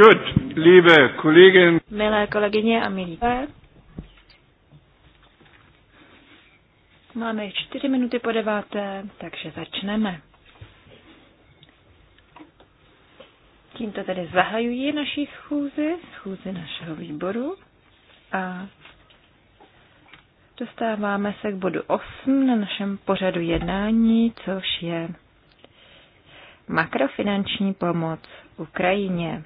Gut, liebe Kollegin. Milé kolegyně a milí Máme čtyři minuty po deváté, takže začneme. Tímto tedy zahajují naši schůzi, schůzi našeho výboru a dostáváme se k bodu 8 na našem pořadu jednání, což je makrofinanční pomoc Ukrajině.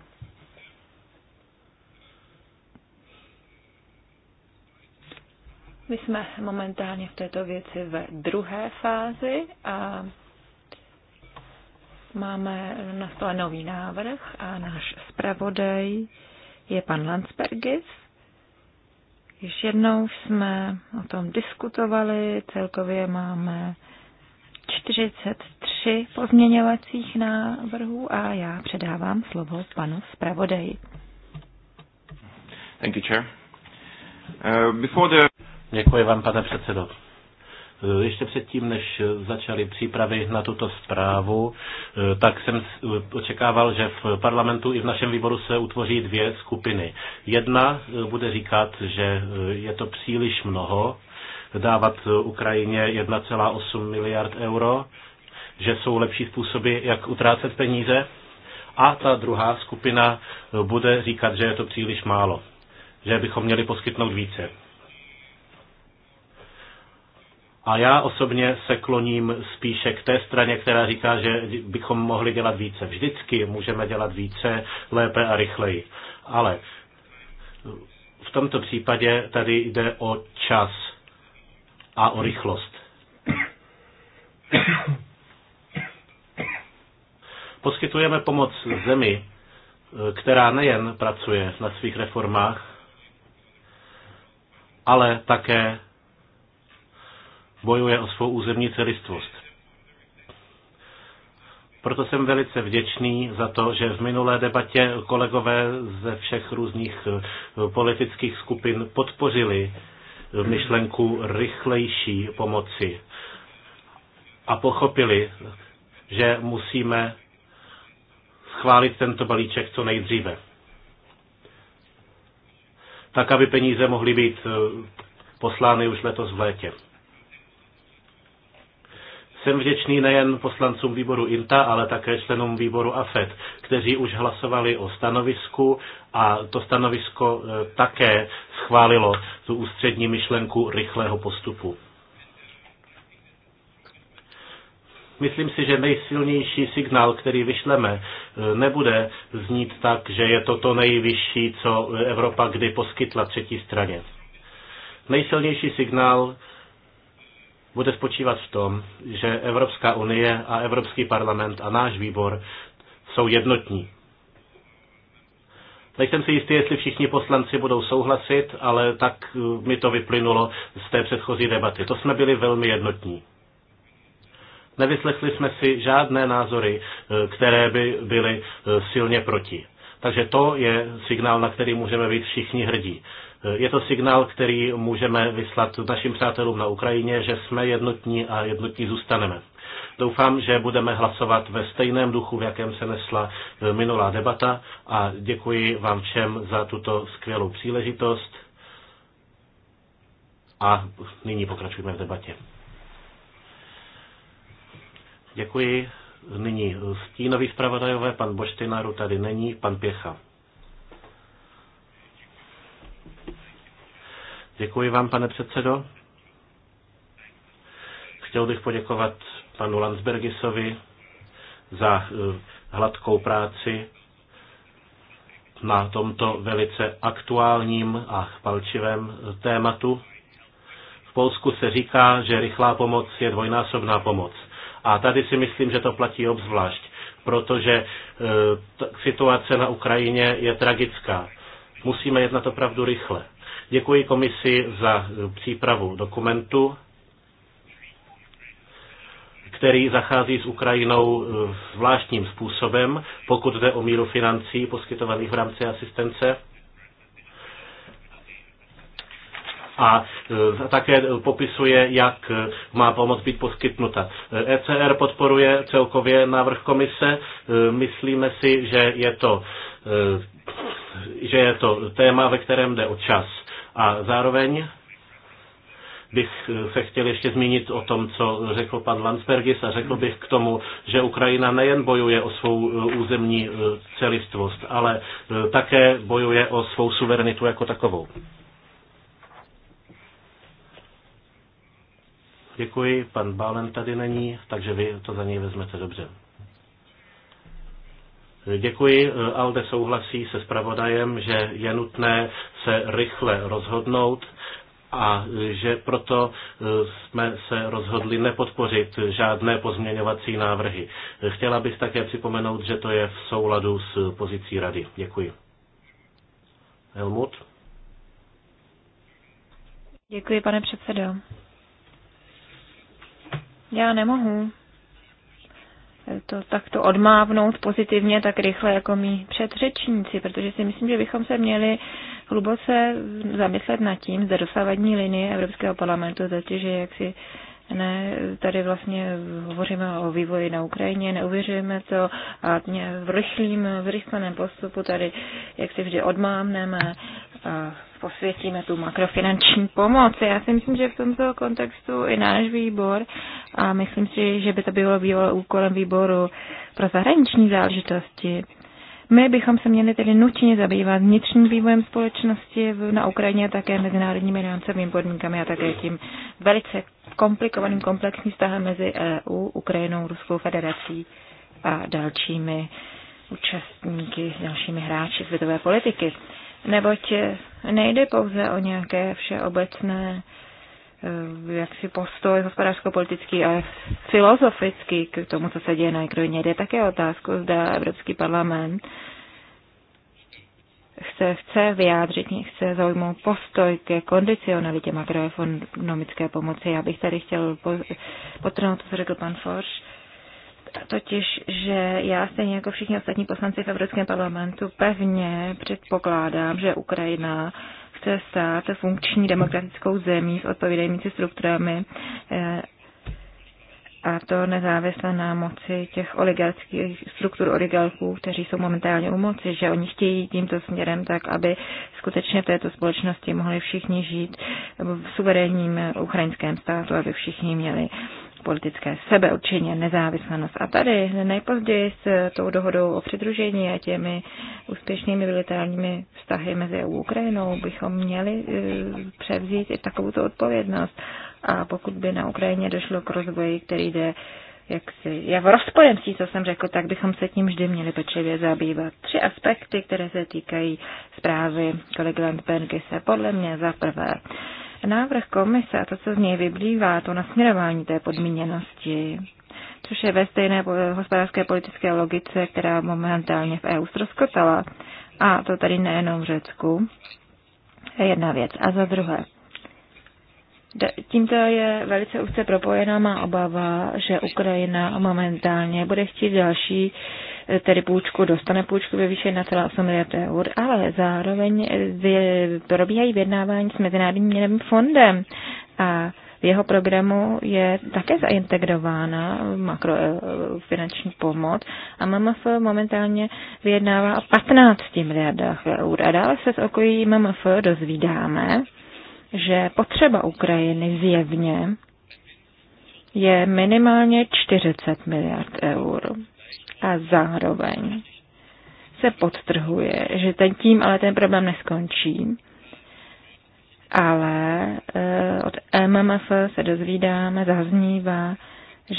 My jsme momentálně v této věci ve druhé fázi a máme na stole nový návrh a náš zpravodaj je pan Landsbergis. Již jednou jsme o tom diskutovali, celkově máme 43 pozměňovacích návrhů a já předávám slovo panu zpravodaji. Thank you, Chair. Uh, before the Děkuji vám, pane předsedo. E, ještě předtím, než začaly přípravy na tuto zprávu, e, tak jsem očekával, že v parlamentu i v našem výboru se utvoří dvě skupiny. Jedna e, bude říkat, že je to příliš mnoho, dávat Ukrajině 1,8 miliard euro, že jsou lepší způsoby, jak utrácet peníze. A ta druhá skupina bude říkat, že je to příliš málo, že bychom měli poskytnout více. A já osobně se kloním spíše k té straně, která říká, že bychom mohli dělat více. Vždycky můžeme dělat více, lépe a rychleji. Ale v tomto případě tady jde o čas a o rychlost. Poskytujeme pomoc zemi, která nejen pracuje na svých reformách, ale také bojuje o svou územní celistvost. Proto jsem velice vděčný za to, že v minulé debatě kolegové ze všech různých eh, politických skupin podpořili eh, myšlenku rychlejší pomoci a pochopili, že musíme schválit tento balíček co nejdříve. Tak, aby peníze mohly být eh, poslány už letos v létě. Jsem vděčný nejen poslancům výboru INTA, ale také členům výboru AFET, kteří už hlasovali o stanovisku a to stanovisko eh, také schválilo tu ústřední myšlenku rychlého postupu. Myslím si, že nejsilnější signál, který vyšleme, eh, nebude znít tak, že je to to nejvyšší, co Evropa kdy poskytla třetí straně. Nejsilnější signál bude spočívat v tom, že Evropská unie a Evropský parlament a náš výbor jsou jednotní. Nejsem si jistý, jestli všichni poslanci budou souhlasit, ale tak eh, mi to vyplynulo z té předchozí debaty. To jsme byli velmi jednotní. Nevyslechli jsme si žádné názory, eh, které by byly eh, silně proti. Takže to je signál, na který můžeme být všichni hrdí. Je to signál, který můžeme vyslat našim přátelům na Ukrajině, že jsme jednotní a jednotní zůstaneme. Doufám, že budeme hlasovat ve stejném duchu, v jakém se nesla eh, minulá debata a děkuji vám všem za tuto skvělou příležitost a nyní pokračujeme v debatě. Děkuji. Nyní stínový zpravodajové, pan Boštinaru tady není, pan Pěcha. Děkuji vám, pane předsedo. Chtěl bych poděkovat panu Landsbergisovi za eh, hladkou práci na tomto velice aktuálním a palčivém eh, tématu. V Polsku se říká, že rychlá pomoc je dvojnásobná pomoc. A tady si myslím, že to platí obzvlášť, protože eh, situace na Ukrajině je tragická. Musíme jednat opravdu rychle. Děkuji komisi za eh, přípravu dokumentu, který zachází s Ukrajinou eh, zvláštním způsobem, pokud jde o míru financí poskytovaných v rámci asistence. a eh, také popisuje, jak má pomoc být poskytnuta. ECR e podporuje celkově návrh komise. Myslíme si, že je to, že je to téma, ve kterém jde o čas. A zároveň bych se chtěl ještě zmínit o tom, co řekl pan Landsbergis a řekl bych k tomu, že Ukrajina nejen bojuje o svou e, územní e, celistvost, ale e, také bojuje o svou suverenitu jako takovou. Děkuji, pan Bálen tady není, takže vy to za něj vezmete dobře. Děkuji. Alde souhlasí se zpravodajem, že je nutné se rychle rozhodnout a že proto e, jsme se rozhodli nepodpořit žádné pozměňovací návrhy. Chtěla bych také připomenout, že to je v souladu s pozicí rady. Děkuji. Helmut? Děkuji, pane předsedo. Já nemohu to takto odmávnout pozitivně tak rychle jako mý předřečníci, protože si myslím, že bychom se měli hluboce zamyslet nad tím, zda dosávadní linie Evropského parlamentu, totiž jak jaksi ne, tady vlastně hovoříme o vývoji na Ukrajině, neuvěřujeme to a v rychlým, v rychleném postupu tady, jak si vždy odmámneme, a posvětíme tu makrofinanční pomoc. Já si myslím, že v tomto kontextu i náš výbor a myslím si, že by to bylo bývalo úkolem výboru pro zahraniční záležitosti, my bychom se měli tedy nutně zabývat vnitřním vývojem společnosti na Ukrajině a také mezinárodními rámcovými podmínkami a také tím velice komplikovaným komplexním vztahem mezi EU, Ukrajinou, Ruskou federací a dalšími účastníky, dalšími hráči světové politiky. Neboť nejde pouze o nějaké všeobecné Eh, jaksi postoj hospodářsko-politický, a filozofický k tomu, co se děje na Ukrajině. Jde také otázku, zda Evropský parlament chce, chce vyjádřit, chce zaujmout postoj ke kondicionalitě makroekonomické pomoci. Já bych tady chtěl potrhnout, co řekl pan Forš, totiž, že já stejně jako všichni ostatní poslanci v Evropském parlamentu pevně předpokládám, že Ukrajina chce stát funkční demokratickou zemí s odpovídající strukturami eh, a to nezávisle na moci těch oligarchických struktur oligarchů, kteří jsou momentálně u moci, že oni chtějí tímto směrem tak, aby skutečně v této společnosti mohli všichni žít v suverénním ukrajinském státu, aby všichni měli politické sebeurčení nezávislost. A tady nejpozději s tou dohodou o přidružení a těmi úspěšnými bilaterálními vztahy mezi EU a Ukrajinou bychom měli e, převzít i takovou odpovědnost. A pokud by na Ukrajině došlo k rozvoji, který jde jak si, já v rozpojem co jsem řekl, tak bychom se tím vždy měli pečlivě zabývat. Tři aspekty, které se týkají zprávy kolegy Landbergy se podle mě za prvé Návrh komise a to, co z něj vyblívá, to nasměrování té podmíněnosti, což je ve stejné hospodářské politické logice, která momentálně v EU ztroskotala, a to tady nejenom v Řecku, je jedna věc. A za druhé, Tímto je velice úzce propojená má obava, že Ukrajina momentálně bude chtít další tedy půjčku, dostane půjčku ve výši 1,8 miliard eur, ale zároveň eh, probíhají vyjednávání s Mezinárodním měnovým fondem a v jeho programu je také zaintegrována makrofinanční eh, pomoc a MMF momentálně vyjednává o 15 miliardách eur. A dále se z okolí MMF dozvídáme, že potřeba Ukrajiny zjevně je minimálně 40 miliard eur a zároveň se podtrhuje, že ten tím ale ten problém neskončí, ale e, od MMF se dozvídáme, zaznívá,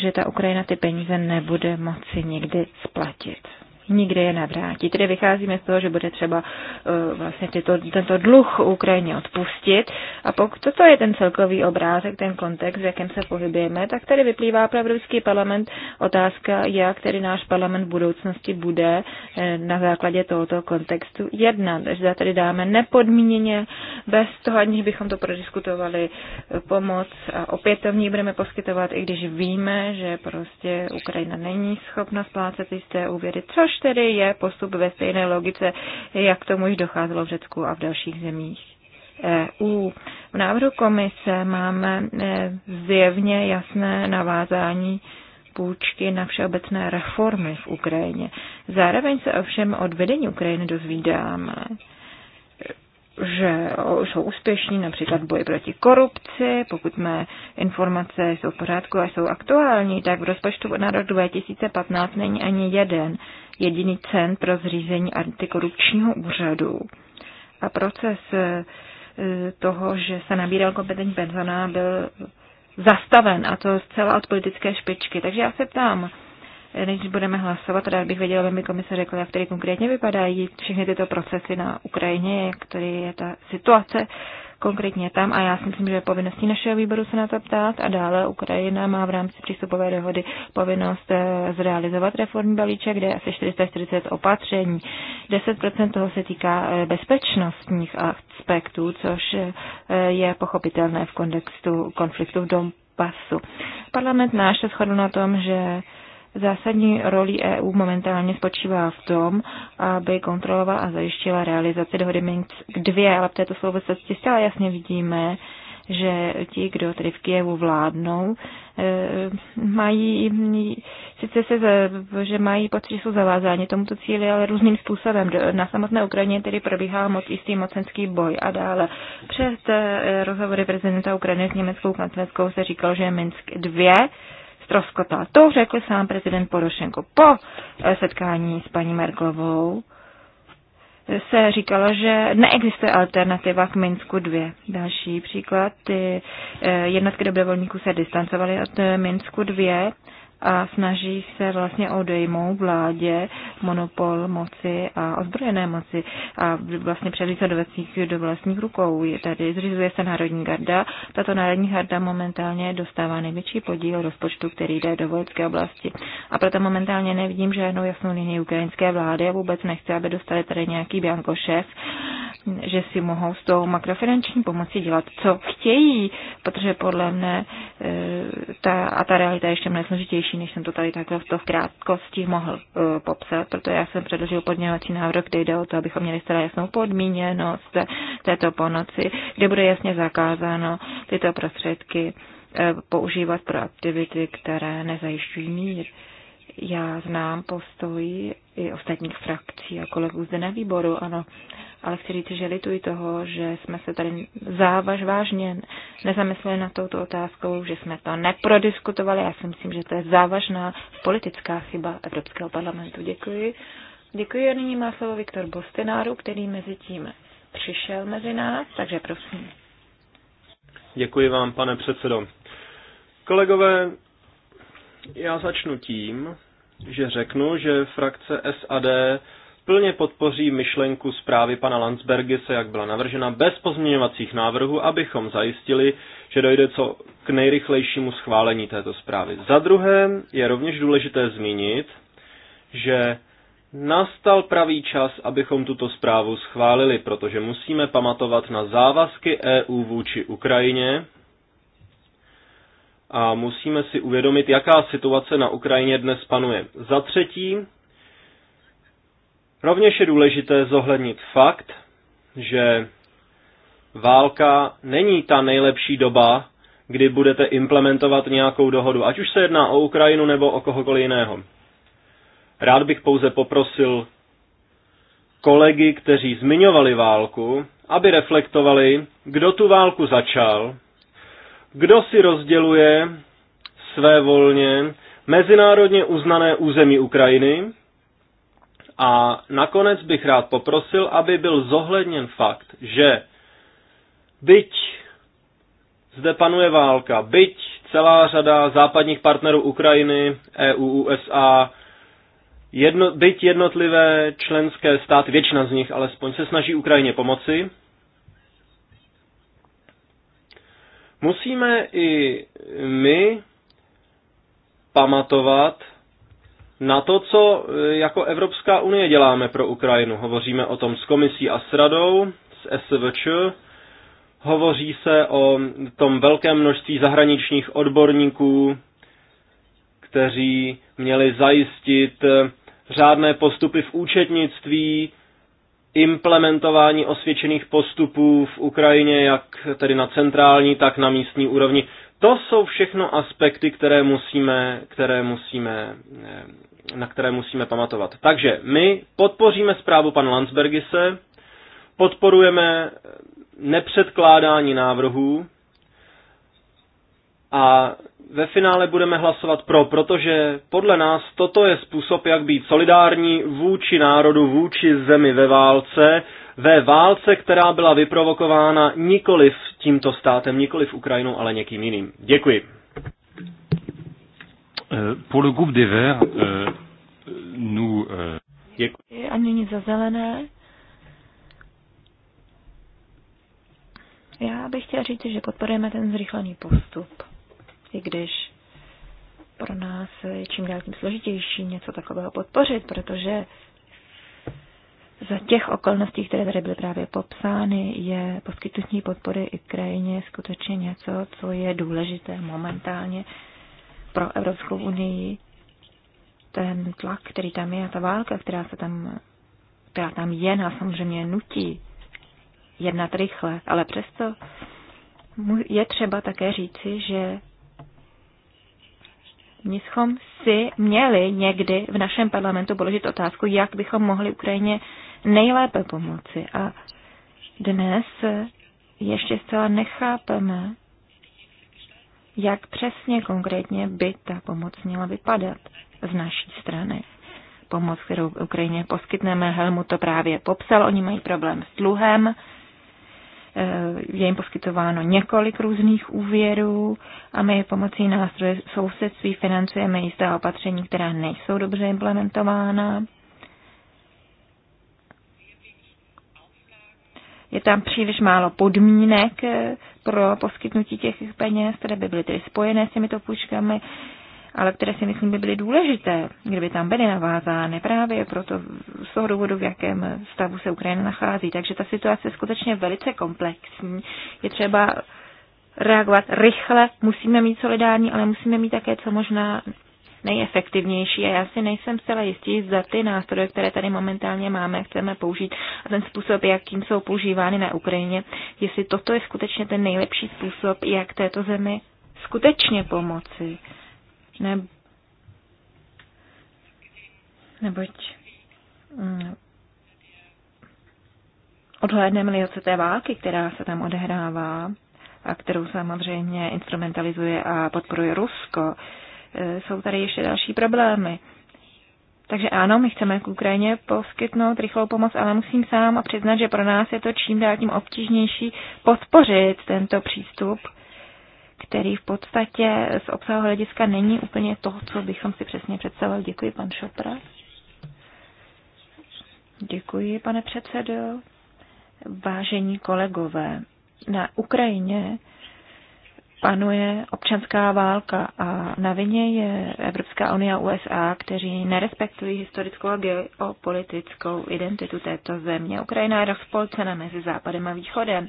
že ta Ukrajina ty peníze nebude moci nikdy splatit nikdy je nevrátí. Tedy vycházíme z toho, že bude třeba eh, vlastně tyto, tento dluh Ukrajině odpustit. A pokud toto je ten celkový obrázek, ten kontext, v jakém se pohybujeme, tak tady vyplývá pro Evropský parlament otázka, jak tedy náš parlament v budoucnosti bude eh, na základě tohoto kontextu jednat. Zda tady dáme nepodmíněně, bez toho, aniž bychom to prodiskutovali, eh, pomoc a opětovní budeme poskytovat, i když víme, že prostě Ukrajina není schopna splácet jisté úvěry, což což tedy je postup ve stejné logice, jak tomu již docházelo v Řecku a v dalších zemích. EU. V návrhu komise máme e, zjevně jasné navázání půjčky na všeobecné reformy v Ukrajině. Zároveň se ovšem od vedení Ukrajiny dozvídáme, že jsou úspěšní například v boji proti korupci, pokud mé informace jsou v pořádku a jsou aktuální, tak v rozpočtu na rok 2015 není ani jeden jediný cent pro zřízení antikorupčního úřadu. A proces e, toho, že se nabíral kompetentní personál, byl zastaven a to zcela od politické špičky. Takže já se ptám, než budeme hlasovat, rád bych věděla, aby mi komise řekla, jak tedy konkrétně vypadají všechny tyto procesy na Ukrajině, jak tady je ta situace konkrétně tam a já si myslím, že je povinností našeho výboru se na to ptát a dále Ukrajina má v rámci přístupové dohody povinnost eh, zrealizovat reformní balíček, kde je asi 440 opatření. 10% toho se týká eh, bezpečnostních aspektů, což eh, je pochopitelné v kontextu konfliktu v Donbasu. Parlament náš se shodl na tom, že Zásadní roli EU momentálně spočívá v tom, aby kontrolovala a zajištila realizaci dohody Minsk 2, ale v této souvislosti zcela jasně vidíme, že ti, kdo tedy v Kijevu vládnou, eh, mají, sice se, že mají pocit, že jsou zavázáni tomuto cíli, ale různým způsobem. Na samotné Ukrajině tedy probíhá moc jistý mocenský boj a dále. Před eh, rozhovory prezidenta Ukrajiny s německou kancelářkou se říkal, že Minsk 2 stroskotal. To řekl sám prezident Porošenko. Po eh, setkání s paní Merklovou se říkalo, že neexistuje alternativa k Minsku 2. Další příklad, ty eh, jednotky dobrovolníků se distancovaly od Minsku 2 a snaží se vlastně odejmout vládě monopol moci a ozbrojené moci a vlastně se do vlastních, do vlastních rukou. Je tady zřizuje se Národní garda. Tato Národní garda momentálně dostává největší podíl rozpočtu, který jde do vojenské oblasti. A proto momentálně nevidím žádnou jasnou linii ukrajinské vlády a vůbec nechce, aby dostali tady nějaký šéf, že si mohou s tou makrofinanční pomocí dělat, co chtějí, protože podle mne eh, ta, a ta realita je ještě mnohem složitější delší, než jsem to tady takhle v to v krátkosti mohl uh, popsat, protože já jsem předložil podněvací návrh, kde jde o to, abychom měli zcela jasnou podmíněnost této ponoci, kde bude jasně zakázáno tyto prostředky uh, používat pro aktivity, které nezajišťují mír. Uh, já znám postoj i ostatních frakcí a kolegů zde na výboru, ano, ale chci říct, že lituji toho, že jsme se tady závaž vážně nezamysleli na touto otázkou, že jsme to neprodiskutovali. Já si myslím, že to je závažná politická chyba Evropského parlamentu. Děkuji. Děkuji a nyní má slovo Viktor Bostenáru, který mezi tím přišel mezi nás, takže prosím. Děkuji vám, pane předsedo. Kolegové, já začnu tím, že řeknu, že frakce SAD plně podpoří myšlenku zprávy pana se jak byla navržena, bez pozměňovacích návrhů, abychom zajistili, že dojde co k nejrychlejšímu schválení této zprávy. Za druhé je rovněž důležité zmínit, že nastal pravý čas, abychom tuto zprávu schválili, protože musíme pamatovat na závazky EU vůči Ukrajině a musíme si uvědomit, jaká situace na Ukrajině dnes panuje. Za třetí, rovněž je důležité zohlednit fakt, že válka není ta nejlepší doba, kdy budete implementovat nějakou dohodu, ať už se jedná o Ukrajinu nebo o kohokoliv jiného. Rád bych pouze poprosil kolegy, kteří zmiňovali válku, aby reflektovali, kdo tu válku začal kdo si rozděluje své volně mezinárodně uznané území Ukrajiny? A nakonec bych rád poprosil, aby byl zohledněn fakt, že byť zde panuje válka, byť celá řada západních partnerů Ukrajiny, EU, USA, jedno, byť jednotlivé členské státy, většina z nich alespoň, se snaží Ukrajině pomoci, Musíme i my pamatovat na to, co eh, jako Evropská unie děláme pro Ukrajinu. Hovoříme o tom s komisí a s radou, s SVČ, hovoří se o tom velkém množství zahraničních odborníků, kteří měli zajistit eh, řádné postupy v účetnictví, implementování osvědčených postupů v Ukrajině, jak tedy na centrální, tak na místní úrovni. To jsou všechno aspekty, které musíme, které musíme, eh, na které musíme pamatovat. Takže my podpoříme zprávu pan. Landsbergise, podporujeme nepředkládání návrhů, a ve finále budeme hlasovat pro, protože podle nás toto je způsob, jak být solidární vůči národu, vůči zemi ve válce, ve válce, která byla vyprovokována nikoli v tímto státem, nikoli v Ukrajinu, ale někým jiným. Děkuji. Eh, pour le groupe des Verts, eh, nous... Eh, Děkuji. A nyní za zelené. Já bych chtěla říct, že podporujeme ten zrychlený postup i když pro nás je čím dál tím složitější něco takového podpořit, protože za těch okolností, které tady byly právě popsány, je poskytnutí podpory i krajině skutečně něco, co je důležité momentálně pro Evropskou unii. Ten tlak, který tam je a ta válka, která se tam, která tam je, nás samozřejmě nutí jednat rychle, ale přesto je třeba také říci, že my jsme si měli někdy v našem parlamentu položit otázku, jak bychom mohli Ukrajině nejlépe pomoci. A dnes ještě zcela nechápeme, jak přesně konkrétně by ta pomoc měla vypadat z naší strany. Pomoc, kterou Ukrajině poskytneme, Helmut to právě popsal, oni mají problém s dluhem, Eh, je jim poskytováno několik různých úvěrů a my pomocí nástroje sousedství financujeme jistá opatření, která nejsou dobře implementována. Je tam příliš málo podmínek eh, pro poskytnutí těch peněz, které by byly tedy spojené s těmito půjčkami ale které si myslím by byly důležité, kdyby tam byly navázány právě proto z toho důvodu, v jakém stavu se Ukrajina nachází. Takže ta situace je skutečně velice komplexní. Je třeba reagovat rychle, musíme mít solidární, ale musíme mít také co možná nejefektivnější a já si nejsem zcela jistý, za ty nástroje, které tady momentálně máme, chceme použít a ten způsob, jakým jsou používány na Ukrajině, jestli toto je skutečně ten nejlepší způsob, jak této zemi skutečně pomoci ne, neboť mm, odhledneme li od té války, která se tam odehrává a kterou samozřejmě instrumentalizuje a podporuje Rusko, e, jsou tady ještě další problémy. Takže ano, my chceme k Ukrajině poskytnout rychlou pomoc, ale musím sám přiznat, že pro nás je to čím dál tím obtížnější podpořit tento přístup který v podstatě z obsahu hlediska není úplně to, co bychom si přesně představovali. Děkuji, pan Šopra. Děkuji, pane předsedo. Vážení kolegové, na Ukrajině panuje občanská válka a na vině je Evropská unie a USA, kteří nerespektují historickou a geopolitickou identitu této země. Ukrajina je rozpolcena mezi západem a východem.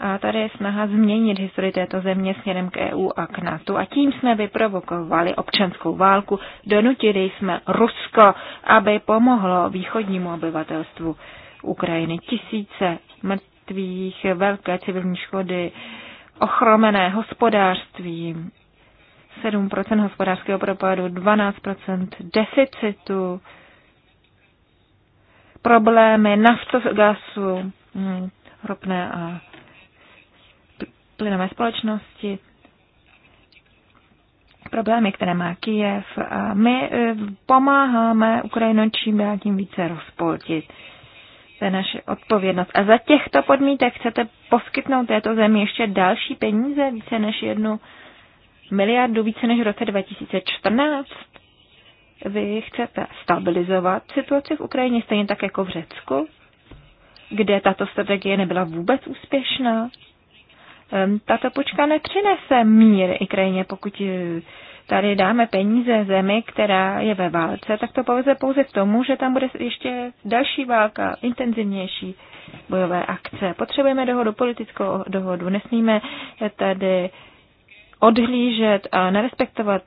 A tady je snaha změnit historii této země směrem k EU a k NATO. A tím jsme vyprovokovali občanskou válku, donutili jsme Rusko, aby pomohlo východnímu obyvatelstvu Ukrajiny. Tisíce mrtvých, velké civilní škody, ochromené hospodářství, 7% hospodářského propadu, 12% deficitu, problémy hm, ropné a plynové společnosti, problémy, které má Kijev. A my e, pomáháme Ukrajinu čím dál tím více rozpoltit. To je naše odpovědnost. A za těchto podmítek chcete poskytnout této zemi ještě další peníze, více než jednu miliardu, více než v roce 2014? Vy chcete stabilizovat situaci v Ukrajině, stejně tak jako v Řecku, kde tato strategie nebyla vůbec úspěšná? tato počka nepřinese mír i krajině, pokud eh, tady dáme peníze zemi, která je ve válce, tak to povede pouze k tomu, že tam bude ještě další válka, intenzivnější bojové akce. Potřebujeme dohodu, politickou dohodu. Nesmíme tady odhlížet a nerespektovat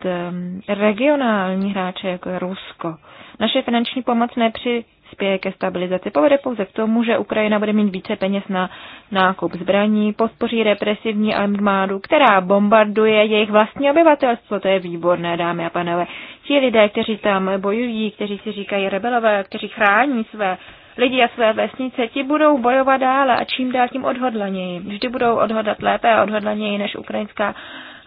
regionální hráče jako Rusko. Naše finanční pomoc nepři spěje ke stabilizaci. Povede pouze k tomu, že Ukrajina bude mít více peněz na nákup zbraní, podpoří represivní armádu, která bombarduje jejich vlastní obyvatelstvo. To je výborné, dámy a panové. Ti lidé, kteří tam bojují, kteří si říkají rebelové, kteří chrání své lidi a své vesnice, ti budou bojovat dále a čím dál tím odhodlaněji. Vždy budou odhodat lépe a odhodlaněji než ukrajinská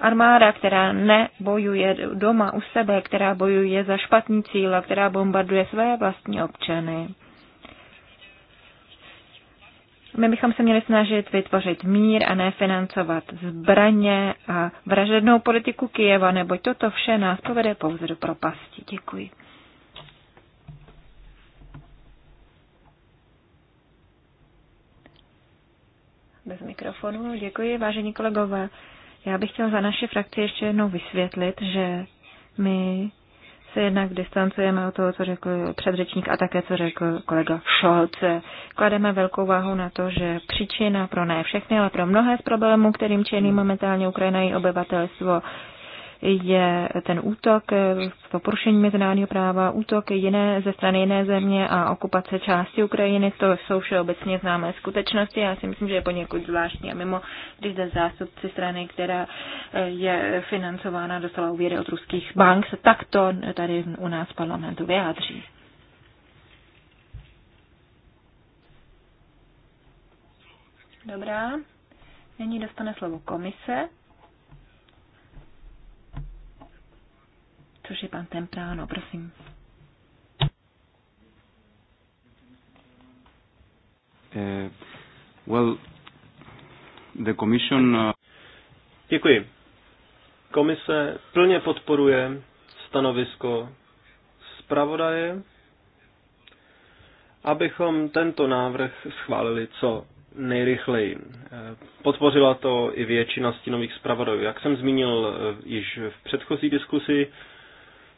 Armáda, která nebojuje doma u sebe, která bojuje za špatný cíl a která bombarduje své vlastní občany. My bychom se měli snažit vytvořit mír a nefinancovat zbraně a vražednou politiku Kijeva, neboť toto vše nás povede pouze do propasti. Děkuji. Bez mikrofonu. Děkuji, vážení kolegové. Já bych chtěla za naše frakci ještě jednou vysvětlit, že my se jednak distancujeme od toho, co řekl předřečník a také, co řekl kolega Scholz. Klademe velkou váhu na to, že příčina pro ne všechny, ale pro mnohé z problémů, kterým čelí momentálně Ukrajina i obyvatelstvo, je ten útok, to porušení mezinárodního práva, útok jiné ze strany jiné země a okupace části Ukrajiny, to jsou všeobecně známé skutečnosti. Já si myslím, že je poněkud zvláštní a mimo, když zde zástupci strany, která eh, je financována, dostala úvěry od ruských bank, se takto tady u nás v parlamentu vyjádří. Dobrá. Nyní dostane slovo komise. což je pan Tempráno, prosím. Uh, well, the commission, uh... Děkuji. Komise plně podporuje stanovisko zpravodaje, abychom tento návrh schválili co nejrychleji. Eh, podpořila to i většina stínových zpravodajů. Jak jsem zmínil již v předchozí diskusi,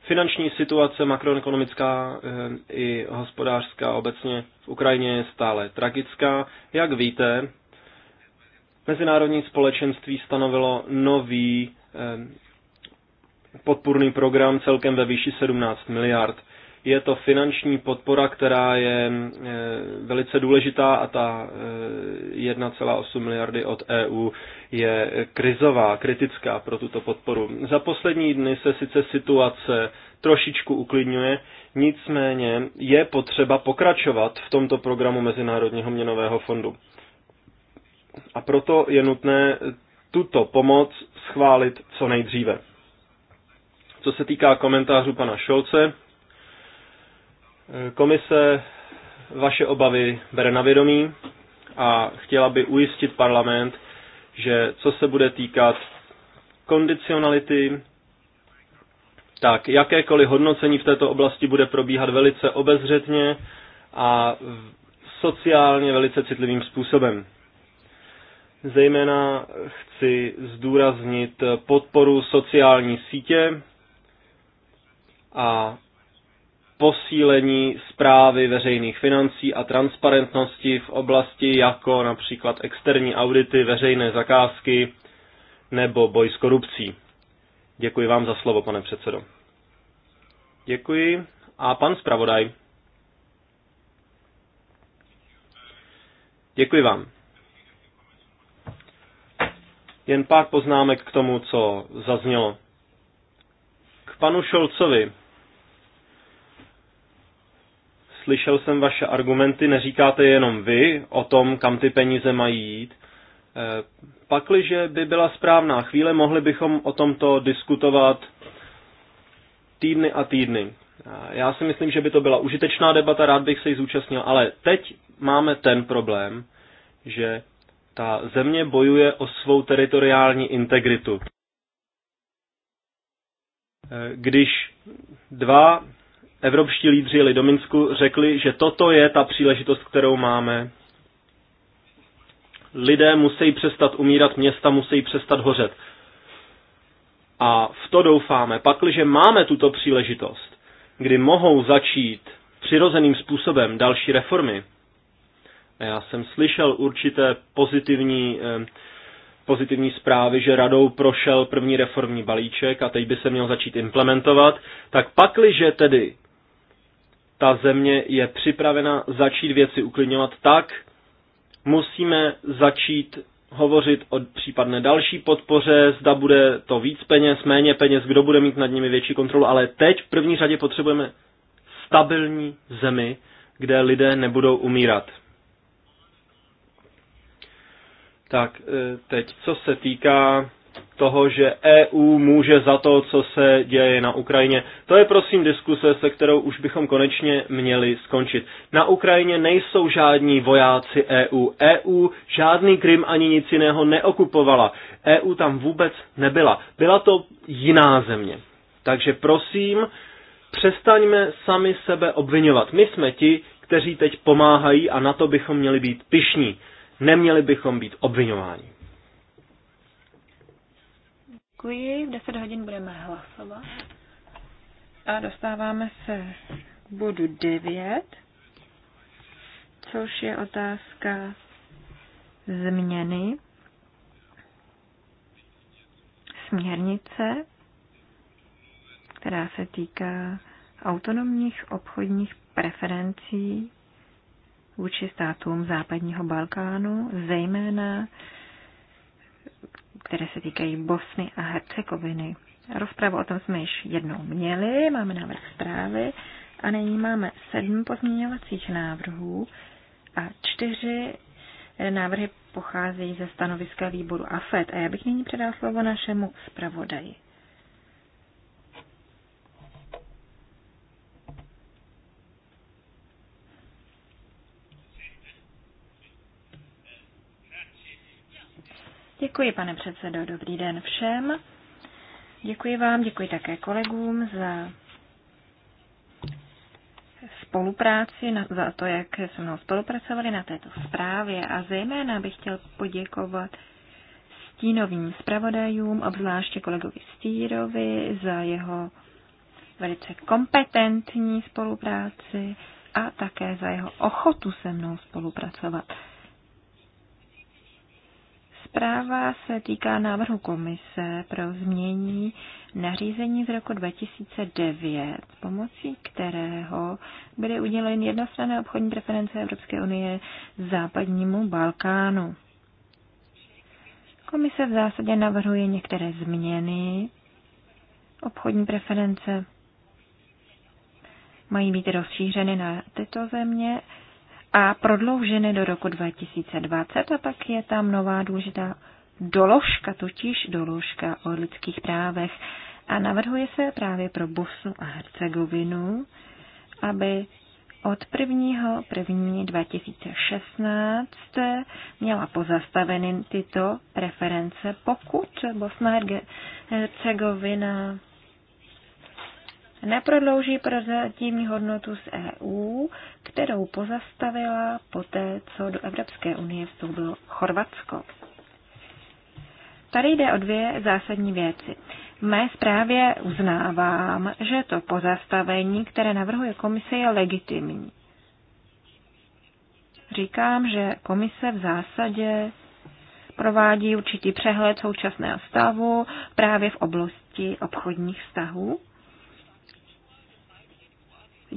Finanční situace makroekonomická eh, i hospodářská obecně v Ukrajině je stále tragická. Jak víte, mezinárodní společenství stanovilo nový eh, podpůrný program celkem ve výši 17 miliard. Je to finanční podpora, která je e, velice důležitá a ta 1,8 e, miliardy od EU je krizová, kritická pro tuto podporu. Za poslední dny se sice situace trošičku uklidňuje, nicméně je potřeba pokračovat v tomto programu Mezinárodního měnového fondu. A proto je nutné tuto pomoc schválit co nejdříve. Co se týká komentářů pana Šolce, Komise vaše obavy bere na vědomí a chtěla by ujistit parlament, že co se bude týkat kondicionality, tak jakékoliv hodnocení v této oblasti bude probíhat velice obezřetně a sociálně velice citlivým způsobem. Zejména chci zdůraznit podporu sociální sítě a posílení zprávy veřejných financí a transparentnosti v oblasti jako například externí audity, veřejné zakázky nebo boj s korupcí. Děkuji vám za slovo, pane předsedo. Děkuji. A pan zpravodaj. Děkuji vám. Jen pár poznámek k tomu, co zaznělo. K panu Šolcovi Slyšel jsem vaše argumenty, neříkáte jenom vy o tom, kam ty peníze mají jít. Eh, pakliže by byla správná chvíle, mohli bychom o tomto diskutovat týdny a týdny. Eh, já si myslím, že by to byla užitečná debata, rád bych se jí zúčastnil, ale teď máme ten problém, že ta země bojuje o svou teritoriální integritu. Eh, když dva evropští lídři jeli do Minsku, řekli, že toto je ta příležitost, kterou máme. Lidé musí přestat umírat, města musí přestat hořet. A v to doufáme. Pakliže máme tuto příležitost, kdy mohou začít přirozeným způsobem další reformy, já jsem slyšel určité pozitivní, eh, pozitivní zprávy, že radou prošel první reformní balíček a teď by se měl začít implementovat, tak pakliže tedy ta země je připravena začít věci uklidňovat tak, musíme začít hovořit o případné další podpoře, zda bude to víc peněz, méně peněz, kdo bude mít nad nimi větší kontrolu, ale teď v první řadě potřebujeme stabilní zemi, kde lidé nebudou umírat. Tak eh, teď, co se týká toho, že EU může za to, co se děje na Ukrajině. To je prosím diskuse, se kterou už bychom konečně měli skončit. Na Ukrajině nejsou žádní vojáci EU. EU žádný Krym ani nic jiného neokupovala. EU tam vůbec nebyla. Byla to jiná země. Takže prosím, přestaňme sami sebe obvinovat. My jsme ti, kteří teď pomáhají a na to bychom měli být pyšní. Neměli bychom být obvinováni. Děkuji. V 10 hodin budeme hlasovat. A dostáváme se k bodu 9, což je otázka změny směrnice, která se týká autonomních obchodních preferencí vůči státům západního Balkánu, zejména které se týkají Bosny a Hercegoviny. Rozpravu o tom jsme již jednou měli, máme návrh zprávy a nyní máme sedm pozměňovacích návrhů a čtyři návrhy pocházejí ze stanoviska výboru AFED. A já bych nyní předal slovo našemu zpravodaji. Děkuji, pane předsedo. Dobrý den všem. Děkuji vám, děkuji také kolegům za spolupráci, za to, jak se mnou spolupracovali na této zprávě a zejména bych chtěl poděkovat stínovým zpravodajům, obzvláště kolegovi Stírovi za jeho velice kompetentní spolupráci a také za jeho ochotu se mnou spolupracovat. Zpráva se týká návrhu komise pro změní nařízení z roku 2009, pomocí kterého byly uděleny jednostranné obchodní preference Evropské unie západnímu Balkánu. Komise v zásadě navrhuje některé změny obchodní preference mají být rozšířeny na tyto země a prodlouženy do roku 2020 a pak je tam nová důležitá doložka, totiž doložka o lidských právech. A navrhuje se právě pro Bosnu a Hercegovinu, aby od 1.1.2016 2016 měla pozastaveny tyto preference, pokud Bosna a Hercegovina neprodlouží prozatímní hodnotu z EU, kterou pozastavila poté, co do Evropské unie vstoupilo Chorvatsko. Tady jde o dvě zásadní věci. V mé zprávě uznávám, že to pozastavení, které navrhuje komise, je legitimní. Říkám, že komise v zásadě provádí určitý přehled současného stavu právě v oblasti obchodních vztahů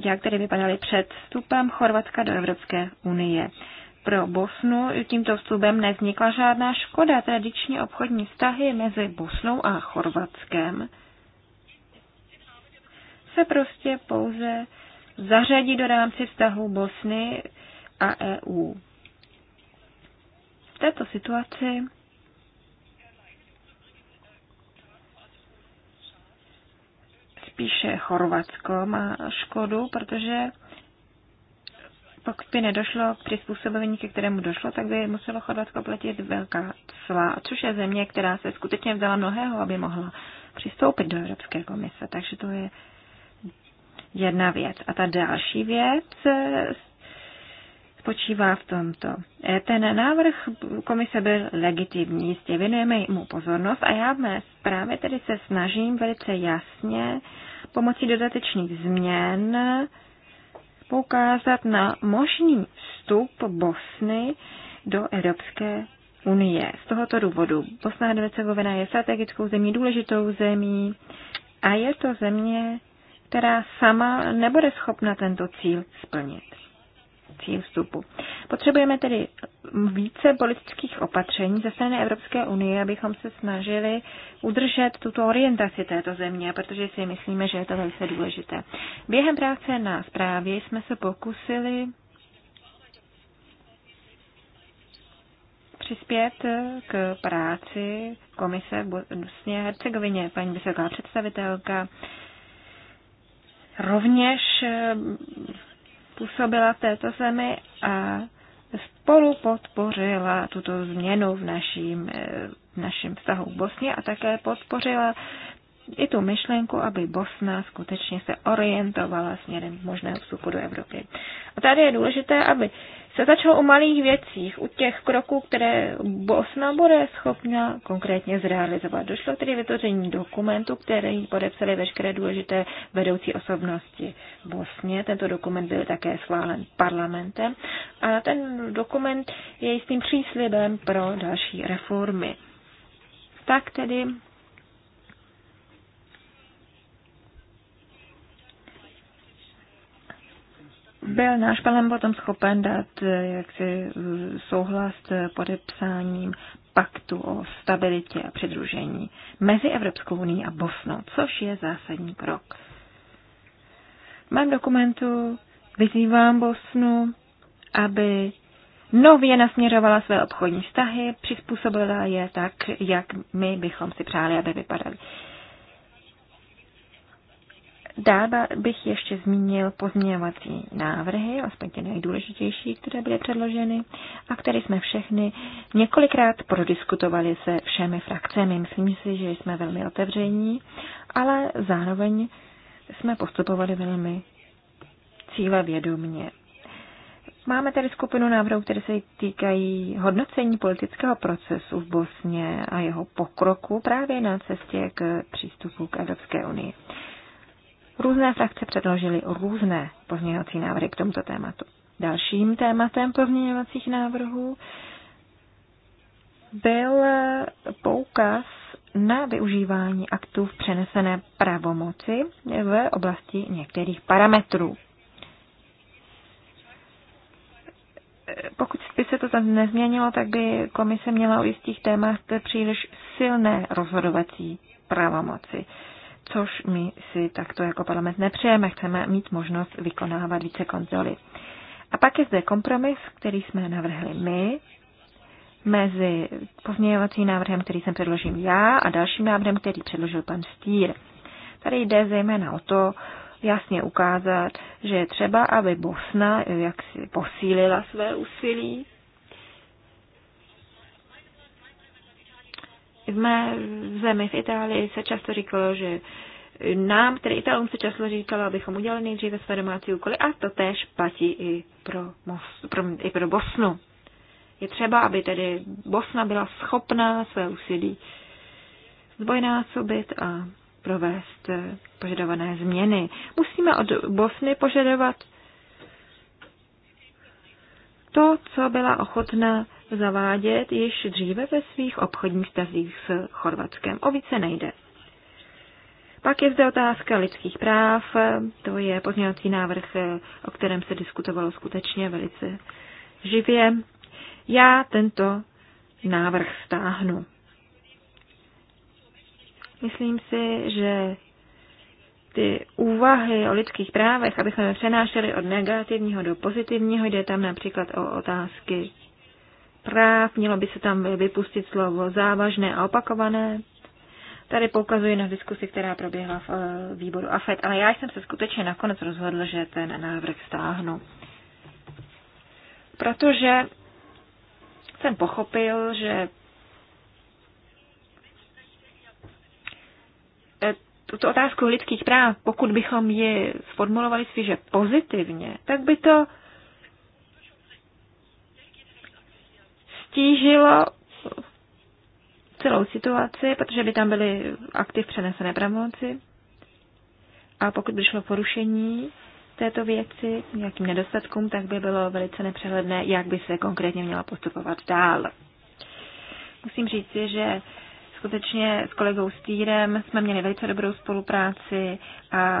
jak tedy vypadaly před vstupem Chorvatska do Evropské unie. Pro Bosnu tímto vstupem nevznikla žádná škoda. Tradiční obchodní vztahy mezi Bosnou a Chorvatskem se prostě pouze zařadí do rámci vztahu Bosny a EU. V této situaci spíše Chorvatsko má škodu, protože pokud by nedošlo k přizpůsobení, ke kterému došlo, tak by muselo Chorvatsko platit velká cla, což je země, která se skutečně vzdala mnohého, aby mohla přistoupit do Evropské komise. Takže to je jedna věc. A ta další věc, spočívá v tomto. E, ten návrh komise byl legitimní, jistě věnujeme mu pozornost a já v mé zprávě tedy se snažím velice jasně pomocí dodatečných změn poukázat na možný vstup Bosny do Evropské unie. Z tohoto důvodu Bosna a Hercegovina je strategickou zemí, důležitou zemí a je to země, která sama nebude schopna tento cíl splnit vstupu. Potřebujeme tedy více politických opatření ze strany Evropské unie, abychom se snažili udržet tuto orientaci této země, protože si myslíme, že je to velice důležité. Během práce na zprávě jsme se pokusili přispět k práci komise v Bosně Hercegovině. Paní vysoká představitelka rovněž působila v této zemi a spolu podpořila tuto změnu v našem eh, v našem vztahu k Bosně a také podpořila i tu myšlenku, aby Bosna skutečně se orientovala směrem k možného vstupu do Evropy. A tady je důležité, aby se začalo u malých věcích, u těch kroků, které Bosna bude schopna konkrétně zrealizovat. Došlo tedy vytvoření dokumentu, který podepsali veškeré důležité vedoucí osobnosti Bosně. Tento dokument byl také schválen parlamentem a ten dokument je jistým příslibem pro další reformy. Tak tedy byl náš panem potom schopen dát eh, jaksi eh, souhlas s podepsáním paktu o stabilitě a přidružení mezi Evropskou unii a Bosnou, což je zásadní krok. V mém dokumentu vyzývám Bosnu, aby nově nasměřovala své obchodní vztahy, přizpůsobila je tak, jak my bychom si přáli, aby vypadaly. Dál bych ještě zmínil pozměňovací návrhy, aspoň ty nejdůležitější, které byly předloženy a které jsme všechny několikrát prodiskutovali se všemi frakcemi. Myslím si, že jsme velmi otevření, ale zároveň jsme postupovali velmi vědomně. Máme tady skupinu návrhů, které se týkají hodnocení politického procesu v Bosně a jeho pokroku právě na cestě k přístupu k Evropské unii. Různé frakce předložily různé pozměňovací návrhy k tomuto tématu. Dalším tématem pozměňovacích návrhů byl poukaz na využívání aktů v přenesené pravomoci v oblasti některých parametrů. Pokud by se to nezměnilo, tak by komise měla o jistých témat příliš silné rozhodovací pravomoci což my si takto jako parlament nepřejeme. Chceme mít možnost vykonávat více kontroly. A pak je zde kompromis, který jsme navrhli my, mezi pozměňovacím návrhem, který jsem předložil já, a dalším návrhem, který předložil pan Stýr. Tady jde zejména o to, jasně ukázat, že je třeba, aby Bosna jaksi posílila své úsilí V mé zemi v Itálii se často říkalo, že nám, tedy Italům se často říkalo, abychom udělali nejdříve své domácí úkoly a to též platí i pro, Mos- pro, i pro Bosnu. Je třeba, aby tedy Bosna byla schopná své úsilí zbojnásobit a provést eh, požadované změny. Musíme od Bosny požadovat to, co byla ochotná zavádět již dříve ve svých obchodních stazích s Chorvatskem. O více nejde. Pak je zde otázka lidských práv, to je pozměňovací návrh, o kterém se diskutovalo skutečně velice živě. Já tento návrh stáhnu. Myslím si, že ty úvahy o lidských právech, abychom je přenášeli od negativního do pozitivního, jde tam například o otázky práv, mělo by se tam vypustit slovo závažné a opakované. Tady poukazuji na diskusi, která proběhla v eh, výboru AFED, ale já jsem se skutečně nakonec rozhodl, že ten návrh stáhnu. Protože jsem pochopil, že eh, tuto otázku lidských práv, pokud bychom ji sformulovali spíše pozitivně, tak by to ztížilo celou situaci, protože by tam byly aktiv přenesené pravomoci. A pokud by šlo porušení této věci, nějakým nedostatkům, tak by bylo velice nepřehledné, jak by se konkrétně měla postupovat dál. Musím říct, že skutečně s kolegou Stýrem jsme měli velice dobrou spolupráci a e,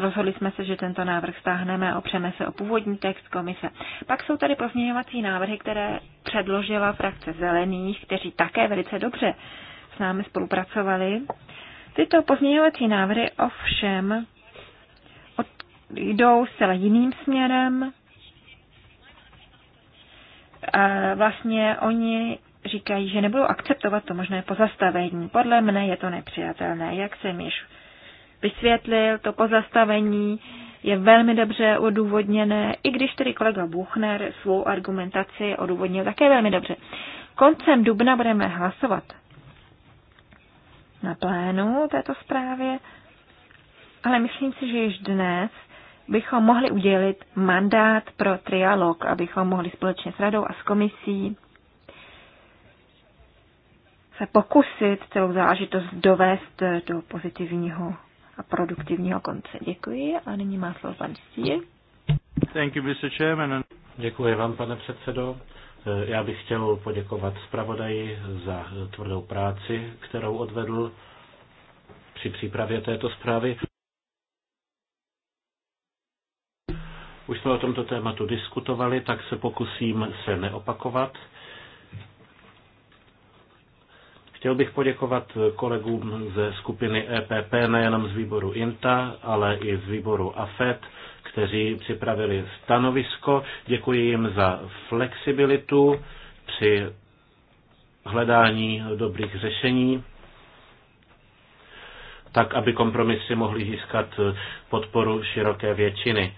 rozhodli jsme se, že tento návrh stáhneme a opřeme se o původní text komise. Pak jsou tady pozměňovací návrhy, které předložila frakce zelených, kteří také velice dobře s námi spolupracovali. Tyto pozměňovací návrhy ovšem od, jdou zcela jiným směrem. A vlastně oni říkají, že nebudou akceptovat to možné pozastavení. Podle mne je to nepřijatelné. Jak jsem již vysvětlil, to pozastavení je velmi dobře odůvodněné, i když tedy kolega Buchner svou argumentaci odůvodnil také velmi dobře. Koncem dubna budeme hlasovat na plénu této zprávě, ale myslím si, že již dnes bychom mohli udělit mandát pro trialog, abychom mohli společně s radou a s komisí se pokusit celou záležitost dovést do pozitivního a produktivního konce. Děkuji a nyní má slovo pan Stíl. Thank you, Mr. Chairman. Děkuji vám, pane předsedo. Já bych chtěl poděkovat zpravodaji za tvrdou práci, kterou odvedl při přípravě této zprávy. Už jsme o tomto tématu diskutovali, tak se pokusím se neopakovat. Chtěl bych poděkovat kolegům ze skupiny EPP, nejenom z výboru INTA, ale i z výboru AFET, kteří připravili stanovisko. Děkuji jim za flexibilitu při hledání dobrých řešení, tak aby kompromisy mohly získat podporu široké většiny.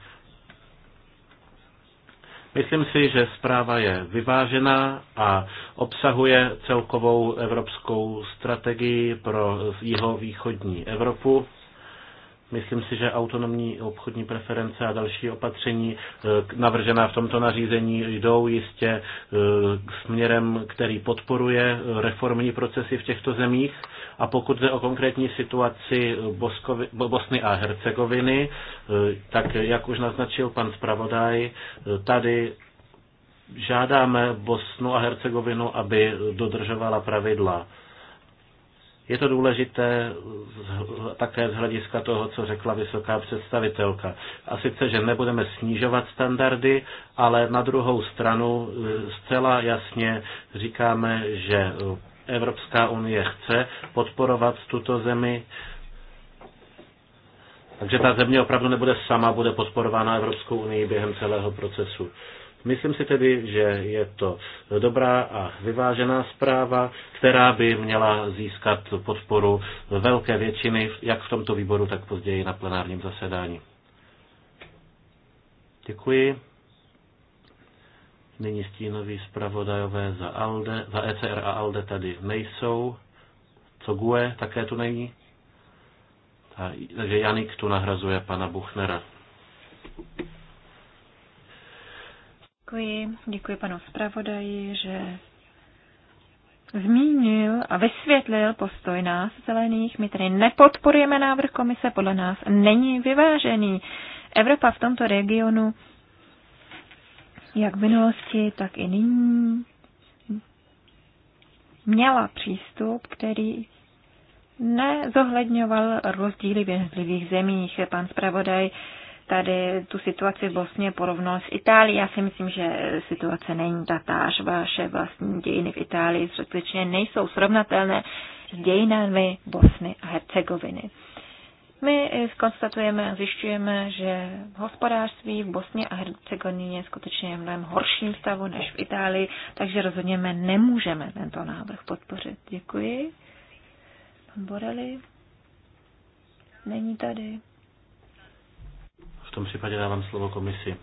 Myslím si, že zpráva je vyvážená a obsahuje celkovou evropskou strategii pro jihovýchodní Evropu Myslím si, že autonomní obchodní preference a další opatření e, navržená v tomto nařízení jdou jistě e, směrem, který podporuje reformní procesy v těchto zemích. A pokud jde o konkrétní situaci Boskovi, Bosny a Hercegoviny, e, tak jak už naznačil pan zpravodaj, tady žádáme Bosnu a Hercegovinu, aby dodržovala pravidla je to důležité také z hlediska toho, co řekla vysoká představitelka. A sice, že nebudeme snižovat standardy, ale na druhou stranu e, zcela jasně říkáme, že Evropská unie chce podporovat tuto zemi, takže ta země opravdu nebude sama, bude podporována Evropskou unii během celého procesu. Myslím si tedy, že je to dobrá a vyvážená zpráva, která by měla získat podporu velké většiny, jak v tomto výboru, tak později na plenárním zasedání. Děkuji. Nyní stínoví zpravodajové za, ALDE, za ECR a ALDE tady nejsou. Co GUE také tu není. Takže Janik tu nahrazuje pana Buchnera. Děkuji, děkuji panu zpravodaji, že zmínil a vysvětlil postoj nás zelených. My tedy nepodporujeme návrh komise, podle nás není vyvážený. Evropa v tomto regionu, jak v minulosti, tak i nyní, měla přístup, který nezohledňoval rozdíly v jednotlivých zemích. Pan zpravodaj tady tu situaci v Bosně porovnal s Itálií. Já si myslím, že situace není tatáž. Vaše vlastní dějiny v Itálii skutečně nejsou srovnatelné s dějinami Bosny a Hercegoviny. My konstatujeme a zjišťujeme, že hospodářství v Bosně a Hercegovině je skutečně v mnohem horším stavu než v Itálii, takže rozhodně nemůžeme tento návrh podpořit. Děkuji. Pan Borelli není tady. V tom případě dávám slovo komisi.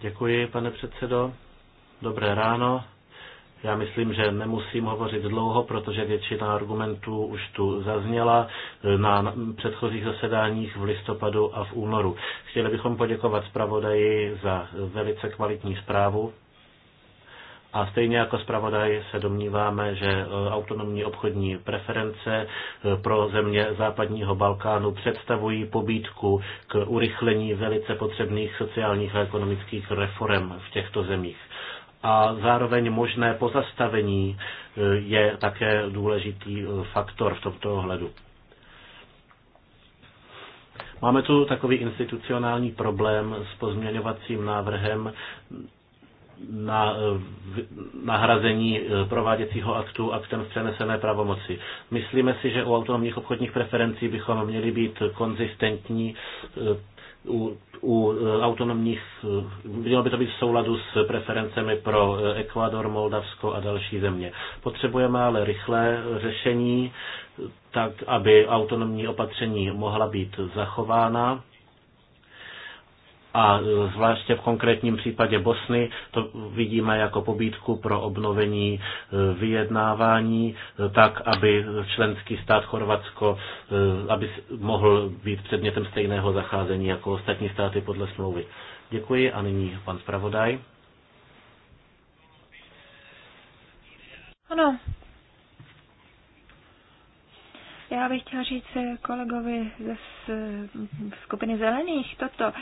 Děkuji, pane předsedo. Dobré ráno. Já myslím, že nemusím hovořit dlouho, protože většina argumentů už tu zazněla na předchozích zasedáních v listopadu a v únoru. Chtěli bychom poděkovat zpravodaji za velice kvalitní zprávu a stejně jako zpravodaj se domníváme, že e, autonomní obchodní preference e, pro země západního Balkánu představují pobídku k urychlení velice potřebných sociálních a ekonomických reform v těchto zemích. A zároveň možné pozastavení e, je také důležitý faktor v tomto ohledu. Máme tu takový institucionální problém s pozměňovacím návrhem, na eh, nahrazení eh, prováděcího aktu aktem v přenesené pravomoci. Myslíme si, že u autonomních obchodních preferencí bychom měli být konzistentní eh, u, u autonomních, mělo by to být v souladu s preferencemi pro Ekvador, Moldavsko a další země. Potřebujeme ale rychlé řešení, tak aby autonomní opatření mohla být zachována a zvláště v konkrétním případě Bosny to vidíme jako pobídku pro obnovení e, vyjednávání, e, tak, aby členský stát Chorvatsko e, aby mohl být předmětem stejného zacházení jako ostatní státy podle smlouvy. Děkuji a nyní pan zpravodaj. Ano. Já bych chtěla říct kolegovi ze skupiny zelených toto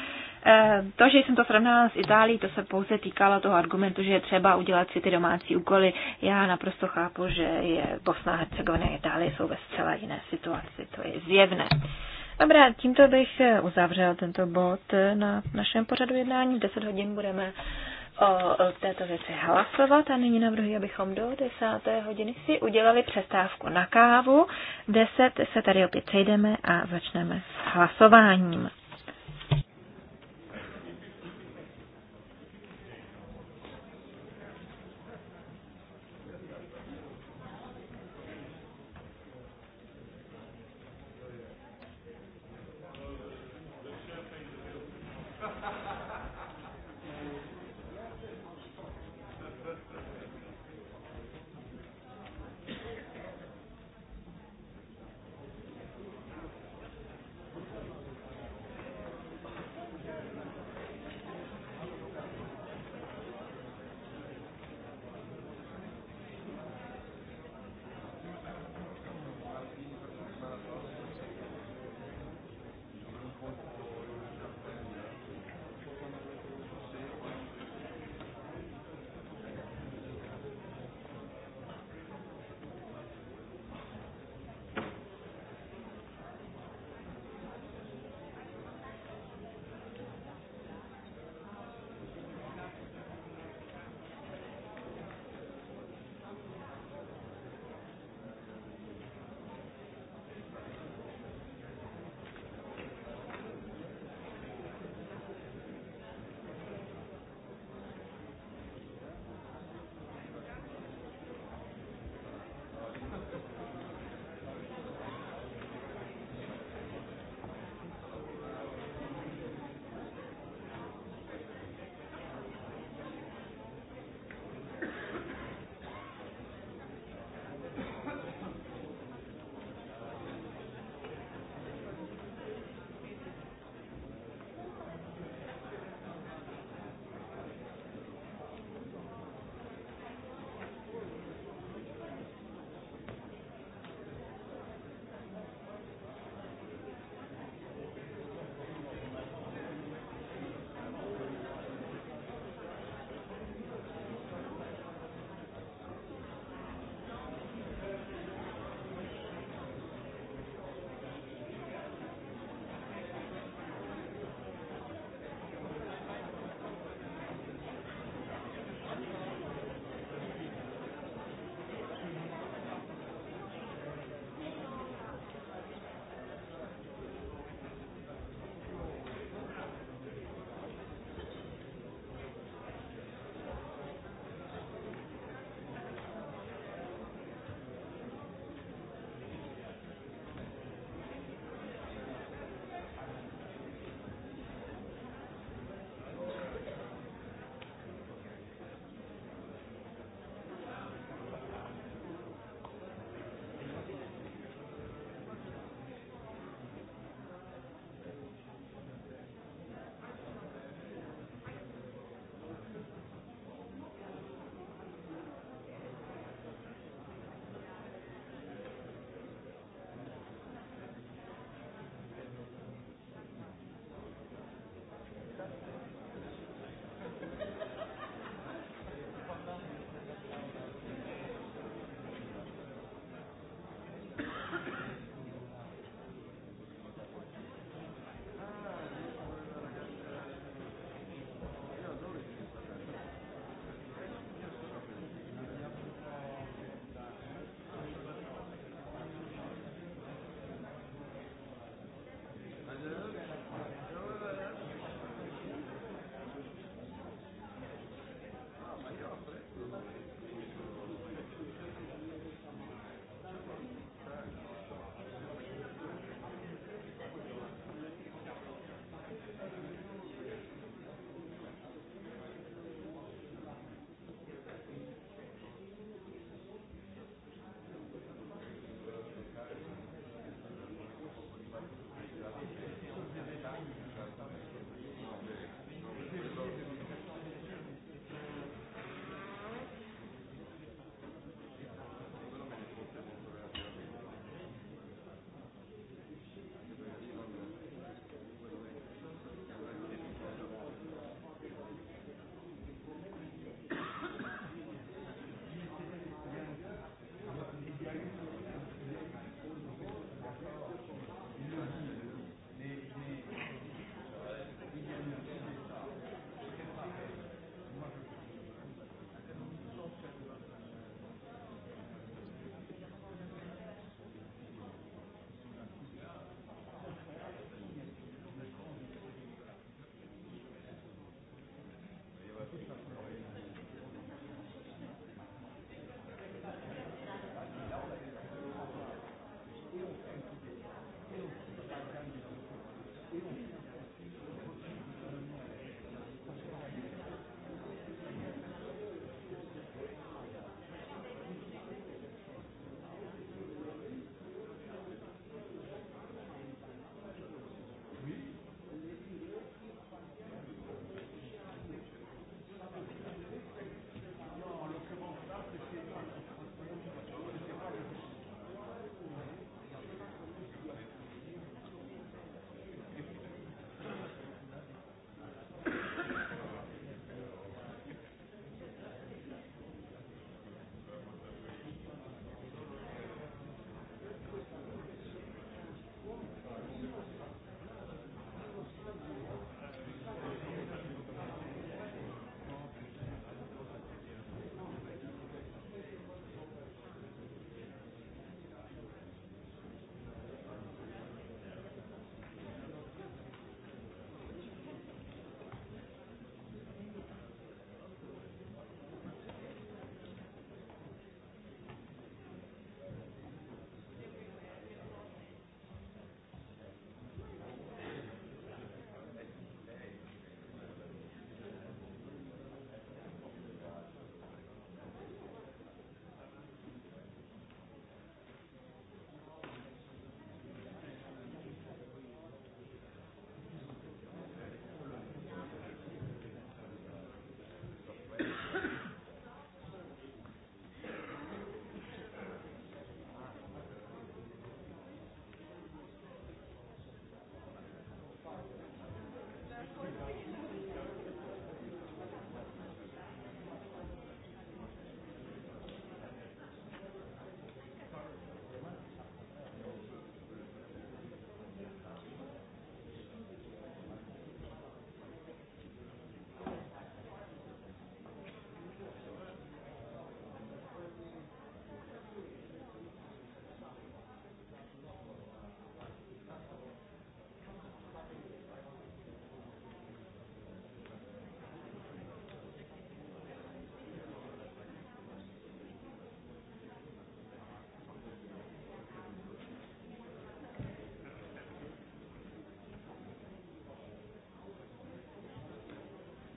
Eh, to, že jsem to srovnala s Itálií, to se pouze týkalo toho argumentu, že je třeba udělat si ty domácí úkoly. Já naprosto chápu, že je Bosna a Hercegovina a Itálie jsou ve zcela jiné situaci. To je zjevné. Dobrá, tímto bych eh, uzavřel tento bod eh, na našem pořadu jednání. V 10 hodin budeme o této věci hlasovat a nyní navrhuji, abychom do 10. hodiny si udělali přestávku na kávu. V 10 se tady opět sejdeme a začneme s hlasováním. Děkuji.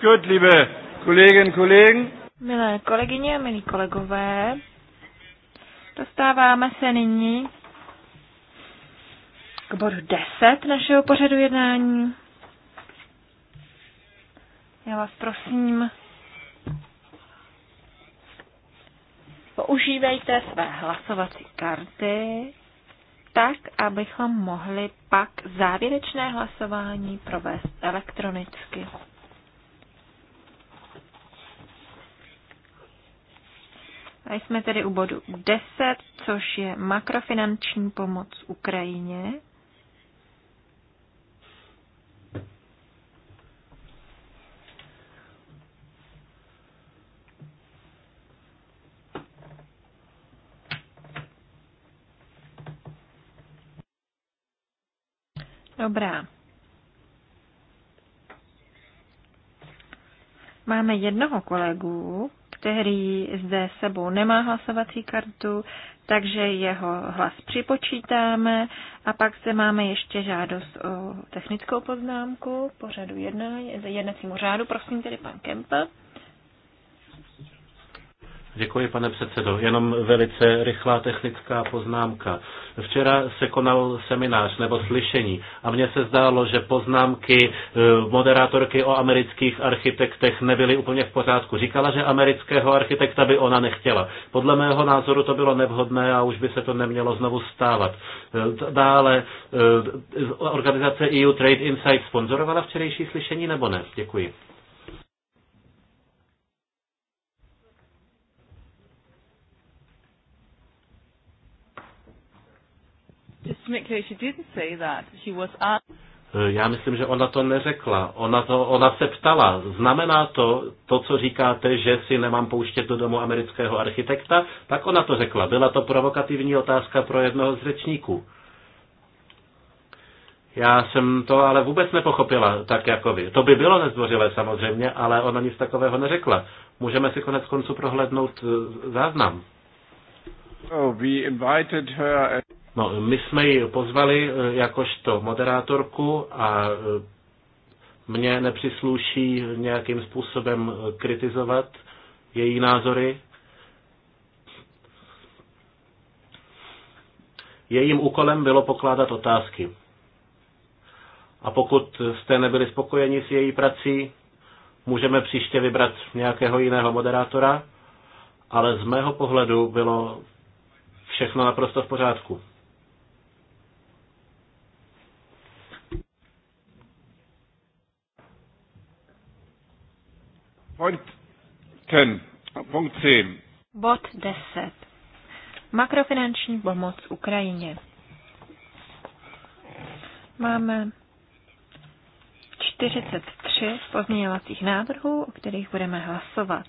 Gut, liebe Kolleginnen, Kollegen. Milé kolegyně, milí kolegové, dostáváme se nyní k bodu 10 našeho pořadu jednání. Já vás prosím, používejte své hlasovací karty tak, abychom mohli pak závěrečné hlasování provést elektronicky. A jsme tedy u bodu 10, což je makrofinanční pomoc Ukrajině. Dobrá. Máme jednoho kolegu, který zde sebou nemá hlasovací kartu, takže jeho hlas připočítáme a pak se máme ještě žádost o technickou poznámku pořadu jednání, jednacímu řádu, prosím tedy pan Kempel. Děkuji, pane předsedo. Jenom velice rychlá technická poznámka. Včera se konal seminář nebo slyšení a mně se zdálo, že poznámky e, moderátorky o amerických architektech nebyly úplně v pořádku. Říkala, že amerického architekta by ona nechtěla. Podle mého názoru to bylo nevhodné a už by se to nemělo znovu stávat. E, dále, e, organizace EU Trade Insight sponzorovala včerejší slyšení nebo ne? Děkuji. Eh, já myslím, že ona to neřekla. Ona, to, ona se ptala, znamená to, to, co říkáte, že si nemám pouštět do domu amerického architekta? Tak ona to řekla. Byla to provokativní otázka pro jednoho z řečníků. Já jsem to ale vůbec nepochopila, tak jako vy. To by bylo nezdvořilé samozřejmě, ale ona nic takového neřekla. Můžeme si konec konců prohlédnout eh, záznam. Oh, we invited her No, my jsme ji pozvali eh, jakožto moderátorku a eh, mně nepřisluší nějakým způsobem eh, kritizovat její názory. Jejím úkolem bylo pokládat otázky. A pokud jste nebyli spokojeni s její prací, můžeme příště vybrat nějakého jiného moderátora, ale z mého pohledu bylo všechno naprosto v pořádku. Point 10. Punkt 10. Bod 10. Makrofinanční pomoc Ukrajině. Máme 43 pozměňovacích návrhů, o kterých budeme hlasovat.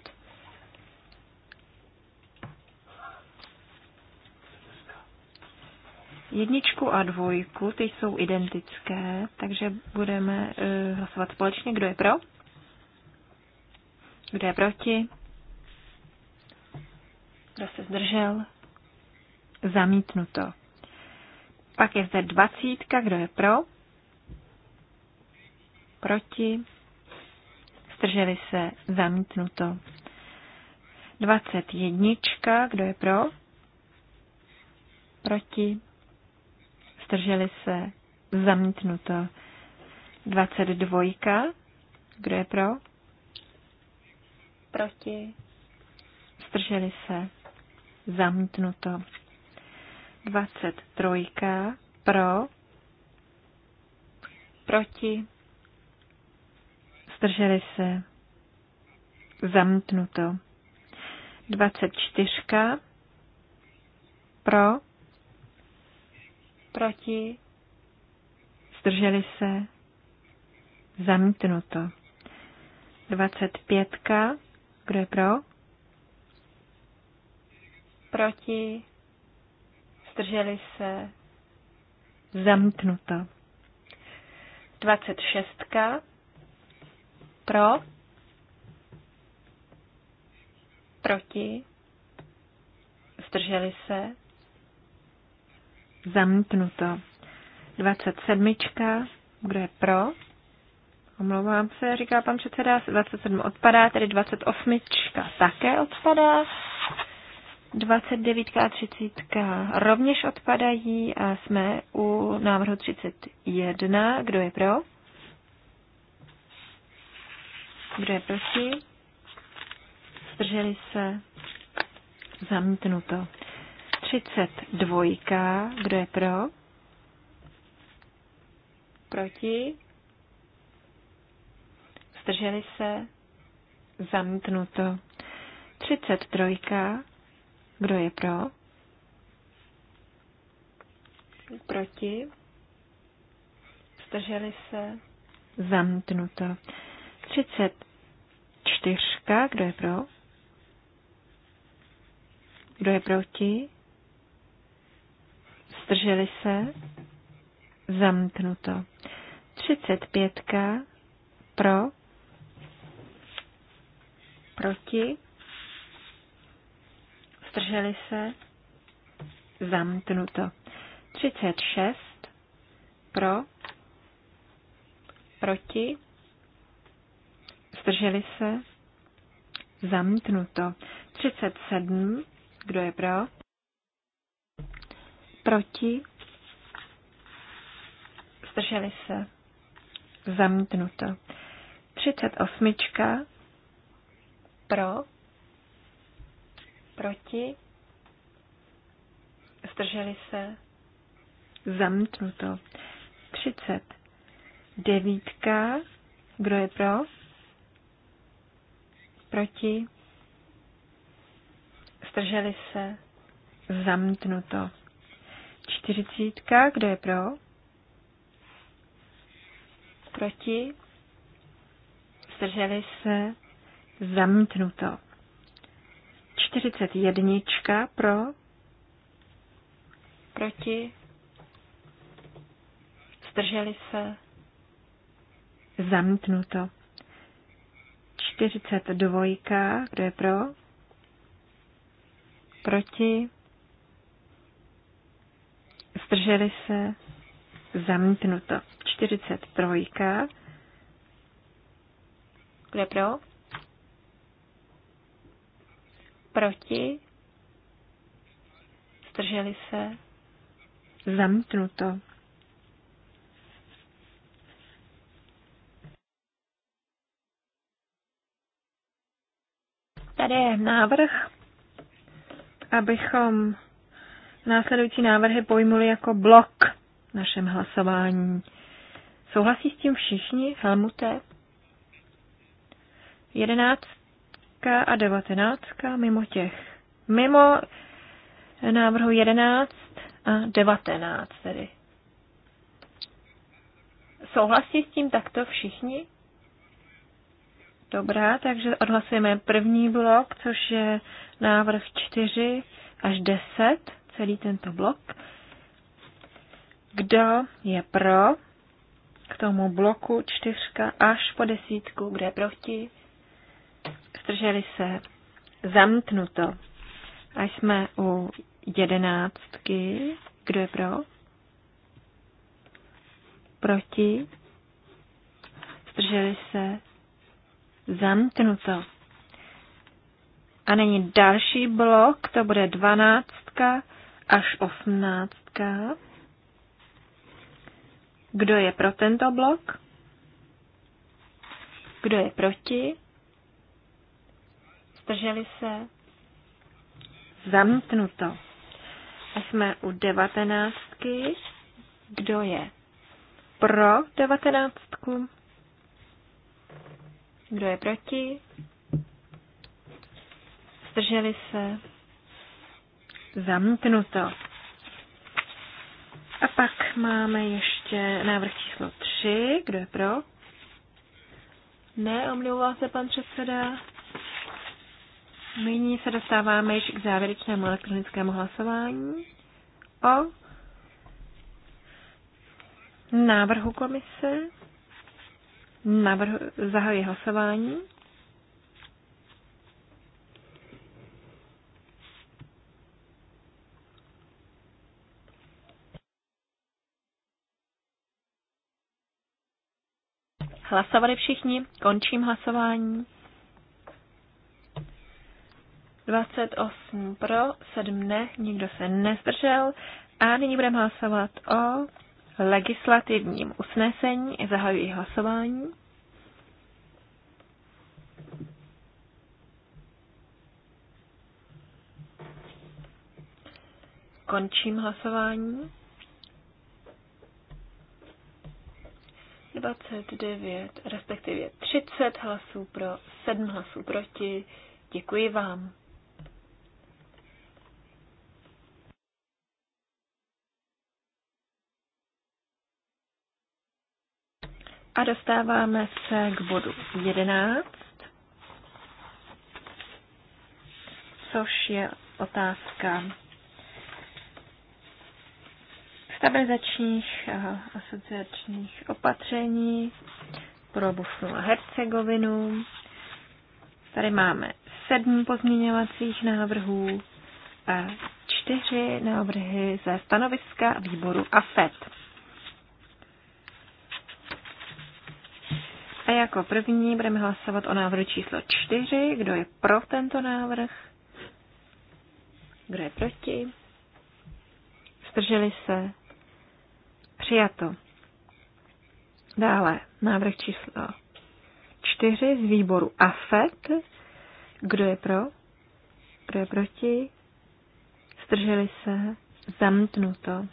Jedničku a dvojku, ty jsou identické, takže budeme uh, hlasovat společně. Kdo je pro? Kdo je proti? Kdo se zdržel? Zamítnuto. Pak je zde dvacítka, kdo je pro? Proti? Zdrželi se? Zamítnuto. Dvacet jednička, kdo je pro? Proti? Zdrželi se? Zamítnuto. Dvacet dvojka, kdo je pro? proti, zdrželi se, zamítnuto. 23 pro, proti, zdrželi se, zamítnuto. 24 pro, proti, zdrželi se, zamítnuto. 25 kdo je pro? Proti? Zdrželi se? Zamknuto. 26. Pro? Proti? Zdrželi se? Zamknuto. 27. Kdo je pro? Omlouvám se, říká pan předseda, 27 odpadá, tedy 28 také odpadá. 29 a 30 rovněž odpadají a jsme u návrhu 31. Kdo je pro? Kdo je proti? Zdrželi se? Zamítnuto. 32. Kdo je pro? Proti? zdrželi se, zamítnuto. 33. Kdo je pro? Proti? Zdrželi se? Zamítnuto. 34. Kdo je pro? Kdo je proti? Zdrželi se? Zamítnuto. 35. Pro? Proti? Zdrželi se? Zamknuto. 36. Pro? Proti? Zdrželi se? zamknuto. 37. Kdo je pro? Proti? Zdrželi se? zamknuto. 38. Pro. Proti. Zdrželi se. Zamítnuto. 30. Devítka. Kdo je pro? Proti. Zdrželi se. Zamítnuto. Čtyřicítka. Kdo je pro? Proti. Zdrželi se zamítnuto. 41 pro, proti, zdrželi se, zamítnuto. 42, kdo je pro, proti, zdrželi se, zamítnuto. 43, kdo je pro, Proti? Zdrželi se? Zamítnuto. Tady je návrh, abychom následující návrhy pojmuli jako blok v našem hlasování. Souhlasí s tím všichni, Helmute? 11, a devatenáctka mimo těch. Mimo návrhu jedenáct a devatenáct tedy. Souhlasí s tím takto všichni? Dobrá, takže odhlasujeme první blok, což je návrh 4 až 10, celý tento blok. Kdo je pro k tomu bloku 4 až po desítku, kde proti? zdrželi se, zamknuto. A jsme u jedenáctky, kdo je pro? Proti, zdrželi se, zamknuto. A není další blok, to bude dvanáctka až osmnáctka. Kdo je pro tento blok? Kdo je proti? zdrželi se, zamknuto. A jsme u devatenáctky. Kdo je pro devatenáctku? Kdo je proti? Zdrželi se? Zamknuto. A pak máme ještě návrh číslo tři Kdo je pro? Ne, omlouvá se pan předseda. Nyní se dostáváme již k závěrečnému elektronickému hlasování o návrhu komise. Navrhu, zahajuji hlasování. Hlasovali všichni, končím hlasování. 28 pro, 7 ne, nikdo se nezdržel. A nyní budeme hlasovat o legislativním usnesení. Zahajuji hlasování. Končím hlasování. 29, respektive 30 hlasů pro, 7 hlasů proti. Děkuji vám. A dostáváme se k bodu 11, což je otázka stabilizačních a eh, asociačních opatření pro Bosnu a Hercegovinu. Tady máme sedm pozměňovacích návrhů a čtyři návrhy ze stanoviska výboru AFET. A jako první budeme hlasovat o návrhu číslo čtyři, Kdo je pro tento návrh? Kdo je proti? Zdrželi se? Přijato. Dále návrh číslo čtyři z výboru AFET. Kdo je pro? Kdo je proti? Zdrželi se? Zamknuto.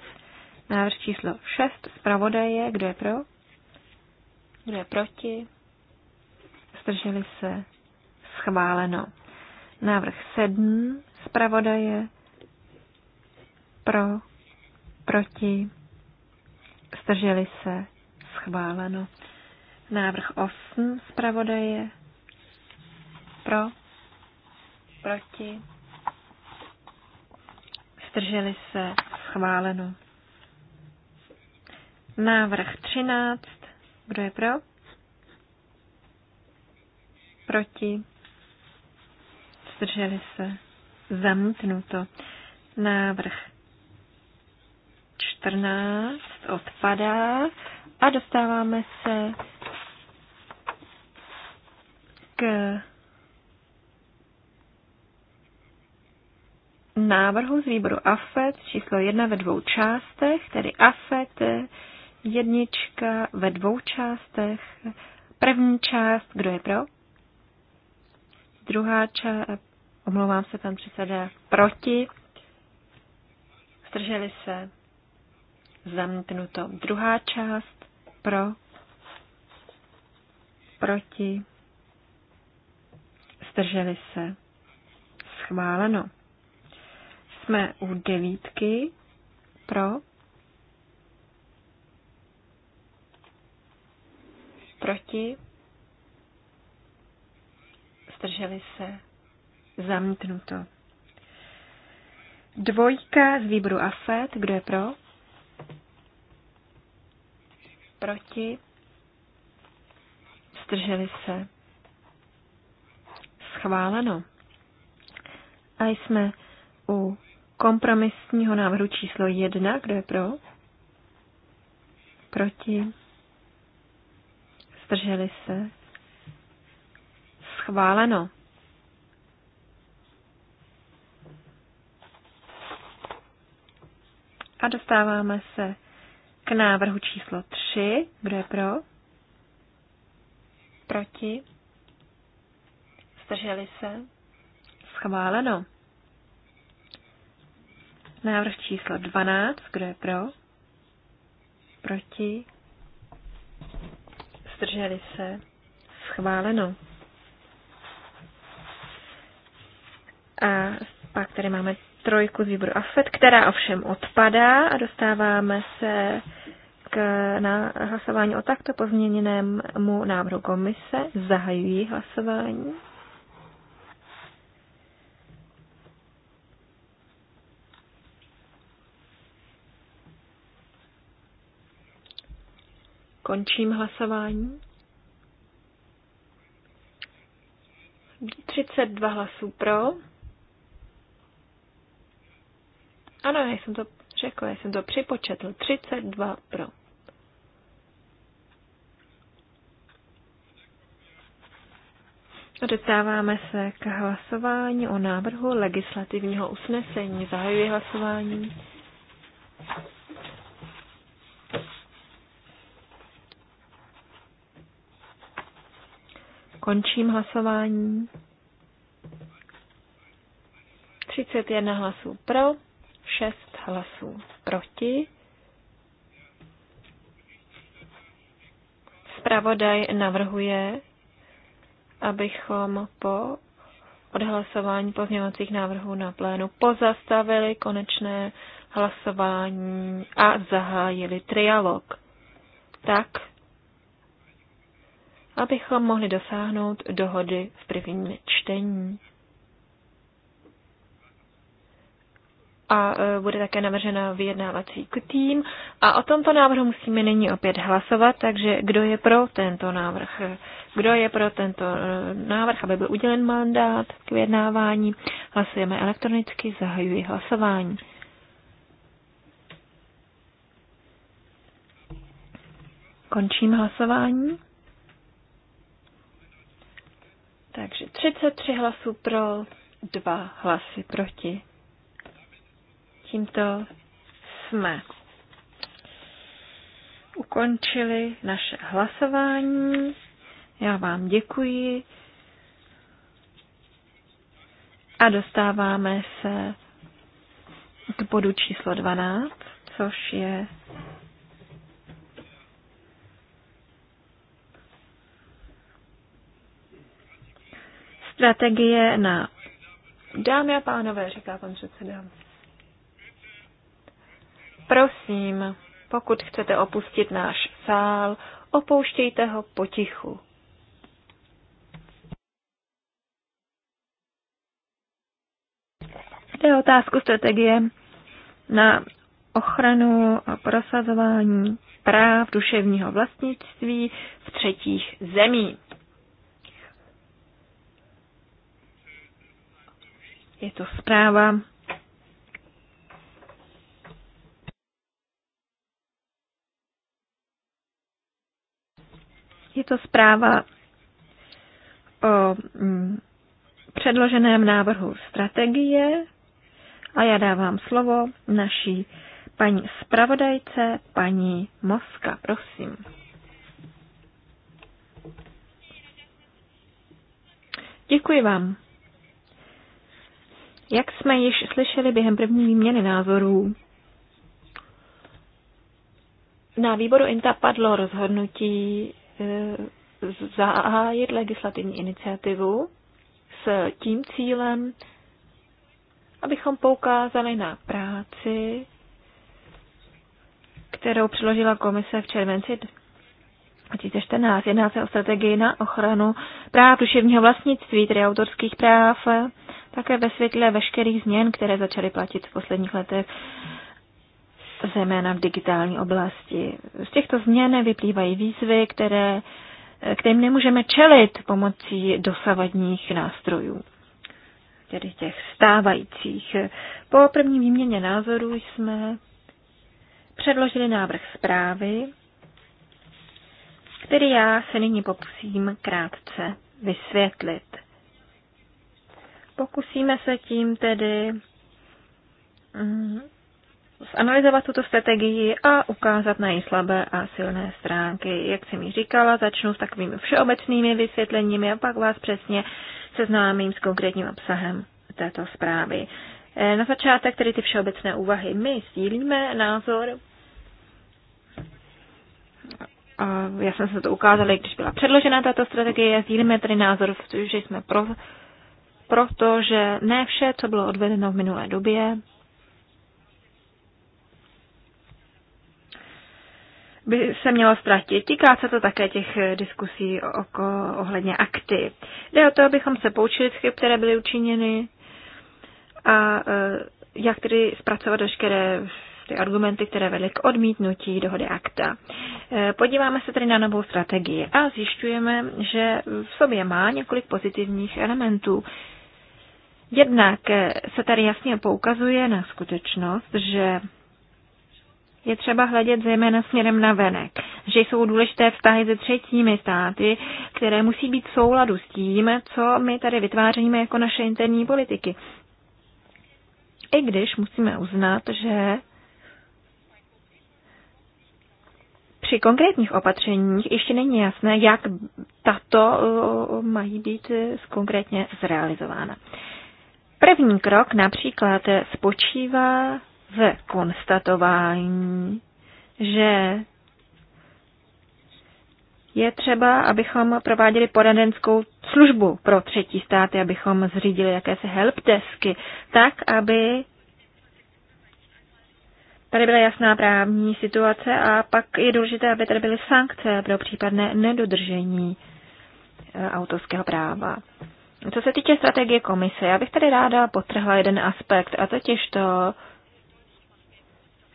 Návrh číslo 6 zpravodaje. Kdo je pro? Kdo je proti? Zdrželi se? Schváleno. Návrh sedm Zpravodaje. Pro. Proti. Zdrželi se? Schváleno. Návrh osm Zpravodaje. Pro. Proti. Zdrželi se? Schváleno. Návrh 13 kdo je pro? Proti? Zdrželi se. Zamítnuto. Návrh 14 odpadá a dostáváme se k návrhu z výboru AFET číslo 1 ve dvou částech, tedy AFET jednička ve dvou částech. První část, kdo je pro? Druhá část, omlouvám se, pan předseda, proti. Strželi se. Zamítnuto. Druhá část, pro. Proti. Strželi se. Schváleno. Jsme u devítky, pro Proti? strželi se? Zamítnuto. Dvojka z výboru AFET. Kdo je pro? Proti? strželi se? Schváleno. A jsme u kompromisního návrhu číslo jedna, Kdo je pro? Proti? zdrželi se, schváleno. A dostáváme se k návrhu číslo 3. Kdo je pro? Proti? Zdrželi se? Schváleno. Návrh číslo 12. Kdo je pro? Proti? zdrželi se, schváleno. A pak tady máme trojku z výboru AFET, která ovšem odpadá a dostáváme se k na hlasování o takto pozměněnému návrhu komise. Zahajují hlasování. Končím hlasování. 32 hlasů pro. Ano, já jsem to řekl, já jsem to připočetl. 32 pro. Dostáváme se k hlasování o návrhu legislativního usnesení. Zahajuji hlasování. Končím hlasování. 31 hlasů pro, 6 hlasů proti. Spravodaj navrhuje, abychom po odhlasování pozměňovacích návrhů na plénu pozastavili konečné hlasování a zahájili trialog. Tak, abychom mohli dosáhnout dohody v prvním čtení. a e, bude také navržena vyjednávací tým. A o tomto návrhu musíme nyní opět hlasovat, takže kdo je pro tento návrh? Kdo je pro tento e, návrh, aby byl udělen mandát k vyjednávání? Hlasujeme elektronicky, zahajuji hlasování. Končím hlasování. Takže 33 hlasů pro, 2 hlasy proti. Tímto jsme ukončili naše hlasování. Já vám děkuji. A dostáváme se k bodu číslo 12, což je strategie na... Dámy a pánové, říká pan předseda. Prosím, pokud chcete opustit náš sál, opouštějte ho potichu. Jde otázku strategie na ochranu a prosazování práv duševního vlastnictví v třetích zemích. Je to zpráva Je to zpráva o mm, předloženém návrhu strategie a já dávám slovo naší paní zpravodajce, paní Moska, prosím. Děkuji vám. Jak jsme již slyšeli během první výměny názorů, na výboru INTA padlo rozhodnutí eh, zahájit legislativní iniciativu s tím cílem, abychom poukázali na práci, kterou přiložila komise v červenci 2014. Jedná se o strategii na ochranu práv duševního vlastnictví, tedy autorských práv, také ve světle veškerých změn, které začaly platit v posledních letech, zejména v digitální oblasti. Z těchto změn vyplývají výzvy, které, kterým nemůžeme čelit pomocí dosavadních nástrojů tedy těch stávajících. Po první výměně názorů jsme předložili návrh zprávy, který já se nyní pokusím krátce vysvětlit. Pokusíme se tím tedy mm, zanalizovat tuto strategii a ukázat na její slabé a silné stránky. Jak jsem ji říkala, začnu s takovými všeobecnými vysvětleními a pak vás přesně seznámím s konkrétním obsahem této zprávy. E, na začátek tedy ty všeobecné úvahy. My sdílíme názor já jsem se to ukázala, když byla předložena tato strategie, sdílíme tedy názor, že jsme pro, že ne vše, co bylo odvedeno v minulé době, by se mělo ztratit. Týká se to také těch diskusí oko, ohledně akty. Jde o to, abychom se poučili z chyb, které byly učiněny a e, jak tedy zpracovat veškeré ty argumenty, které vedly k odmítnutí dohody akta. E, podíváme se tedy na novou strategii a zjišťujeme, že v sobě má několik pozitivních elementů. Jednak e, se tady jasně poukazuje na skutečnost, že je třeba hledět zejména směrem na venek, že jsou důležité vztahy se třetími státy, které musí být v souladu s tím, co my tady vytváříme jako naše interní politiky. I když musíme uznat, že při konkrétních opatřeních ještě není jasné, jak tato eh, mají být eh, konkrétně zrealizována. První krok například spočívá v konstatování, že je třeba, abychom prováděli poradenskou službu pro třetí státy, abychom zřídili jakési helpdesky, tak, aby Tady byla jasná právní situace a pak je důležité, aby tady byly sankce pro případné nedodržení e, autorského práva. Co se týče strategie komise, já bych tady ráda potrhla jeden aspekt, a totiž to,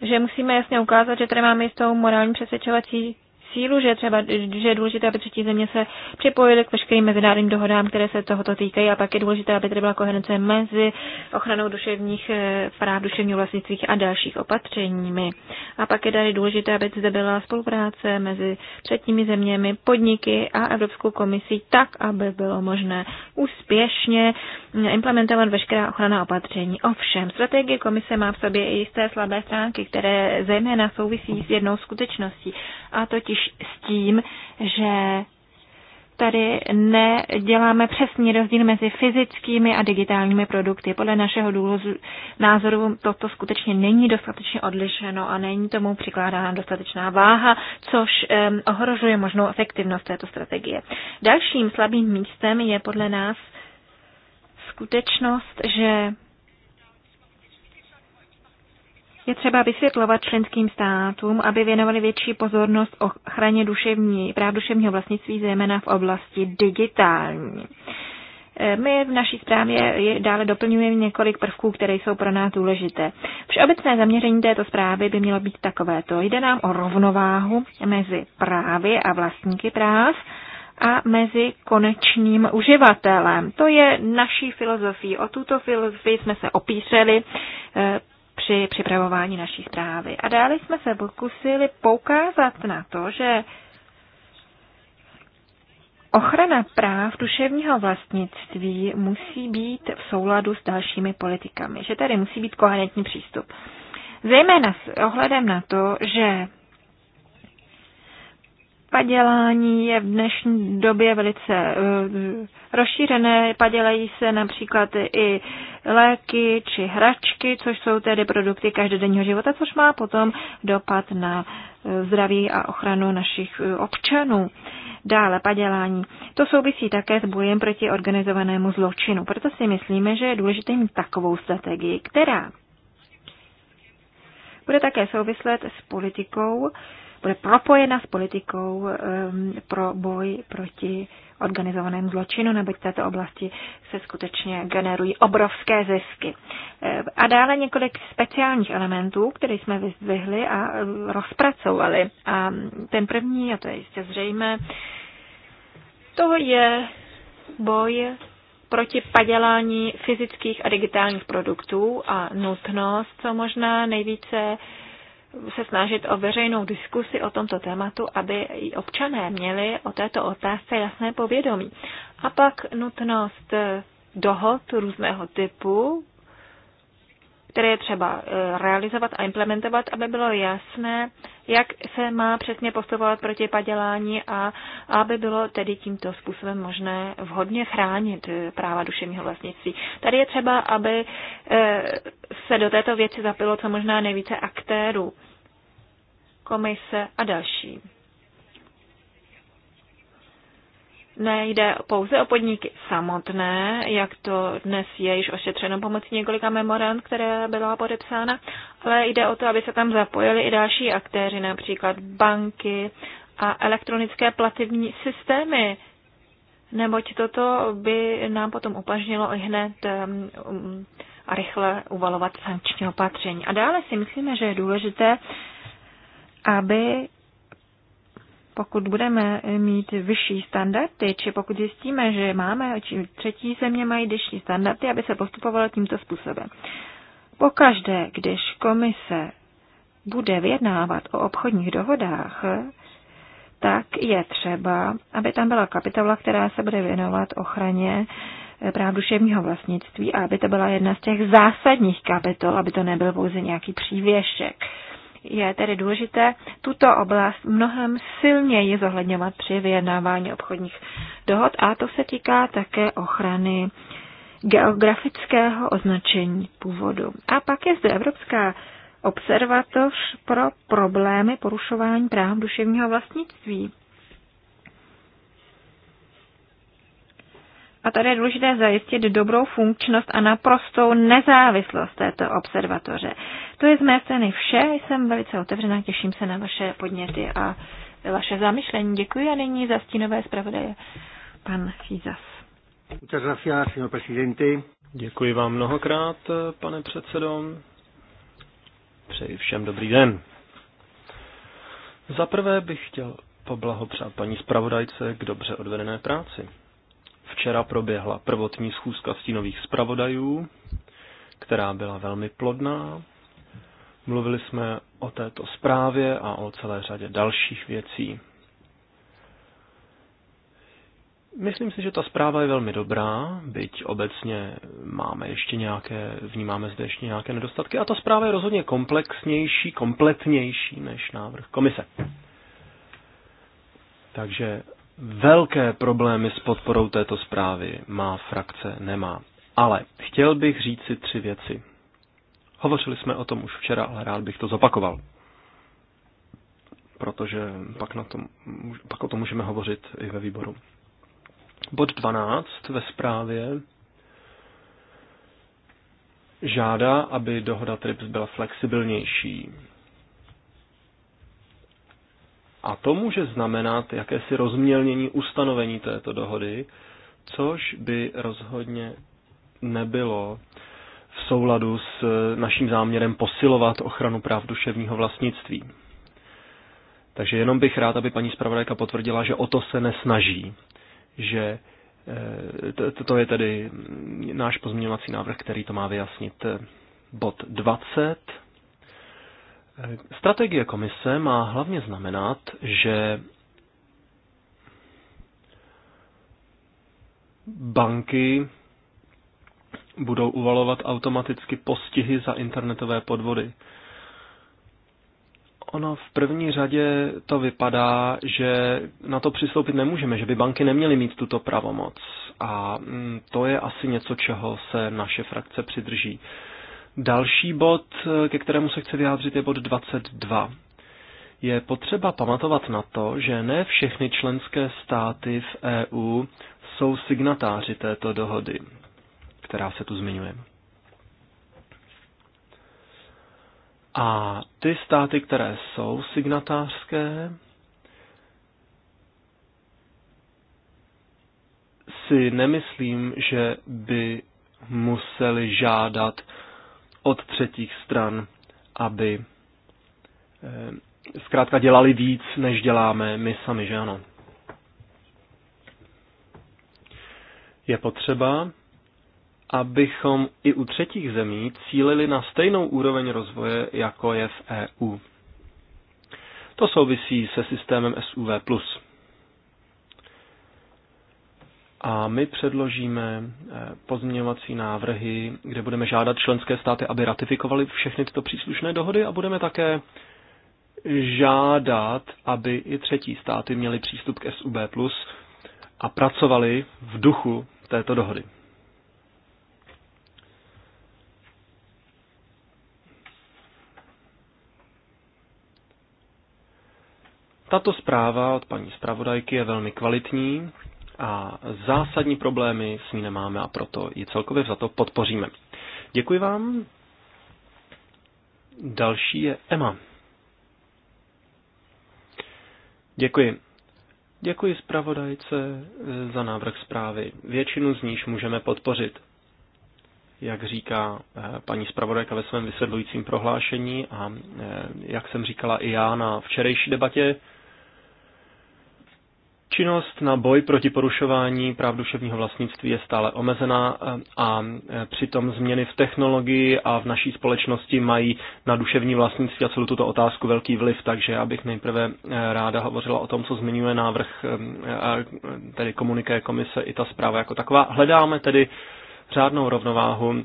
že musíme jasně ukázat, že tady máme jistou morální přesvědčovací cílu, že, třeba, že je důležité, aby třetí země se připojily k veškerým mezinárodním dohodám, které se tohoto týkají a pak je důležité, aby tady byla koherence mezi ochranou duševních eh, práv, duševního vlastnictví a dalších opatřeními. A pak je tady důležité, aby zde byla spolupráce mezi třetími zeměmi, podniky a Evropskou komisí tak, aby bylo možné úspěšně implementovat veškerá ochrana opatření. Ovšem, strategie komise má v sobě i jisté slabé stránky, které zejména souvisí s jednou skutečností, a totiž s tím, že tady neděláme přesný rozdíl mezi fyzickými a digitálními produkty. Podle našeho důvodu názoru toto skutečně není dostatečně odlišeno a není tomu přikládána dostatečná váha, což um, ohrožuje možnou efektivnost této strategie. Dalším slabým místem je podle nás skutečnost, že je třeba vysvětlovat členským státům, aby věnovali větší pozornost ochraně duševní, práv duševního vlastnictví, zejména v oblasti digitální. E, my v naší zprávě dále doplňujeme několik prvků, které jsou pro nás důležité. Všeobecné zaměření této zprávy by mělo být takovéto. Jde nám o rovnováhu mezi právy a vlastníky práv a mezi konečným uživatelem. To je naší filozofií. O tuto filozofii jsme se opířeli e, při připravování naší zprávy. A dále jsme se pokusili poukázat na to, že Ochrana práv duševního vlastnictví musí být v souladu s dalšími politikami, že tady musí být koherentní přístup. Zejména s ohledem na to, že Padělání je v dnešní době velice eh, rozšířené. Padělají se například i léky či hračky, což jsou tedy produkty každodenního života, což má potom dopad na eh, zdraví a ochranu našich eh, občanů. Dále padělání. To souvisí také s bojem proti organizovanému zločinu. Proto si myslíme, že je důležité mít takovou strategii, která bude také souviset s politikou, bude propojena s politikou pro boj proti organizovanému zločinu, neboť v této oblasti se skutečně generují obrovské zisky. A dále několik speciálních elementů, které jsme vyzdvihli a rozpracovali. A ten první, a to je jistě zřejmé, to je boj proti padělání fyzických a digitálních produktů a nutnost co možná nejvíce se snažit o veřejnou diskusi o tomto tématu, aby i občané měli o této otázce jasné povědomí. A pak nutnost eh, dohod různého typu, které je třeba eh, realizovat a implementovat, aby bylo jasné, jak se má přesně postupovat proti padělání a aby bylo tedy tímto způsobem možné vhodně chránit práva duševního vlastnictví. Tady je třeba, aby eh, se do této věci zapilo co možná nejvíce aktérů, komise a další. Nejde pouze o podniky samotné, jak to dnes je již ošetřeno pomocí několika memorand, které byla podepsána, ale jde o to, aby se tam zapojili i další aktéři, například banky a elektronické plativní systémy, neboť toto by nám potom upažnilo i hned um, um, a rychle uvalovat sankční opatření. A dále si myslíme, že je důležité, aby pokud budeme mít vyšší standardy, či pokud zjistíme, že máme, či třetí země mají vyšší standardy, aby se postupovalo tímto způsobem. Pokaždé, když komise bude vyjednávat o obchodních dohodách, tak je třeba, aby tam byla kapitola, která se bude věnovat ochraně eh, práv duševního vlastnictví a aby to byla jedna z těch zásadních kapitol, aby to nebyl pouze nějaký přívěšek. Je tedy důležité tuto oblast mnohem silněji zohledňovat při vyjednávání obchodních dohod a to se týká také ochrany geografického označení původu. A pak je zde Evropská observatoř pro problémy porušování práv duševního vlastnictví. A tady je důležité zajistit dobrou funkčnost a naprostou nezávislost této observatoře. To je z mé strany vše, jsem velice otevřená, těším se na vaše podněty a vaše zamyšlení. Děkuji a nyní za stínové zpravodaje pan Fízas. Děkuji vám mnohokrát, pane předsedo. Přeji všem dobrý den. Za prvé bych chtěl poblahopřát paní zpravodajce k dobře odvedené práci. Včera proběhla prvotní schůzka stínových zpravodajů, která byla velmi plodná. Mluvili jsme o této zprávě a o celé řadě dalších věcí. Myslím si, že ta zpráva je velmi dobrá, byť obecně máme ještě nějaké, vnímáme zde ještě nějaké nedostatky a ta zpráva je rozhodně komplexnější, kompletnější než návrh komise. Takže Velké problémy s podporou této zprávy má frakce nemá. Ale chtěl bych říct si tři věci. Hovořili jsme o tom už včera, ale rád bych to zopakoval. Protože pak, na tom, pak o tom můžeme hovořit i ve výboru. Bod 12 ve zprávě žádá, aby dohoda TRIPS byla flexibilnější. A to může znamenat jakési rozmělnění ustanovení této dohody, což by rozhodně nebylo v souladu s eh, naším záměrem posilovat ochranu práv duševního vlastnictví. Takže jenom bych rád, aby paní zpravodajka potvrdila, že o to se nesnaží, že eh, to je tedy náš pozměňovací návrh, který to má vyjasnit. Bod 20 Strategie komise má hlavně znamenat, že banky budou uvalovat automaticky postihy za internetové podvody. Ono v první řadě to vypadá, že na to přistoupit nemůžeme, že by banky neměly mít tuto pravomoc. A mm, to je asi něco, čeho se naše frakce přidrží. Další bod, ke kterému se chce vyjádřit, je bod 22. Je potřeba pamatovat na to, že ne všechny členské státy v EU jsou signatáři této dohody, která se tu zmiňuje. A ty státy, které jsou signatářské, si nemyslím, že by museli žádat od třetích stran, aby eh, zkrátka dělali víc, než děláme my sami, že ano. Je potřeba, abychom i u třetích zemí cílili na stejnou úroveň rozvoje, jako je v EU. To souvisí se systémem SUV+ a my předložíme eh, pozměňovací návrhy, kde budeme žádat členské státy, aby ratifikovali všechny tyto příslušné dohody a budeme také žádat, aby i třetí státy měly přístup k SUB+, a pracovali v duchu této dohody. Tato zpráva od paní zpravodajky je velmi kvalitní a zásadní problémy s ní nemáme a proto ji celkově za to podpoříme. Děkuji vám. Další je Emma. Děkuji. Děkuji zpravodajce eh, za návrh zprávy. Většinu z níž můžeme podpořit. Jak říká eh, paní zpravodajka ve svém vysvětlujícím prohlášení a eh, jak jsem říkala i já na včerejší debatě, Činnost na boj proti porušování práv duševního vlastnictví je stále omezená eh, a eh, přitom změny v technologii a v naší společnosti mají na duševní vlastnictví a celou tuto otázku velký vliv, takže já bych nejprve eh, ráda hovořila o tom, co zmiňuje návrh, tedy komuniké komise i ta zpráva jako taková. Hledáme tedy řádnou rovnováhu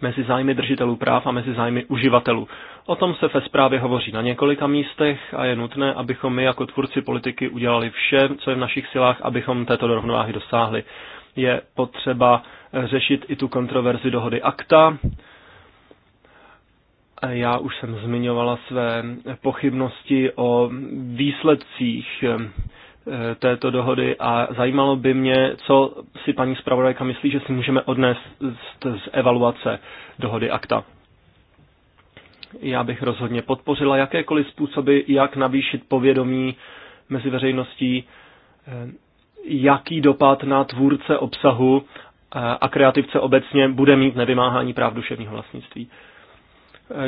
mezi zájmy držitelů práv a mezi zájmy uživatelů. O tom se ve zprávě hovoří na několika místech a je nutné, abychom my jako tvůrci politiky udělali vše, co je v našich silách, abychom této rovnováhy dosáhli. Je potřeba řešit i tu kontroverzi dohody akta. Já už jsem zmiňovala své pochybnosti o výsledcích eh, této dohody a zajímalo by mě, co si paní zpravodajka myslí, že si můžeme odnést z evaluace dohody akta. Já bych rozhodně podpořila jakékoliv způsoby, jak navýšit povědomí mezi veřejností, eh, jaký dopad na tvůrce obsahu eh, a kreativce obecně bude mít nevymáhání práv duševního vlastnictví.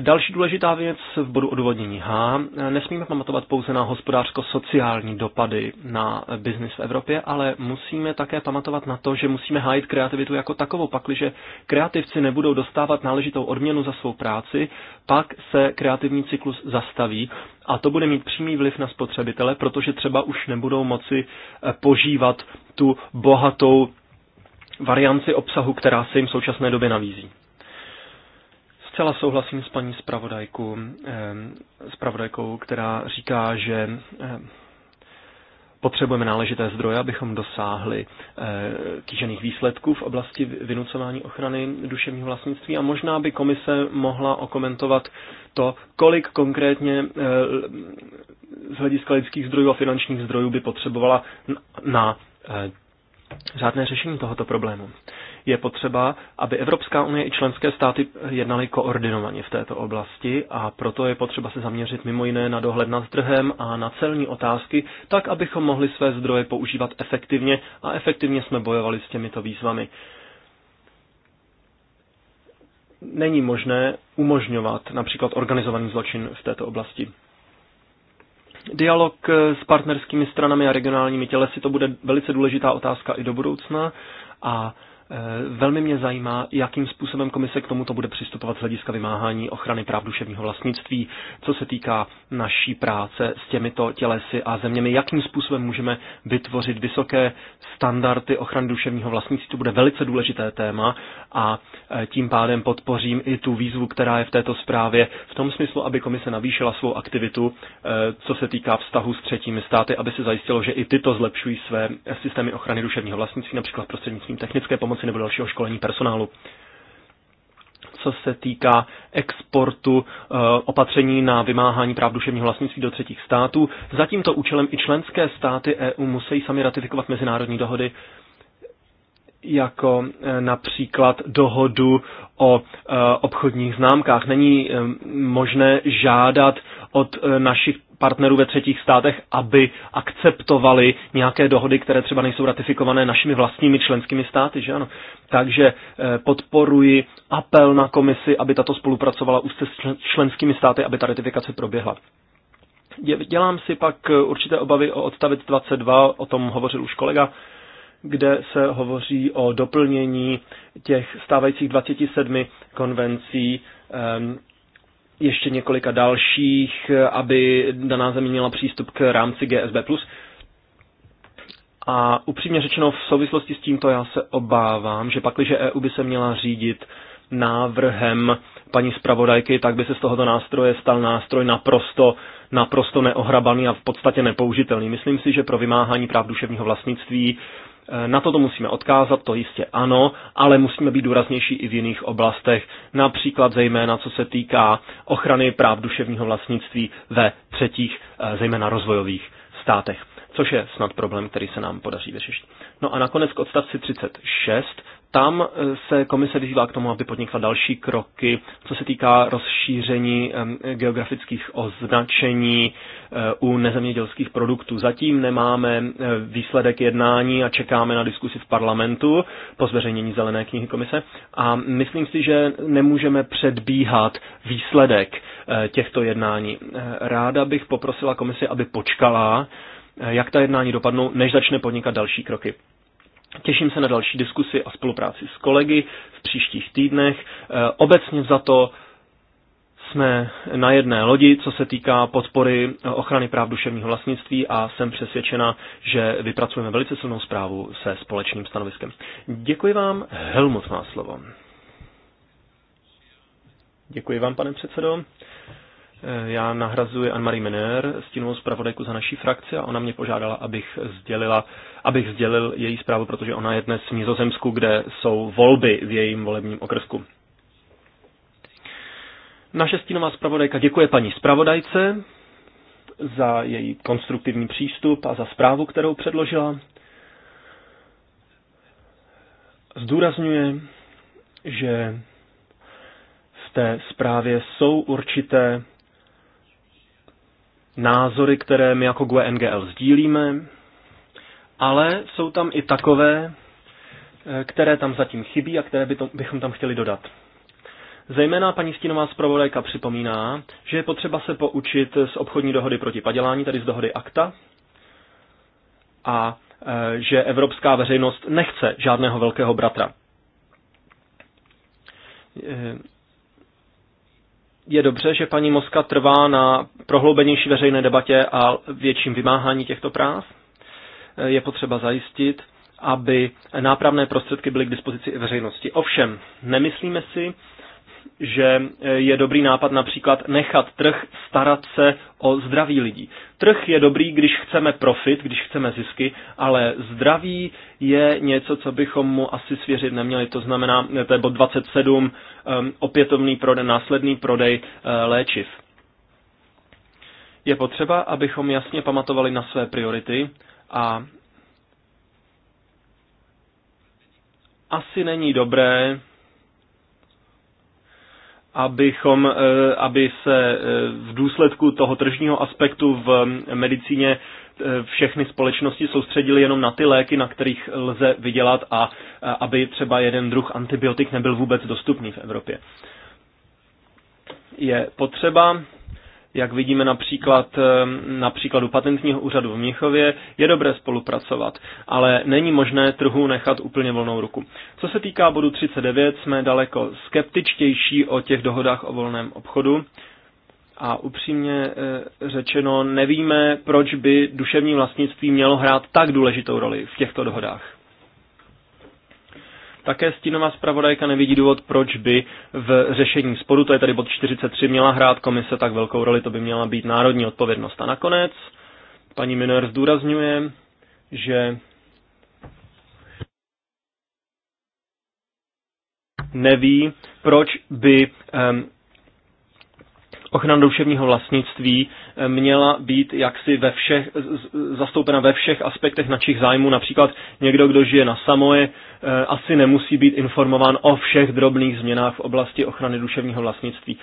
Další důležitá věc v bodu odvodnění H. Nesmíme pamatovat pouze na hospodářsko-sociální dopady na biznis v Evropě, ale musíme také pamatovat na to, že musíme hájit kreativitu jako takovou. Pakliže kreativci nebudou dostávat náležitou odměnu za svou práci, pak se kreativní cyklus zastaví a to bude mít přímý vliv na spotřebitele, protože třeba už nebudou moci eh, požívat tu bohatou varianci obsahu, která se jim v současné době navízí. Zcela souhlasím s paní spravodajku, spravodajkou, která říká, že potřebujeme náležité zdroje, abychom dosáhli eh, kýžených výsledků v oblasti vynucování ochrany duševního vlastnictví a možná by komise mohla okomentovat to, kolik konkrétně eh, z hlediska lidských zdrojů a finančních zdrojů by potřebovala na eh, řádné řešení tohoto problému je potřeba, aby Evropská unie i členské státy jednaly koordinovaně v této oblasti a proto je potřeba se zaměřit mimo jiné na dohled nad trhem a na celní otázky, tak abychom mohli své zdroje používat efektivně a efektivně jsme bojovali s těmito výzvami. Není možné umožňovat například organizovaný zločin v této oblasti. Dialog s partnerskými stranami a regionálními tělesy, to bude velice důležitá otázka i do budoucna a Eh, velmi mě zajímá, jakým způsobem komise k tomuto bude přistupovat z hlediska vymáhání ochrany práv duševního vlastnictví, co se týká naší práce s těmito tělesy a zeměmi, jakým způsobem můžeme vytvořit vysoké standardy ochrany duševního vlastnictví. To bude velice důležité téma a eh, tím pádem podpořím i tu výzvu, která je v této zprávě, v tom smyslu, aby komise navýšila svou aktivitu, eh, co se týká vztahu s třetími státy, aby se zajistilo, že i tyto zlepšují své systémy ochrany duševního vlastnictví, například prostřednictvím technické pomoci pomoci nebo dalšího školení personálu. Co se týká exportu eh, opatření na vymáhání práv duševního vlastnictví do třetích států, za tímto účelem i členské státy EU musí sami ratifikovat mezinárodní dohody, jako eh, například dohodu o eh, obchodních známkách. Není možné žádat od eh, našich partnerů ve třetích státech, aby akceptovali nějaké dohody, které třeba nejsou ratifikované našimi vlastními členskými státy, že ano. Takže eh, podporuji apel na komisi, aby tato spolupracovala už se členskými státy, aby ta ratifikace proběhla. Dělám si pak eh, určité obavy o odstavit 22, o tom hovořil už kolega, kde se hovoří o doplnění těch stávajících 27 konvencí ehm, ještě několika dalších, eh, aby daná země měla přístup k rámci GSB+. A upřímně řečeno, v souvislosti s tímto já se obávám, že pakliže EU by se měla řídit návrhem paní zpravodajky, tak by se z tohoto nástroje stal nástroj naprosto, naprosto neohrabaný a v podstatě nepoužitelný. Myslím si, že pro vymáhání práv duševního vlastnictví na to to musíme odkázat, to jistě ano, ale musíme být důraznější i v jiných oblastech, například zejména co se týká ochrany práv duševního vlastnictví ve třetích, eh, zejména rozvojových státech což je snad problém, který se nám podaří vyřešit. No a nakonec k odstavci 36 tam eh, se komise vyzývá k tomu, aby podnikla další kroky, co se týká rozšíření geografických označení eh, u nezemědělských produktů. Zatím nemáme eh, výsledek jednání a čekáme na diskusi v parlamentu po zveřejnění zelené knihy komise a myslím si, že nemůžeme předbíhat výsledek těchto jednání. Ráda bych poprosila komisi, aby počkala, jak ta jednání dopadnou, než začne podnikat další kroky. Těším se na další diskusy a spolupráci s kolegy v příštích týdnech. E, obecně za to jsme na jedné lodi, co se týká podpory e, ochrany práv duševního vlastnictví a jsem přesvědčena, že vypracujeme velice silnou zprávu se společným stanoviskem. Děkuji vám, Helmut má slovo. Děkuji vám, pane předsedo. Eh, já nahrazuji Anne-Marie Menér, stínovou zpravodajku za naší frakci a ona mě požádala, abych, sdělila, abych sdělil její zprávu, protože ona je dnes v Nizozemsku, kde jsou volby v jejím volebním okrsku. Naše stínová zpravodajka děkuje paní zpravodajce za její konstruktivní přístup a za zprávu, kterou předložila. Zdůrazňuje, že v té zprávě jsou určité názory, které my jako GUE NGL sdílíme, ale jsou tam i takové, eh, které tam zatím chybí a které by to, bychom tam chtěli dodat. Zejména paní Stínová zpravodajka připomíná, že je potřeba se poučit z obchodní dohody proti padělání, tedy z dohody akta, a e, že evropská veřejnost nechce žádného velkého bratra. E, je dobře, že paní Moska trvá na prohloubenější veřejné debatě a větším vymáhání těchto práv. Eh, je potřeba zajistit, aby nápravné prostředky byly k dispozici i veřejnosti. Ovšem, nemyslíme si, že eh, je dobrý nápad například nechat trh starat se o zdraví lidí. Trh je dobrý, když chceme profit, když chceme zisky, ale zdraví je něco, co bychom mu asi svěřit neměli. To znamená, eh, to je bod 27, eh, opětovný prodej, následný prodej léčiv. Je potřeba, abychom jasně pamatovali na své priority a asi není dobré abychom, eh, aby se eh, v důsledku toho tržního aspektu v medicíně eh, všechny společnosti soustředili jenom na ty léky, na kterých lze vydělat a aby třeba jeden druh antibiotik nebyl vůbec dostupný v Evropě. Je potřeba jak vidíme například eh, na příkladu patentního úřadu v Měchově, je dobré spolupracovat, ale není možné trhu nechat úplně volnou ruku. Co se týká bodu 39, jsme daleko skeptičtější o těch dohodách o volném obchodu a upřímně eh, řečeno nevíme, proč by duševní vlastnictví mělo hrát tak důležitou roli v těchto dohodách. Také stínová zpravodajka nevidí důvod, proč by v řešení sporu, to je tady bod 43, měla hrát komise tak velkou roli, to by měla být národní odpovědnost. A nakonec paní Minor zdůrazňuje, že neví, proč by um, ochrana duševního vlastnictví měla být jaksi ve všech, zastoupena ve všech aspektech našich zájmů. Například někdo, kdo žije na Samoje, eh, asi nemusí být informován o všech drobných změnách v oblasti ochrany duševního vlastnictví.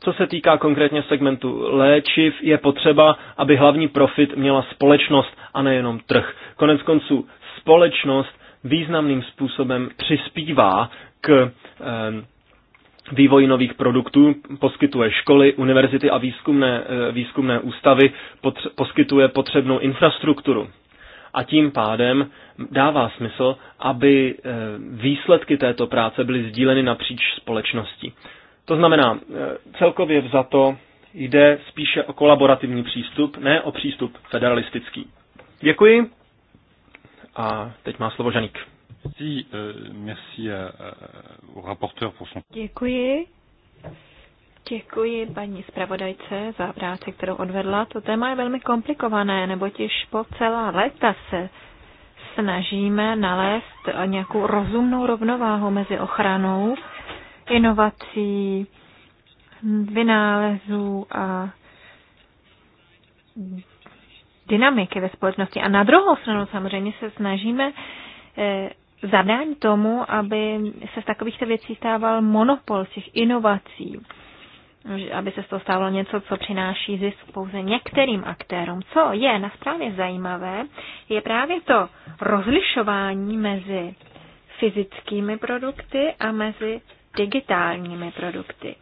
Co se týká konkrétně segmentu léčiv, je potřeba, aby hlavní profit měla společnost a nejenom trh. Konec konců společnost významným způsobem přispívá k eh, vývoj nových produktů, poskytuje školy, univerzity a výzkumné, eh, výzkumné ústavy, potř- poskytuje potřebnou infrastrukturu. A tím pádem dává smysl, aby eh, výsledky této práce byly sdíleny napříč společností. To znamená, eh, celkově vzato jde spíše o kolaborativní přístup, ne o přístup federalistický. Děkuji. A teď má slovo Žaník. Euh, Děkuji. Děkuji paní zpravodajce za práci, kterou odvedla. To téma je velmi komplikované, neboť již po celá léta se snažíme nalézt nějakou rozumnou rovnováhu mezi ochranou, inovací, vynálezů a dynamiky ve společnosti. A na druhou stranu samozřejmě se snažíme eh, zabrání tomu, aby se z takovýchto věcí stával monopol těch inovací, aby se z toho stalo něco, co přináší zisk pouze některým aktérům. Co je na správě zajímavé, je právě to rozlišování mezi fyzickými produkty a mezi digitálními produkty.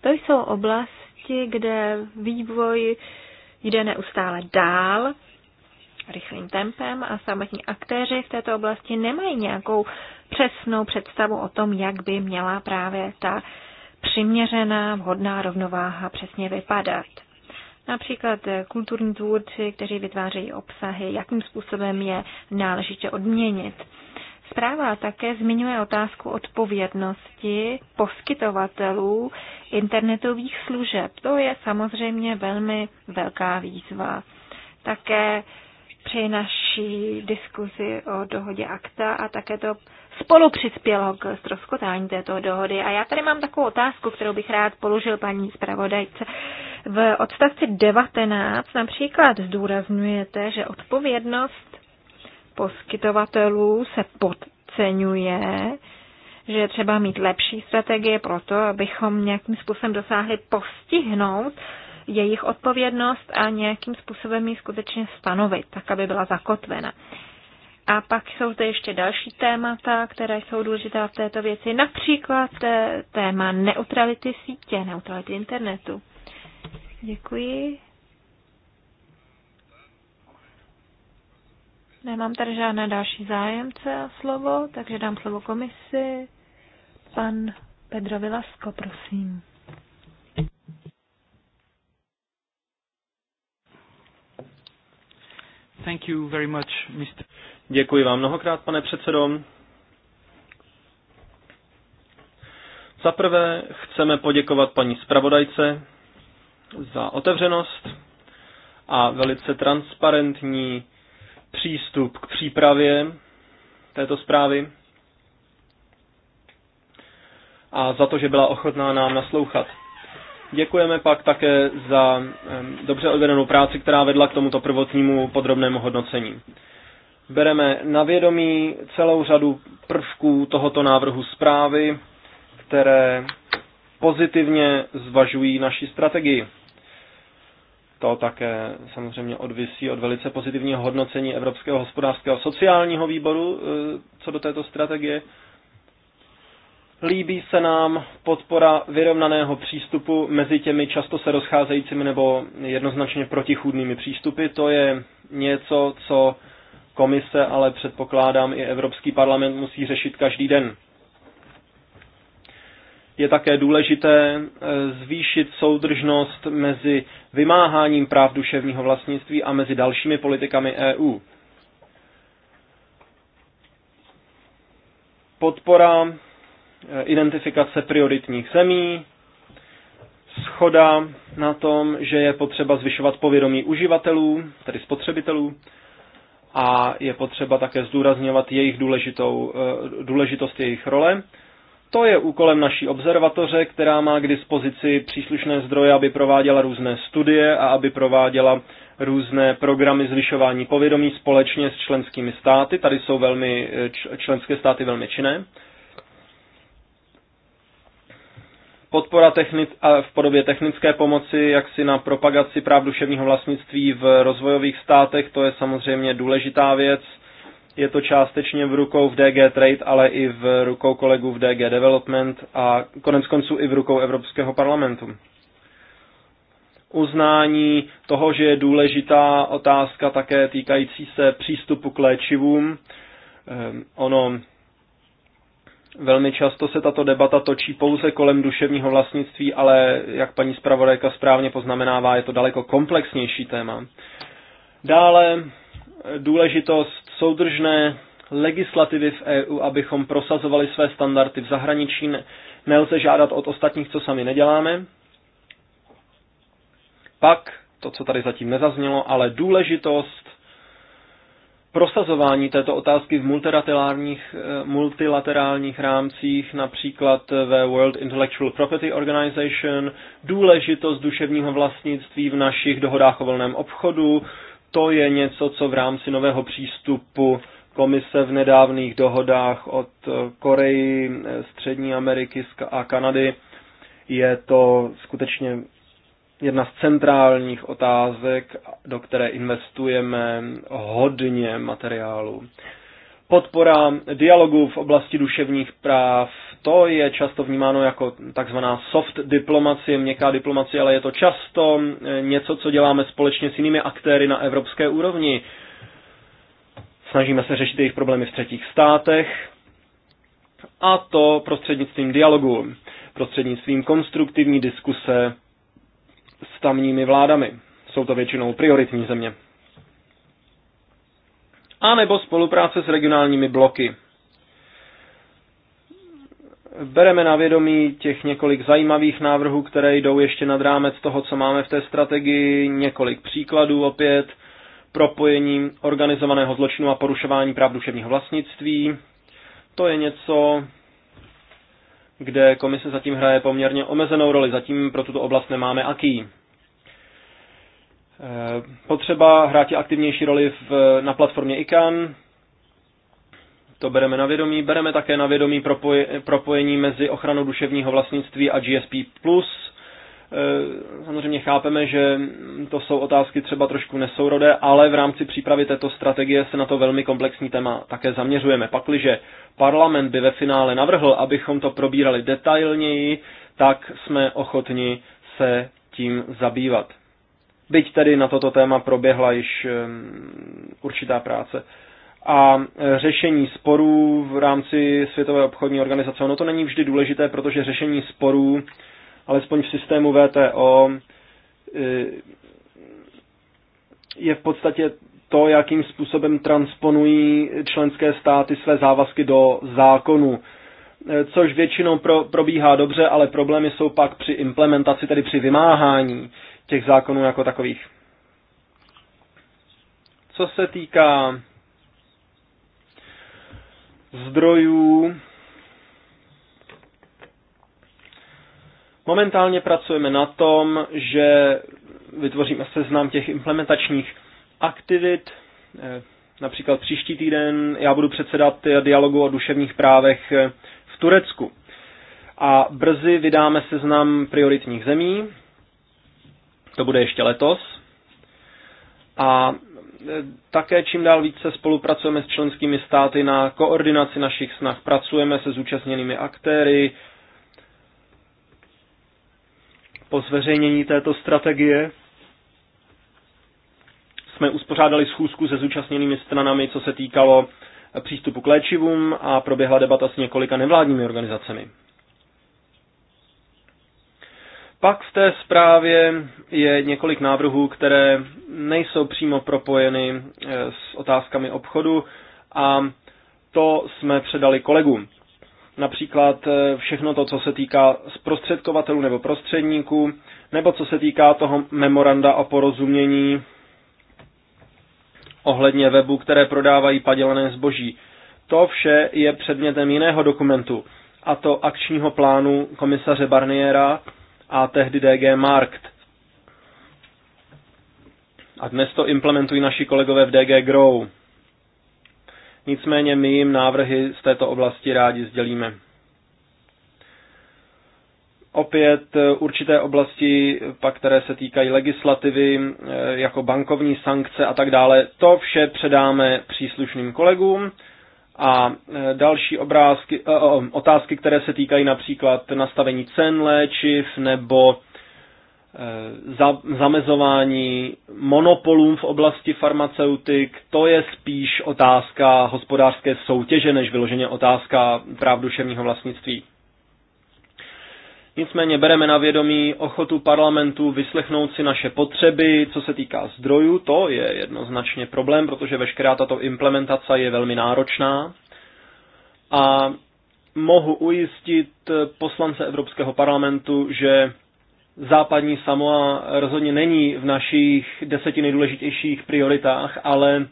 To jsou oblasti, kde vývoj jde neustále dál rychlým tempem a samotní aktéři v této oblasti nemají nějakou přesnou představu o tom, jak by měla právě ta přiměřená, vhodná rovnováha přesně vypadat. Například kulturní tvůrci, kteří vytvářejí obsahy, jakým způsobem je náležitě odměnit. Zpráva také zmiňuje otázku odpovědnosti poskytovatelů internetových služeb. To je samozřejmě velmi velká výzva. Také při naší diskuzi o dohodě akta a také to spolu přispělo k ztroskotání této dohody. A já tady mám takovou otázku, kterou bych rád položil paní zpravodajce. V odstavci 19 například zdůrazňujete, že odpovědnost poskytovatelů se podceňuje, že je třeba mít lepší strategie pro to, abychom nějakým způsobem dosáhli postihnout jejich odpovědnost a nějakým způsobem ji skutečně stanovit, tak aby byla zakotvena. A pak jsou zde ještě další témata, které jsou důležitá v této věci, například eh, téma neutrality sítě, neutrality internetu. Děkuji. Nemám tady žádné další zájemce a slovo, takže dám slovo komisi. Pan Pedro Vilasko, prosím. Thank you very much, Mr. Děkuji vám mnohokrát, pane předsedo. Za prvé chceme poděkovat paní zpravodajce za otevřenost a velice transparentní přístup k přípravě této zprávy a za to, že byla ochotná nám naslouchat. Děkujeme pak také za dobře odvedenou práci, která vedla k tomuto prvotnímu podrobnému hodnocení. Bereme na vědomí celou řadu prvků tohoto návrhu zprávy, které pozitivně zvažují naši strategii. To také samozřejmě odvisí od velice pozitivního hodnocení Evropského hospodářského sociálního výboru eh, co do této strategie Líbí se nám podpora vyrovnaného přístupu mezi těmi často se rozcházejícími nebo jednoznačně protichůdnými přístupy. To je něco, co komise, ale předpokládám i Evropský parlament musí řešit každý den. Je také důležité eh, zvýšit soudržnost mezi vymáháním práv duševního vlastnictví a mezi dalšími politikami EU. Podpora Eh, identifikace prioritních zemí, schoda na tom, že je potřeba zvyšovat povědomí uživatelů, tedy spotřebitelů, a je potřeba také zdůrazňovat jejich důležitou, eh, důležitost jejich role. To je úkolem naší observatoře, která má k dispozici příslušné zdroje, aby prováděla různé studie a aby prováděla různé programy zvyšování povědomí společně s členskými státy. Tady jsou velmi, eh, členské státy velmi činné. podpora technic, a v podobě technické pomoci, jak si na propagaci práv duševního vlastnictví v rozvojových státech, to je samozřejmě důležitá věc. Je to částečně v rukou v DG Trade, ale i v rukou kolegů v DG Development a konec konců i v rukou Evropského parlamentu. Uznání toho, že je důležitá otázka také týkající se přístupu k léčivům. Ehm, ono Velmi často se tato debata točí pouze kolem duševního vlastnictví, ale jak paní zpravodajka správně poznamenává, je to daleko komplexnější téma. Dále důležitost soudržné legislativy v EU, abychom prosazovali své standardy v zahraničí. Nelze žádat od ostatních, co sami neděláme. Pak, to, co tady zatím nezaznělo, ale důležitost prosazování této otázky v multilaterálních, eh, multilaterálních rámcích, například ve World Intellectual Property Organization, důležitost duševního vlastnictví v našich dohodách o volném obchodu, to je něco, co v rámci nového přístupu komise v nedávných dohodách od eh, Koreji, eh, Střední Ameriky a Kanady je to skutečně jedna z centrálních otázek, do které investujeme hodně materiálu. Podpora dialogu v oblasti duševních práv, to je často vnímáno jako takzvaná soft diplomacie, měkká diplomacie, ale je to často eh, něco, co děláme společně s jinými aktéry na evropské úrovni. Snažíme se řešit jejich problémy v třetích státech, a to prostřednictvím dialogu, prostřednictvím konstruktivní diskuse s tamními vládami. Jsou to většinou prioritní země. A nebo spolupráce s regionálními bloky. Bereme na vědomí těch několik zajímavých návrhů, které jdou ještě nad rámec toho, co máme v té strategii, několik příkladů opět, propojení organizovaného zločinu a porušování práv duševního vlastnictví. To je něco, kde komise zatím hraje poměrně omezenou roli. Zatím pro tuto oblast nemáme aký. E, potřeba hrát aktivnější roli v, na platformě ICANN, to bereme na vědomí. Bereme také na vědomí propoje, propojení mezi ochranou duševního vlastnictví a GSP+, plus, Eh, samozřejmě chápeme, že to jsou otázky třeba trošku nesourodé, ale v rámci přípravy této strategie se na to velmi komplexní téma také zaměřujeme. Pakliže parlament by ve finále navrhl, abychom to probírali detailněji, tak jsme ochotni se tím zabývat. Byť tedy na toto téma proběhla již eh, určitá práce. A eh, řešení sporů v rámci Světové obchodní organizace, ono to není vždy důležité, protože řešení sporů alespoň v systému VTO, e, je v podstatě to, jakým způsobem transponují členské státy své závazky do zákonu, e, což většinou pro, probíhá dobře, ale problémy jsou pak při implementaci, tedy při vymáhání těch zákonů jako takových. Co se týká zdrojů Momentálně pracujeme na tom, že vytvoříme seznam těch implementačních aktivit. Eh, například příští týden já budu předsedat eh, dialogu o duševních právech eh, v Turecku. A brzy vydáme seznam prioritních zemí. To bude ještě letos. A také čím dál více spolupracujeme s členskými státy na koordinaci našich snah. Pracujeme se zúčastněnými aktéry, po zveřejnění této strategie jsme uspořádali schůzku se zúčastněnými stranami, co se týkalo přístupu k léčivům a proběhla debata s několika nevládními organizacemi. Pak v té zprávě je několik návrhů, které nejsou přímo propojeny eh, s otázkami obchodu a to jsme předali kolegům například eh, všechno to, co se týká zprostředkovatelů nebo prostředníků, nebo co se týká toho memoranda o porozumění ohledně webu, které prodávají padělané zboží. To vše je předmětem jiného dokumentu, a to akčního plánu komisaře Barniera a tehdy DG Markt. A dnes to implementují naši kolegové v DG Grow. Nicméně my jim návrhy z této oblasti rádi sdělíme. Opět eh, určité oblasti, eh, pak které se týkají legislativy, eh, jako bankovní sankce a tak dále, to vše předáme příslušným kolegům. A další obrázky, otázky, které se týkají například nastavení cen léčiv nebo Eh, za, zamezování monopolům v oblasti farmaceutik, to je spíš otázka hospodářské soutěže, než vyloženě otázka práv duševního vlastnictví. Nicméně bereme na vědomí ochotu parlamentu vyslechnout si naše potřeby, co se týká zdrojů, to je jednoznačně problém, protože veškerá tato implementace je velmi náročná. A mohu ujistit poslance Evropského parlamentu, že západní Samoa rozhodně není v našich deseti nejdůležitějších prioritách, ale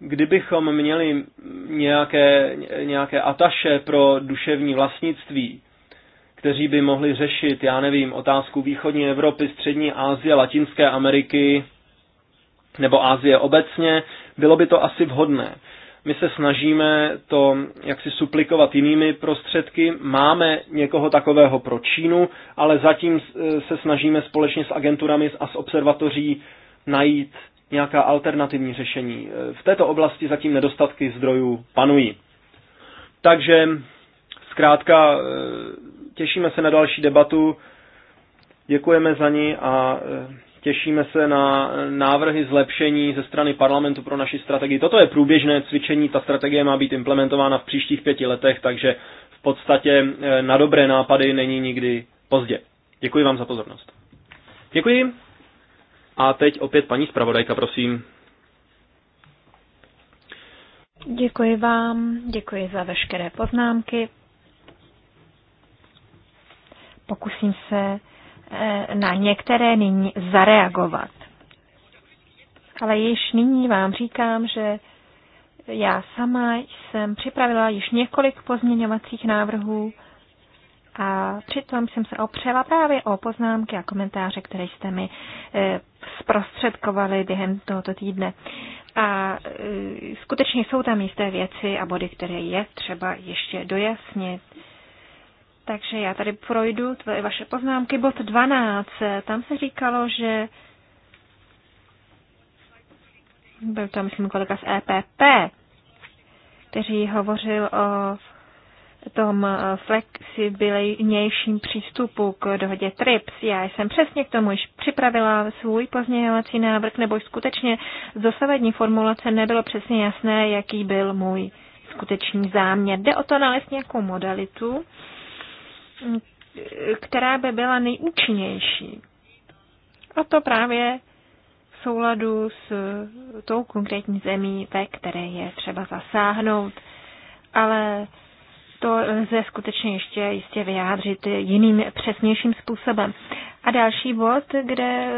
kdybychom měli nějaké, nějaké ataše pro duševní vlastnictví, kteří by mohli řešit, já nevím, otázku východní Evropy, střední Asie, Latinské Ameriky nebo Asie obecně, bylo by to asi vhodné. My se snažíme to jaksi suplikovat jinými prostředky. Máme někoho takového pro Čínu, ale zatím eh, se snažíme společně s agenturami a s observatoří najít nějaká alternativní řešení. Eh, v této oblasti zatím nedostatky zdrojů panují. Takže zkrátka eh, těšíme se na další debatu, děkujeme za ní a Těšíme se na návrhy zlepšení ze strany parlamentu pro naši strategii. Toto je průběžné cvičení, ta strategie má být implementována v příštích pěti letech, takže v podstatě eh, na dobré nápady není nikdy pozdě. Děkuji vám za pozornost. Děkuji. A teď opět paní zpravodajka, prosím. Děkuji vám, děkuji za veškeré poznámky. Pokusím se Eh, na některé nyní zareagovat. Ale již nyní vám říkám, že já sama jsem připravila již několik pozměňovacích návrhů a přitom jsem se opřela právě o poznámky a komentáře, které jste mi eh, zprostředkovali během tohoto týdne. A eh, skutečně jsou tam jisté věci a body, které je třeba ještě dojasnit. Takže já tady projdu tvoje vaše poznámky. Bod 12. Tam se říkalo, že byl tam, myslím, kolega z EPP, kteří hovořil o tom flexibilnějším přístupu k dohodě TRIPS. Já jsem přesně k tomu již připravila svůj pozměňovací návrh, nebo skutečně z dosavadní formulace nebylo přesně jasné, jaký byl můj skutečný záměr. Jde o to nalézt nějakou modalitu, která by byla nejúčinnější. A to právě v souladu s tou konkrétní zemí, ve které je třeba zasáhnout. Ale to lze skutečně ještě jistě vyjádřit jiným přesnějším způsobem. A další bod, kde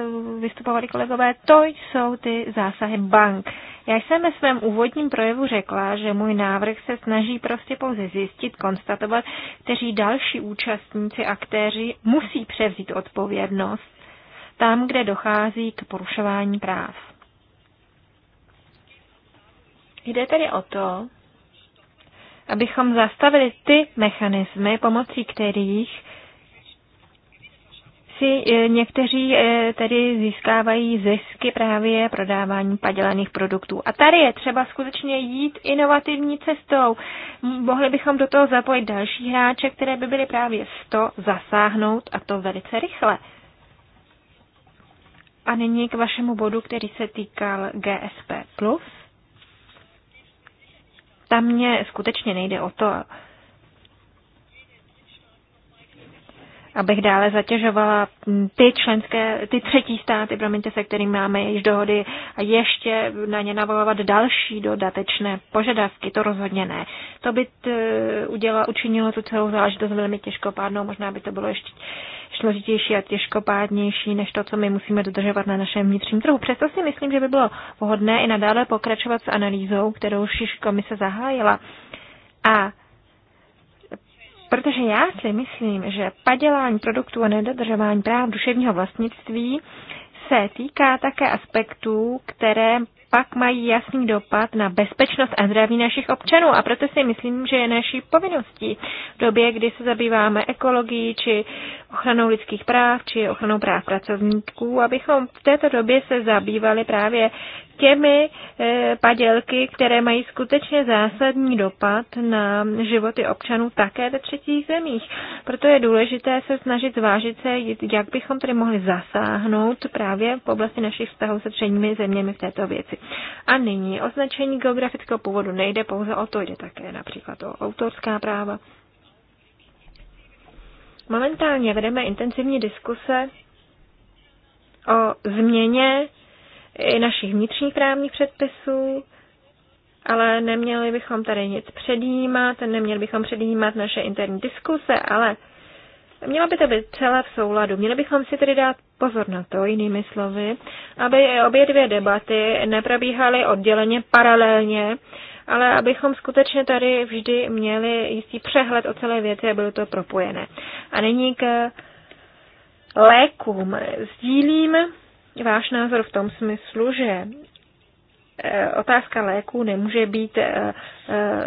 vystupovali kolegové, to jsou ty zásahy bank. Já jsem ve svém úvodním projevu řekla, že můj návrh se snaží prostě pouze zjistit, konstatovat, kteří další účastníci, aktéři musí převzít odpovědnost tam, kde dochází k porušování práv. Jde tedy o to, abychom zastavili ty mechanismy, pomocí kterých si eh, někteří eh, tedy získávají zisky právě prodávání padělaných produktů. A tady je třeba skutečně jít inovativní cestou. Mohli bychom do toho zapojit další hráče, které by byly právě z to zasáhnout a to velice rychle. A nyní k vašemu bodu, který se týkal GSP+. Tam mě skutečně nejde o to, abych dále zatěžovala mm, ty členské, ty třetí státy, promiňte, se kterým máme již dohody a ještě na ně navolovat další dodatečné požadavky, to rozhodně ne. To by t, učinilo tu celou záležitost velmi těžkopádnou, možná by to bylo ještě složitější a těžkopádnější než to, co my musíme dodržovat na našem vnitřním trhu. Přesto si myslím, že by bylo vhodné i nadále pokračovat s analýzou, kterou už komise zahájila. A Protože já si myslím, že padělání produktů a nedodržování práv duševního vlastnictví se týká také aspektů, které pak mají jasný dopad na bezpečnost a zdraví našich občanů a proto si myslím, že je naší povinností v době, kdy se zabýváme ekologií či ochranou lidských práv či ochranou práv pracovníků, abychom v této době se zabývali právě těmi eh, padělky, které mají skutečně zásadní dopad na životy občanů také ve třetích zemích. Proto je důležité se snažit zvážit se, jak bychom tedy mohli zasáhnout právě v oblasti našich vztahů se třetími zeměmi v této věci. A nyní označení geografického původu nejde pouze o to, jde také například o autorská práva. Momentálně vedeme intenzivní diskuse o změně i našich vnitřních právních předpisů, ale neměli bychom tady nic předjímat, neměli bychom předjímat naše interní diskuse, ale mělo by to být celé v souladu. Měli bychom si tedy dát pozor na to, jinými slovy, aby obě dvě debaty neprobíhaly odděleně, paralelně, ale abychom skutečně tady vždy měli jistý přehled o celé věci a bylo to propojené. A nyní k lékům. Sdílím váš názor v tom smyslu, že e, otázka léků nemůže být e, e,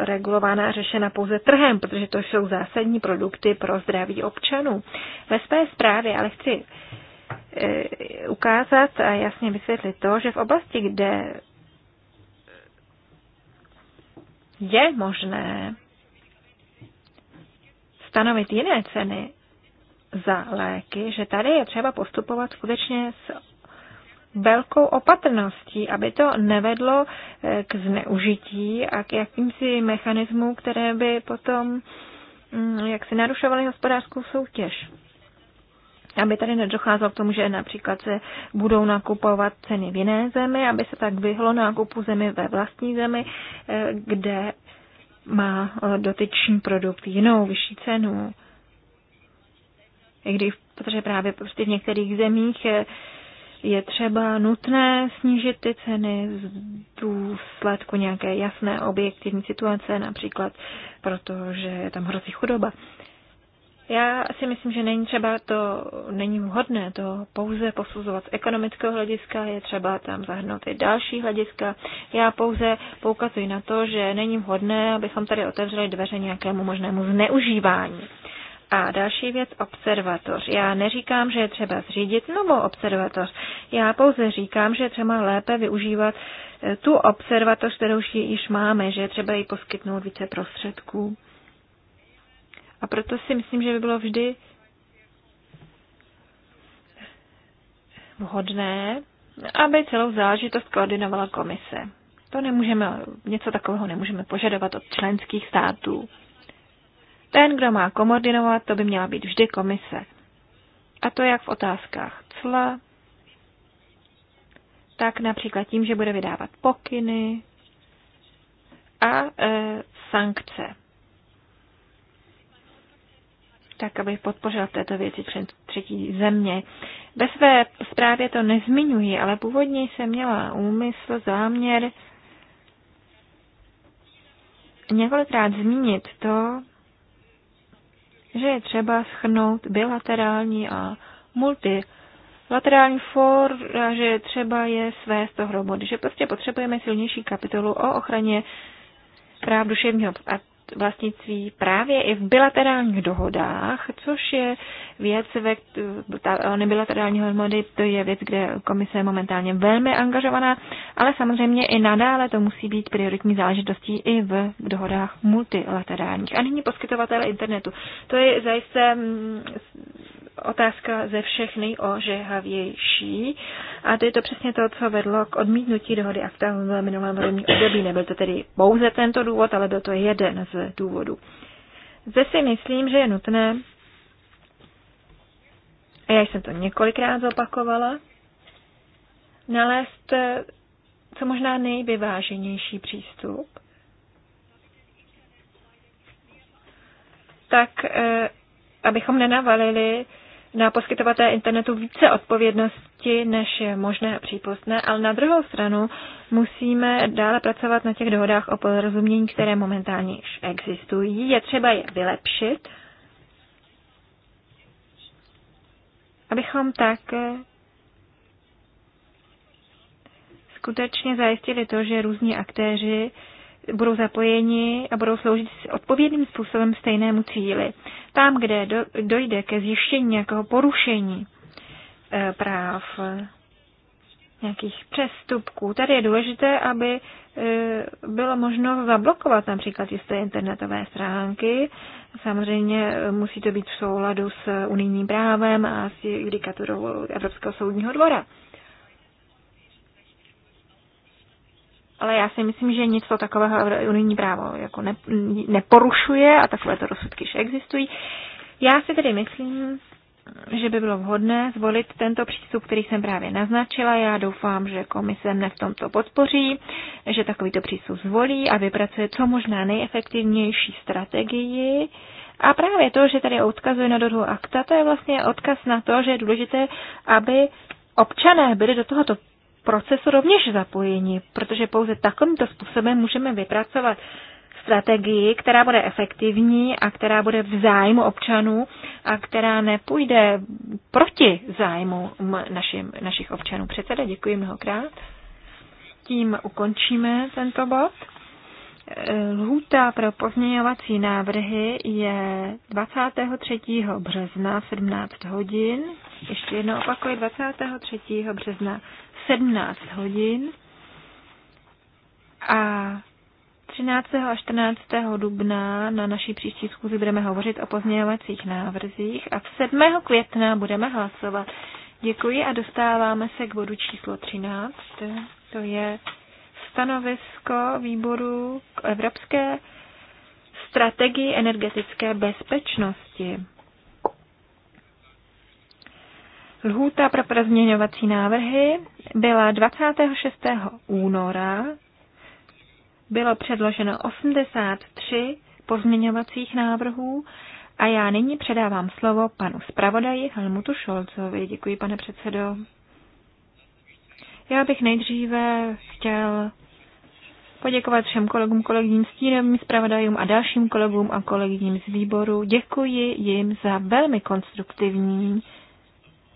regulována a řešena pouze trhem, protože to jsou zásadní produkty pro zdraví občanů. Ve své zprávě ale chci ukázat a jasně vysvětlit to, že v oblasti, kde je možné stanovit jiné ceny za léky, že tady je třeba postupovat skutečně s velkou opatrností, aby to nevedlo eh, k zneužití a k jakýmsi mechanismům, které by potom mm, jak si narušovaly hospodářskou soutěž. Aby tady nedocházelo k tomu, že například se budou nakupovat ceny v jiné zemi, aby se tak vyhlo nákupu zemi ve vlastní zemi, eh, kde má eh, dotyčný produkt jinou, vyšší cenu. I když, protože právě prostě v některých zemích je třeba nutné snížit ty ceny z důsledku nějaké jasné objektivní situace, například protože tam hrozí chudoba. Já si myslím, že není třeba to, není vhodné to pouze posuzovat z ekonomického hlediska, je třeba tam zahrnout i další hlediska. Já pouze poukazuji na to, že není vhodné, abychom tady otevřeli dveře nějakému možnému zneužívání. A další věc, observatoř. Já neříkám, že je třeba zřídit novou observatoř. Já pouze říkám, že je třeba lépe využívat eh, tu observatoř, kterou už již máme, že je třeba jí poskytnout více prostředků. A proto si myslím, že by bylo vždy vhodné, aby celou záležitost koordinovala komise. To nemůžeme, něco takového nemůžeme požadovat od členských států. Ten, kdo má koordinovat, to by měla být vždy komise. A to jak v otázkách cla, tak například tím, že bude vydávat pokyny a e, sankce. Tak, aby podpořil v této věci třetí země. Ve své zprávě to nezmiňuji, ale původně jsem měla úmysl, záměr několikrát zmínit to, že je třeba schrnout bilaterální a multilaterální for, a že je třeba je toho dohromady, že prostě potřebujeme silnější kapitolu o ochraně práv duševního a vlastnictví právě i v bilaterálních dohodách, což je věc, ve, ta nebilaterální dohody, to je věc, kde komise je momentálně velmi angažovaná, ale samozřejmě i nadále to musí být prioritní záležitostí i v dohodách multilaterálních. A nyní poskytovatele internetu. To je zajisté mm, otázka ze všech nejožehavější. A to je to přesně to, co vedlo k odmítnutí dohody a v minulém volebním období. Nebyl to tedy pouze tento důvod, ale byl to jeden z důvodů. Zde si myslím, že je nutné, a já jsem to několikrát zopakovala, nalézt eh, co možná nejvyváženější přístup. Tak eh, abychom nenavalili na poskytovatele internetu více odpovědnosti, než je možné a přípustné, ale na druhou stranu musíme dále pracovat na těch dohodách o porozumění, které momentálně již existují. Je třeba je vylepšit, abychom tak eh, skutečně zajistili to, že různí aktéři budou zapojeni a budou sloužit odpovědným způsobem stejnému cíli. Tam, kde do, dojde ke zjištění nějakého porušení e, práv, nějakých přestupků, tady je důležité, aby e, bylo možno zablokovat například jisté internetové stránky. Samozřejmě e, musí to být v souladu s unijním právem a s judikaturou Evropského soudního dvora. ale já si myslím, že nic to takového unijní právo jako ne, neporušuje a takovéto rozsudky již existují. Já si tedy myslím, že by bylo vhodné zvolit tento přístup, který jsem právě naznačila. Já doufám, že komise mne v tomto podpoří, že takovýto přístup zvolí a vypracuje co možná nejefektivnější strategii. A právě to, že tady odkazuje na dohodu akta, to je vlastně odkaz na to, že je důležité, aby občané byli do tohoto procesu rovněž zapojeni, protože pouze takovýmto způsobem můžeme vypracovat strategii, která bude efektivní a která bude v zájmu občanů a která nepůjde proti zájmu našim, našich občanů. Předseda, děkuji mnohokrát. Tím ukončíme tento bod. Lhůta pro pozměňovací návrhy je 23. března 17 hodin. Ještě jednou opakuje 23. března 17 hodin. A 13. a 14. dubna na naší příští schůzi budeme hovořit o pozměňovacích návrzích a 7. května budeme hlasovat. Děkuji a dostáváme se k bodu číslo 13. To je stanovisko výboru k Evropské strategii energetické bezpečnosti. Lhůta pro pozměňovací návrhy byla 26. února. Bylo předloženo 83 pozměňovacích návrhů a já nyní předávám slovo panu zpravodaji Helmutu Šolcovi. Děkuji, pane předsedo. Já bych nejdříve chtěl poděkovat všem kolegům, kolegyním stínovým zpravodajům a dalším kolegům a kolegyním z výboru. Děkuji jim za velmi konstruktivní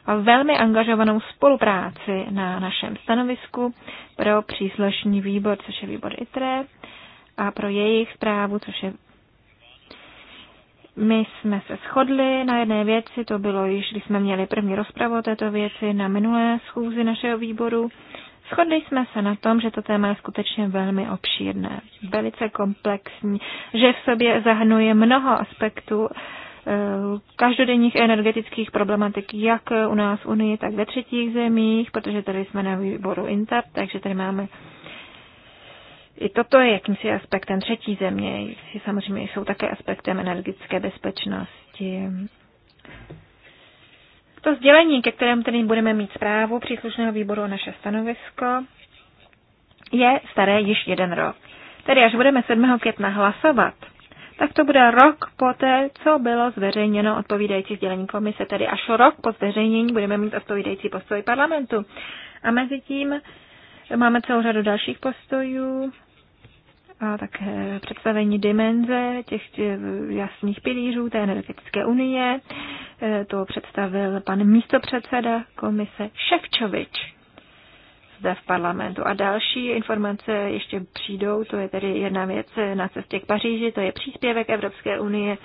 a velmi angažovanou spolupráci na našem stanovisku pro příslušný výbor, což je výbor ITRE, a pro jejich zprávu, což je my jsme se shodli na jedné věci, to bylo již, když jsme měli první rozpravu o této věci na minulé schůzi našeho výboru Shodli jsme se na tom, že to téma je skutečně velmi obšírné, velice komplexní, že v sobě zahrnuje mnoho aspektů eh, každodenních energetických problematik, jak u nás v Unii, tak ve třetích zemích, protože tady jsme na výboru Inter, takže tady máme i toto je jakýmsi aspektem třetí země, samozřejmě jsou také aspektem energetické bezpečnosti. To sdělení, ke kterému tedy budeme mít zprávu příslušného výboru o naše stanovisko, je staré již jeden rok. Tedy až budeme 7. května hlasovat, tak to bude rok poté, co bylo zveřejněno odpovídající sdělení komise. Tedy až rok po zveřejnění budeme mít odpovídající postoj parlamentu. A mezi tím máme celou řadu dalších postojů a také představení dimenze těch jasných pilířů té energetické unie. E, to představil pan místopředseda komise Ševčovič zde v parlamentu. A další informace ještě přijdou, to je tedy jedna věc na cestě k Paříži, to je příspěvek Evropské unie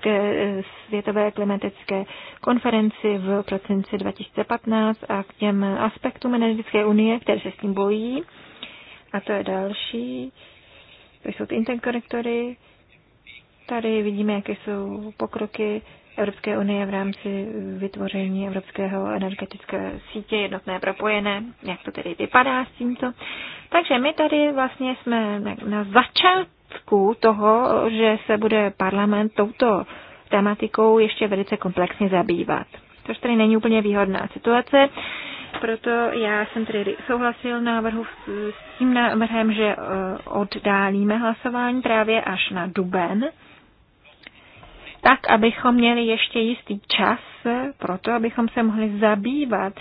k e, Světové klimatické konferenci v prosinci 2015 a k těm aspektům energetické unie, které se s tím bojí. A to je další to jsou ty interkonektory. Tady vidíme, jaké jsou pokroky Evropské unie v rámci vytvoření Evropského energetické sítě jednotné propojené, jak to tedy vypadá s tímto. Takže my tady vlastně jsme na začátku toho, že se bude parlament touto tematikou ještě velice komplexně zabývat což tady není úplně výhodná situace. Proto já jsem tedy souhlasil návrhu s tím návrhem, že e, oddálíme hlasování právě až na duben, tak, abychom měli ještě jistý čas pro to, abychom se mohli zabývat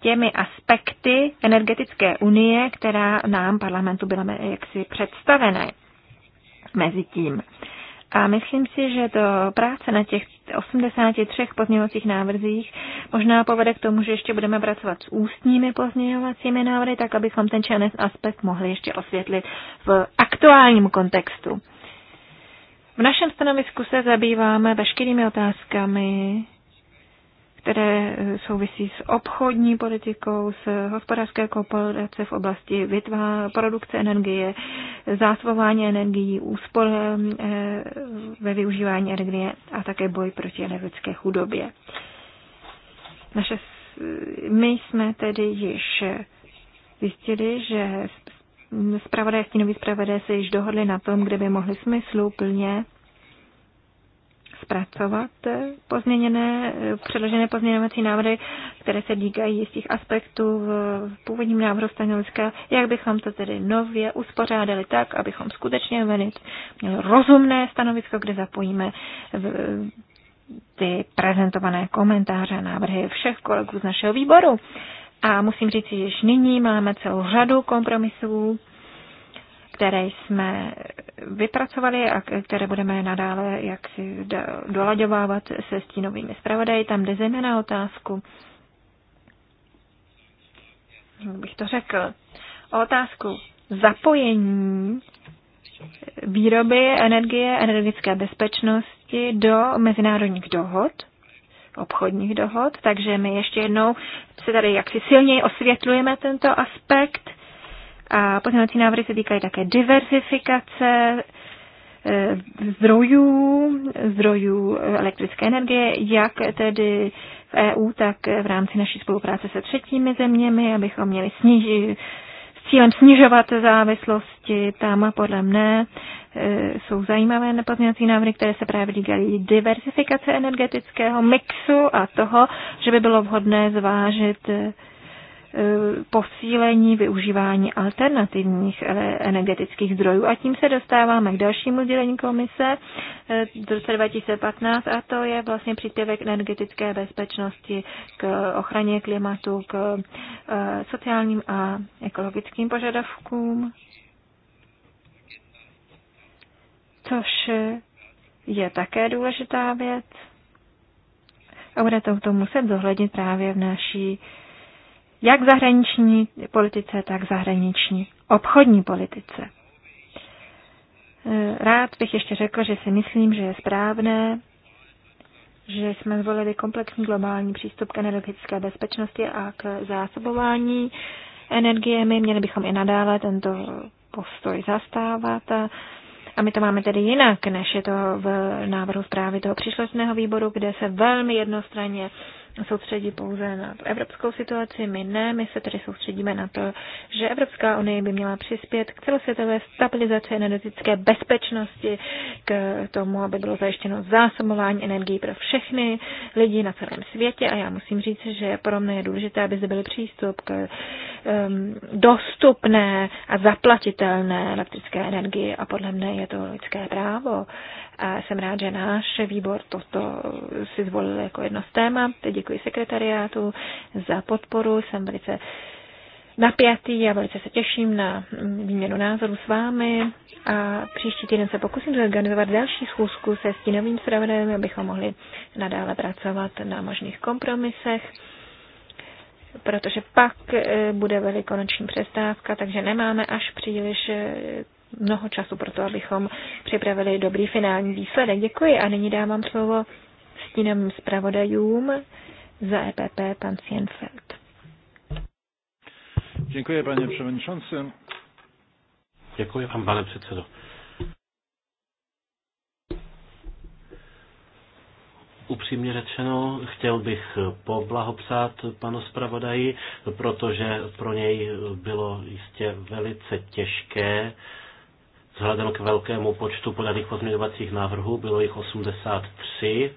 těmi aspekty energetické unie, která nám parlamentu byla jaksi představena mezi tím. A myslím si, že to práce na těch 83 pozměňovacích návrzích možná povede k tomu, že ještě budeme pracovat s ústními pozměňovacími návrhy, tak abychom ten ČNS aspekt mohli ještě osvětlit v aktuálním kontextu. V našem stanovisku se zabýváme veškerými otázkami, které eh, souvisí s obchodní politikou, s hospodářské kooperace v oblasti vytvá, produkce energie, zásobování energií, úspor eh, ve využívání energie a také boj proti energetické chudobě. Naše, my jsme tedy již zjistili, že zpravodaj a stínoví zpravodaj se již dohodli na tom, kde by mohli smysluplně plně zpracovat pozměněné, předložené pozměňovací návrhy, které se týkají jistých aspektů v původním návrhu stanoviska, jak bychom to tedy nově uspořádali tak, abychom skutečně měli rozumné stanovisko, kde zapojíme v ty prezentované komentáře a návrhy všech kolegů z našeho výboru. A musím říct, že již nyní máme celou řadu kompromisů, které jsme vypracovali a které budeme nadále jaksi dolaďovávat se stínovými zpravodaji. Tam jde zejména otázku, jak bych to řekl, o otázku zapojení výroby energie, energetické bezpečnosti do mezinárodních dohod, obchodních dohod, takže my ještě jednou se tady jaksi silněji osvětlujeme tento aspekt a pozměňovací návrhy se týkají také diversifikace eh, zdrojů, zdrojů elektrické energie, jak tedy v EU, tak v rámci naší spolupráce se třetími zeměmi, abychom měli sníži, s cílem snižovat závislosti. Tam podle mne eh, jsou zajímavé nepozměňovací návrhy, které se právě týkají diversifikace energetického mixu a toho, že by bylo vhodné zvážit eh, E, posílení využívání alternativních e, energetických zdrojů. A tím se dostáváme k dalšímu dělení komise e, z roce 2015 a to je vlastně příspěvek energetické bezpečnosti k ochraně klimatu, k sociálním a ekologickým požadavkům, což je také důležitá věc a bude to k tomu muset zohlednit právě v naší uh, jak zahraniční politice, tak zahraniční obchodní politice. E, rád bych ještě řekl, že si myslím, že je správné, že jsme zvolili komplexní globální přístup k energetické bezpečnosti a k zásobování energiemi. Měli bychom i nadále tento postoj zastávat. A, my to máme tedy jinak, než je to v návrhu zprávy toho příslušného výboru, kde se velmi jednostranně soustředí pouze na evropskou situaci, my ne, my se tedy soustředíme na to, že Evropská unie by měla přispět k celosvětové stabilizaci energetické bezpečnosti, k tomu, aby bylo zajištěno zásobování energií pro všechny lidi na celém světě a já musím říct, že pro mě je důležité, aby zde byl přístup k um, dostupné a zaplatitelné elektrické energii a podle mne je to lidské právo. A jsem rád, že náš výbor toto si zvolil jako jedno z témat. Děkuji sekretariátu za podporu. Jsem velice napjatý a velice se těším na výměnu názorů s vámi a příští týden se pokusím zorganizovat další schůzku se stínovým zpravodajem, abychom mohli nadále pracovat na možných kompromisech, protože pak eh, bude velikonoční přestávka, takže nemáme až příliš eh, mnoho času pro to, abychom připravili dobrý finální výsledek. Děkuji a nyní dávám slovo stínem zpravodajům za EPP pan Sienfeld. Děkuji, paní předsedající. Děkuji vám, pane předsedo. Upřímně řečeno, chtěl bych poblahopřát panu zpravodaji, protože pro něj bylo jistě velice těžké Vzhledem k velkému počtu podaných pozměňovacích návrhů, bylo jich 83,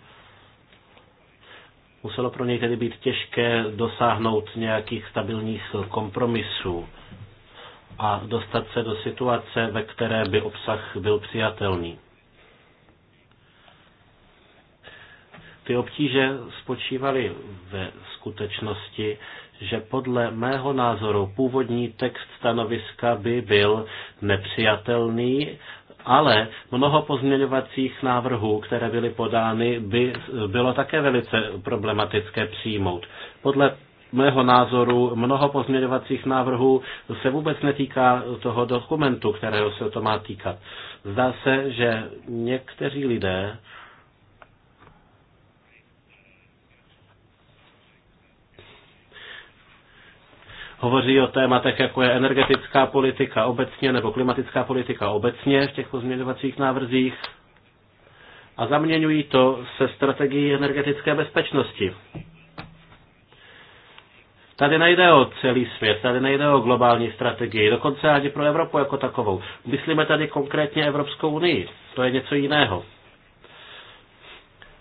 muselo pro něj tedy být těžké dosáhnout nějakých stabilních kompromisů a dostat se do situace, ve které by obsah byl přijatelný. Ty obtíže spočívaly ve skutečnosti, že podle mého názoru původní text stanoviska by byl nepřijatelný, ale mnoho pozměňovacích návrhů, které byly podány, by bylo také velice problematické přijmout. Podle mého názoru mnoho pozměňovacích návrhů se vůbec netýká toho dokumentu, kterého se to má týkat. Zdá se, že někteří lidé hovoří o tématech, jako je energetická politika obecně nebo klimatická politika obecně v těch pozměňovacích návrzích a zaměňují to se strategií energetické bezpečnosti. Tady nejde o celý svět, tady nejde o globální strategii, dokonce ani pro Evropu jako takovou. Myslíme tady konkrétně Evropskou unii, to je něco jiného.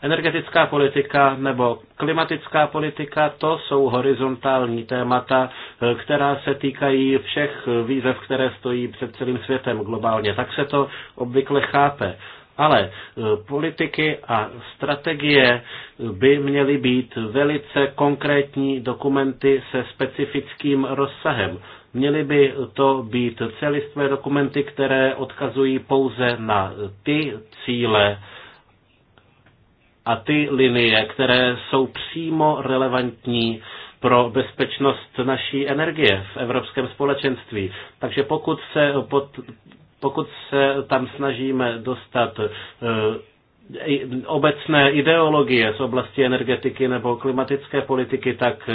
Energetická politika nebo klimatická politika, to jsou horizontální témata, eh, která se týkají všech výzev, které stojí před celým světem globálně. Tak se to obvykle chápe. Ale eh, politiky a strategie eh, by měly být velice konkrétní dokumenty se specifickým rozsahem. Měly by to být celistvé dokumenty, které odkazují pouze na ty cíle, a ty linie, které jsou přímo relevantní pro bezpečnost naší energie v Evropském společenství. Takže pokud se, pod, pokud se tam snažíme dostat eh, obecné ideologie z oblasti energetiky nebo klimatické politiky, tak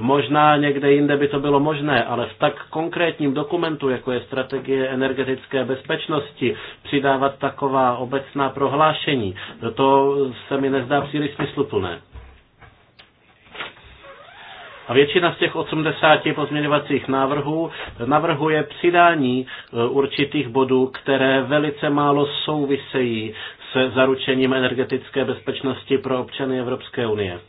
možná někde jinde by to bylo možné, ale v tak konkrétním dokumentu, jako je strategie energetické bezpečnosti, přidávat taková obecná prohlášení, to se mi nezdá příliš smysluplné. A většina z těch 80 pozměňovacích návrhů navrhuje přidání e, určitých bodů, které velice málo souvisejí se zaručením energetické bezpečnosti pro občany Evropské unie.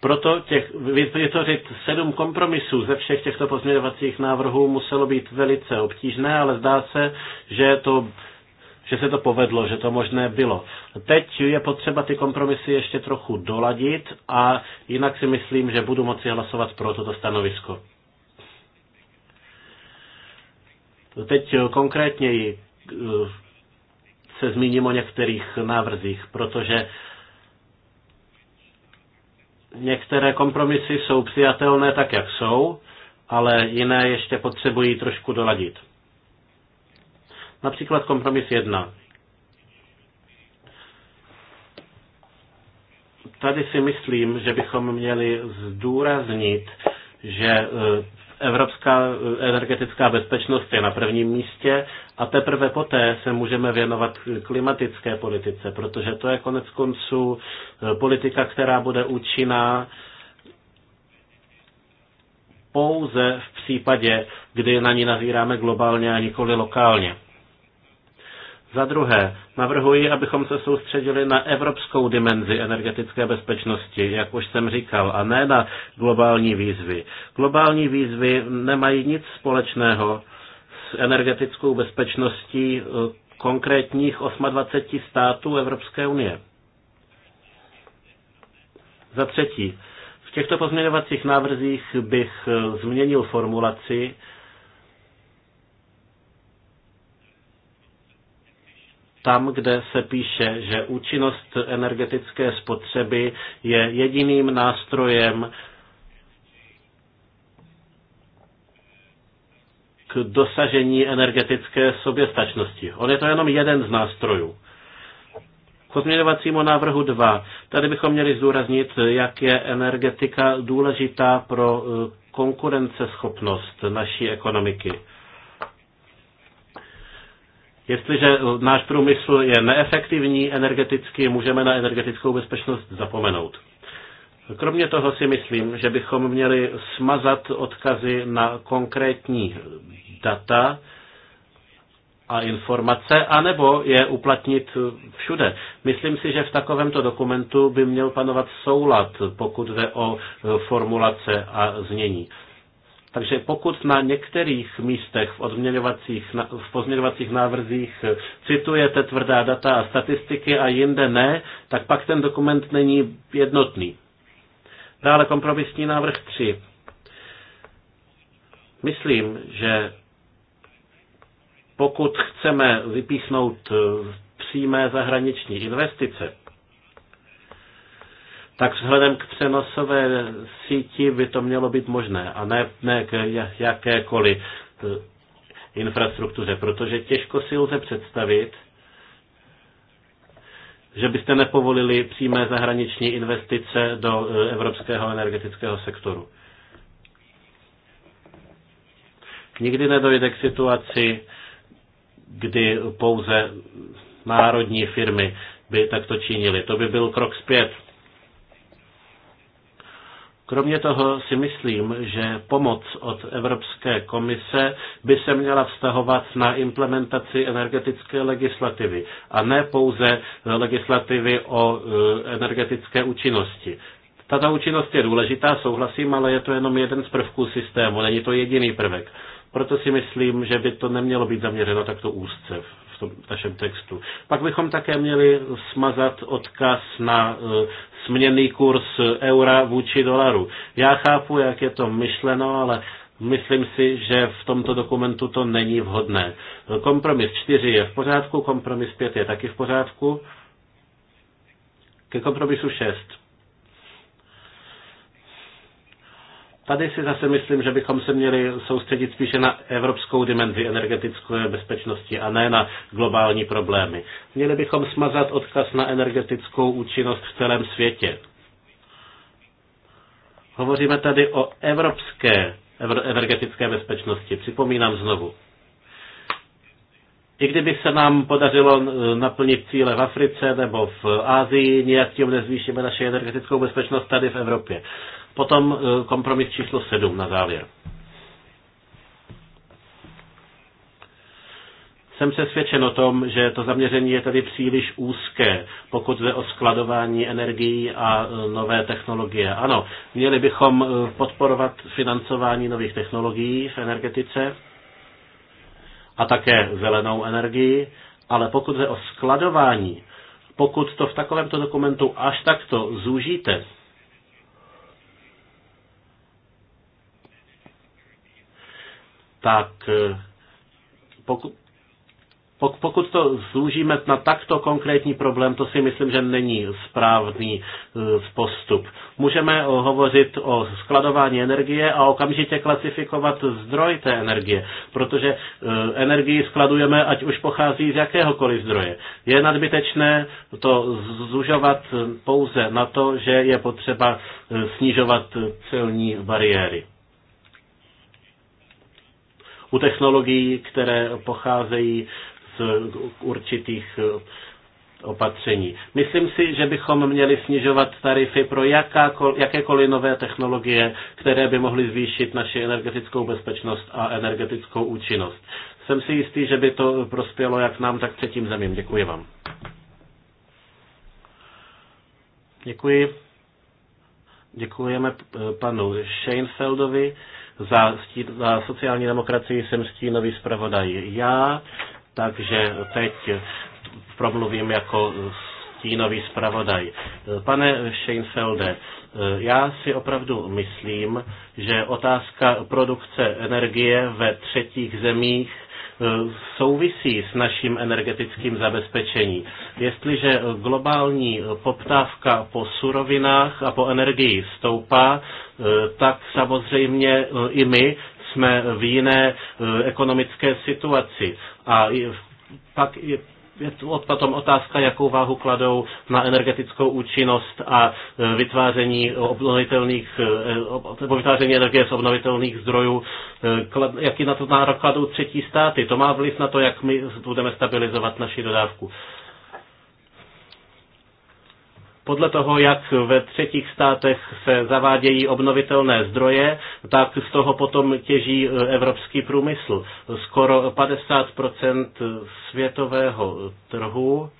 Proto těch, vytvořit sedm kompromisů ze všech těchto pozměňovacích návrhů muselo být velice obtížné, ale zdá se, že, to, že se to povedlo, že to možné bylo. Teď je potřeba ty kompromisy ještě trochu doladit a jinak si myslím, že budu moci hlasovat pro toto stanovisko. Teď eh, konkrétněji eh, se zmíním o některých návrzích, protože některé kompromisy jsou přijatelné tak, jak jsou, ale jiné ještě potřebují trošku doladit. Například kompromis 1. Tady si myslím, že bychom měli zdůraznit, že eh, Evropská eh, energetická bezpečnost je na prvním místě a teprve poté se můžeme věnovat klimatické politice, protože to je konec konců eh, politika, která bude účinná pouze v případě, kdy na ní nazíráme globálně a nikoli lokálně. Za druhé, navrhuji, abychom se soustředili na evropskou dimenzi energetické bezpečnosti, jak už jsem říkal, a ne na globální výzvy. Globální výzvy nemají nic společného s energetickou bezpečností eh, konkrétních 28 států Evropské unie. Za třetí, v těchto pozměňovacích návrzích bych eh, změnil formulaci tam, kde se píše, že účinnost energetické spotřeby je jediným nástrojem k dosažení energetické soběstačnosti. On je to jenom jeden z nástrojů. K pozměňovacímu návrhu 2. Tady bychom měli zdůraznit, jak je energetika důležitá pro eh, konkurenceschopnost naší ekonomiky. Jestliže náš průmysl je neefektivní energeticky, můžeme na energetickou bezpečnost zapomenout. Kromě toho si myslím, že bychom měli smazat odkazy na konkrétní data a informace, anebo je uplatnit všude. Myslím si, že v takovémto dokumentu by měl panovat soulad, pokud jde o formulace a znění. Takže pokud na některých místech v, odměňovacích, v pozměňovacích návrzích eh, citujete tvrdá data a statistiky a jinde ne, tak pak ten dokument není jednotný. Dále kompromisní návrh 3. Myslím, že pokud chceme vypíchnout eh, přímé zahraniční investice, tak vzhledem k přenosové síti by to mělo být možné a ne, ne k jakékoliv eh, infrastruktuře, protože těžko si lze představit, že byste nepovolili přímé zahraniční investice do eh, evropského energetického sektoru. Nikdy nedojde k situaci, kdy pouze národní firmy by takto činily. To by byl krok zpět Kromě toho si myslím, že pomoc od Evropské komise by se měla vztahovat na implementaci energetické legislativy a ne pouze legislativy o e, energetické účinnosti. Tato účinnost je důležitá, souhlasím, ale je to jenom jeden z prvků systému, není to jediný prvek. Proto si myslím, že by to nemělo být zaměřeno takto úzce v tom našem textu. Pak bychom také měli smazat odkaz na e, směný kurz eura vůči dolaru. Já chápu, jak je to myšleno, ale Myslím si, že v tomto dokumentu to není vhodné. Kompromis 4 je v pořádku, kompromis 5 je taky v pořádku. Ke kompromisu 6. Tady si zase myslím, že bychom se měli soustředit spíše na evropskou dimenzi energetické bezpečnosti a ne na globální problémy. Měli bychom smazat odkaz na energetickou účinnost v celém světě. Hovoříme tady o evropské energetické bezpečnosti. Připomínám znovu. I kdyby se nám podařilo eh, naplnit cíle v Africe nebo v Ázii, nijak tím nezvýšíme naši energetickou bezpečnost tady v Evropě. Potom eh, kompromis číslo 7 na závěr. Jsem přesvědčen o tom, že to zaměření je tady příliš úzké, pokud jde o skladování energií a eh, nové technologie. Ano, měli bychom eh, podporovat financování nových technologií v energetice a také zelenou energii, ale pokud jde o skladování, pokud to v takovémto dokumentu až takto zúžíte, tak eh, pokud, pokud to zúžíme na takto konkrétní problém, to si myslím, že není správný eh, postup. Můžeme eh, hovořit o skladování energie a okamžitě klasifikovat zdroj té energie, protože energii skladujeme, ať už pochází z jakéhokoliv zdroje. Je nadbytečné to zužovat pouze na to, že je potřeba snižovat celní bariéry u technologií, které pocházejí z určitých eh, opatření. Myslím si, že bychom měli snižovat tarify pro jakákol, jakékoliv nové technologie, které by mohly zvýšit naši energetickou bezpečnost a energetickou účinnost. Jsem si jistý, že by to prospělo jak nám, tak třetím zemím. Děkuji vám. Děkuji. Děkujeme eh, panu Scheinfeldovi. Za, stí, za sociální demokracii jsem stínový zpravodaj já, takže teď promluvím jako stínový zpravodaj. Pane Scheinfelde, já si opravdu myslím, že otázka produkce energie ve třetích zemích souvisí s naším energetickým zabezpečením. Jestliže globální poptávka po surovinách a po energii stoupá, eh, tak samozřejmě eh, i my jsme v jiné eh, ekonomické situaci. A pak je tu potom otázka, jakou váhu kladou na energetickou účinnost a e, vytváření obnovitelných, nebo vytváření energie z obnovitelných zdrojů, e, jaký na to nárok kladou třetí státy. To má vliv na to, jak my budeme stabilizovat naši dodávku. Podle toho, jak ve třetích státech se zavádějí obnovitelné zdroje, tak z toho potom těží e, evropský průmysl. Skoro 50 světového trhu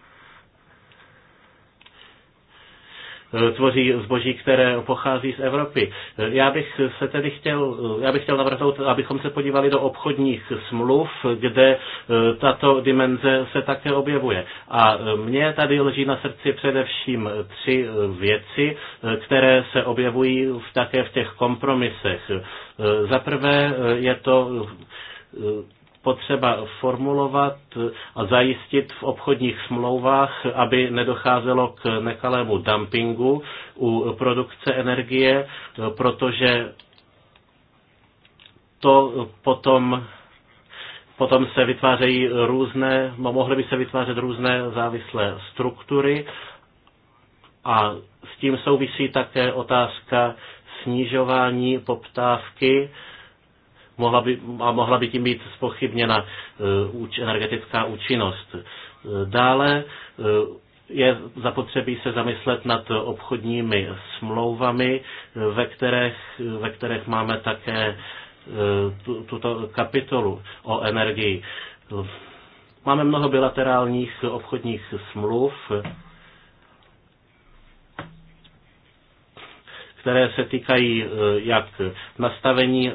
Eh, tvoří zboží, které pochází z Evropy. Eh, já bych se tedy chtěl, eh, já bych chtěl navrhnout, abychom se podívali do obchodních smluv, kde tato dimenze se také objevuje. A mně tady leží na srdci především tři věci, které se objevují v také v těch kompromisech. Za prvé je to potřeba formulovat a zajistit v obchodních smlouvách, aby nedocházelo k nekalému dumpingu u produkce energie, protože to potom potom se vytvářejí různé, mohly by se vytvářet různé závislé struktury a s tím souvisí také otázka snižování poptávky mohla by, a mohla by tím být spochybněna e, energetická účinnost. E, dále e, je zapotřebí se zamyslet nad obchodními smlouvami, ve kterých, ve kterých máme také tuto kapitolu o energii. Máme mnoho bilaterálních obchodních smluv, které se týkají e, jak nastavení, e,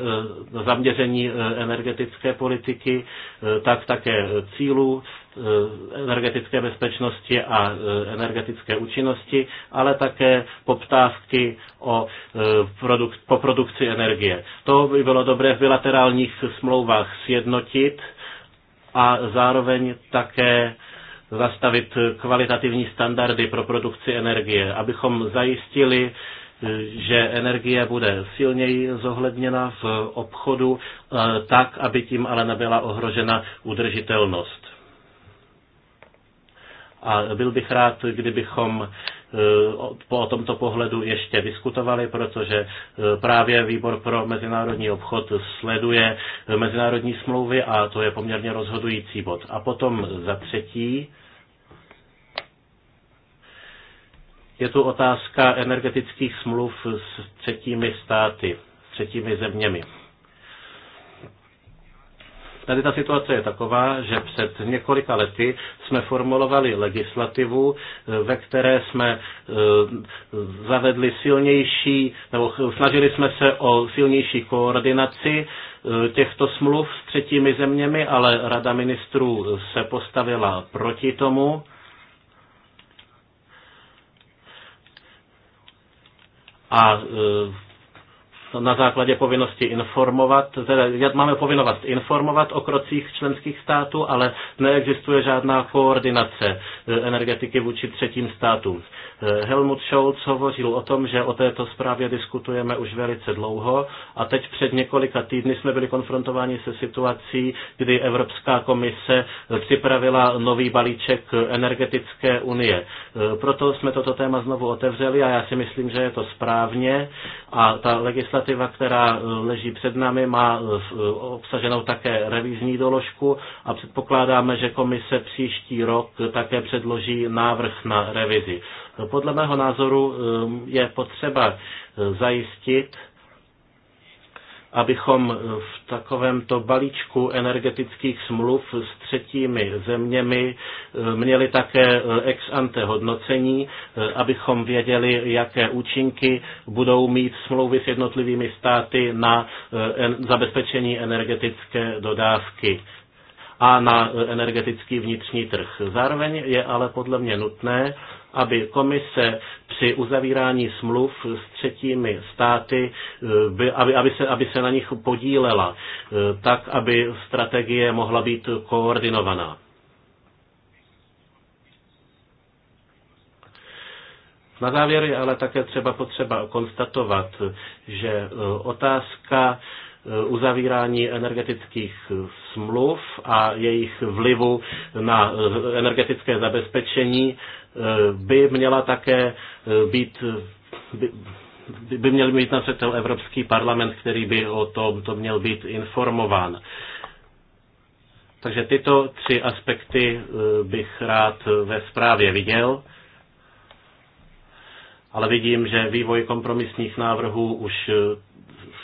zaměření e, energetické politiky, tak také cílů energetické bezpečnosti a energetické účinnosti, ale také poptávky o produk- po produkci energie. To by bylo dobré v bilaterálních smlouvách sjednotit a zároveň také zastavit kvalitativní standardy pro produkci energie, abychom zajistili že energie bude silněji zohledněna v obchodu, e, tak, aby tím ale nebyla ohrožena udržitelnost. A byl bych rád, kdybychom e, o tomto pohledu ještě diskutovali, protože e, právě výbor pro mezinárodní obchod sleduje mezinárodní smlouvy a to je poměrně rozhodující bod. A potom za třetí, Je tu otázka energetických smluv s třetími státy, s třetími zeměmi. Tady ta situace je taková, že před několika lety jsme formulovali legislativu, ve které jsme e, zavedli silnější, nebo snažili jsme se o silnější koordinaci e, těchto smluv s třetími zeměmi, ale Rada ministrů se postavila proti tomu a e, na základě povinnosti informovat, máme povinnost informovat o krocích členských států, ale neexistuje žádná koordinace e, energetiky vůči třetím státům. E, Helmut Scholz hovořil o tom, že o této zprávě diskutujeme už velice dlouho a teď před několika týdny jsme byli konfrontováni se situací, kdy Evropská komise připravila nový balíček energetické unie. E, proto jsme toto téma znovu otevřeli a já si myslím, že je to správně a ta legislativa legislativa, která e, leží před námi, má e, e, obsaženou také revizní doložku a předpokládáme, že komise příští rok také předloží návrh na revizi. Podle mého názoru je potřeba zajistit, abychom v takovémto balíčku energetických smluv s třetími zeměmi eh, měli také eh, ex ante hodnocení, eh, abychom věděli, jaké účinky budou mít smlouvy s jednotlivými státy na zabezpečení energetické dodávky a na energetický vnitřní trh. Zároveň je ale podle mě nutné, aby komise při uzavírání smluv s třetími státy, eh, aby, aby, se, aby se na nich podílela, eh, tak aby strategie mohla být koordinovaná. Na závěr je ale také třeba potřeba konstatovat, že eh, otázka Eh, uzavírání energetických smluv a jejich vlivu na eh, energetické zabezpečení eh, by měla také být by, by měl být napřed Evropský parlament, který by o tom to měl být informován. Takže tyto tři aspekty bych rád ve zprávě viděl, ale vidím, že vývoj kompromisních návrhů už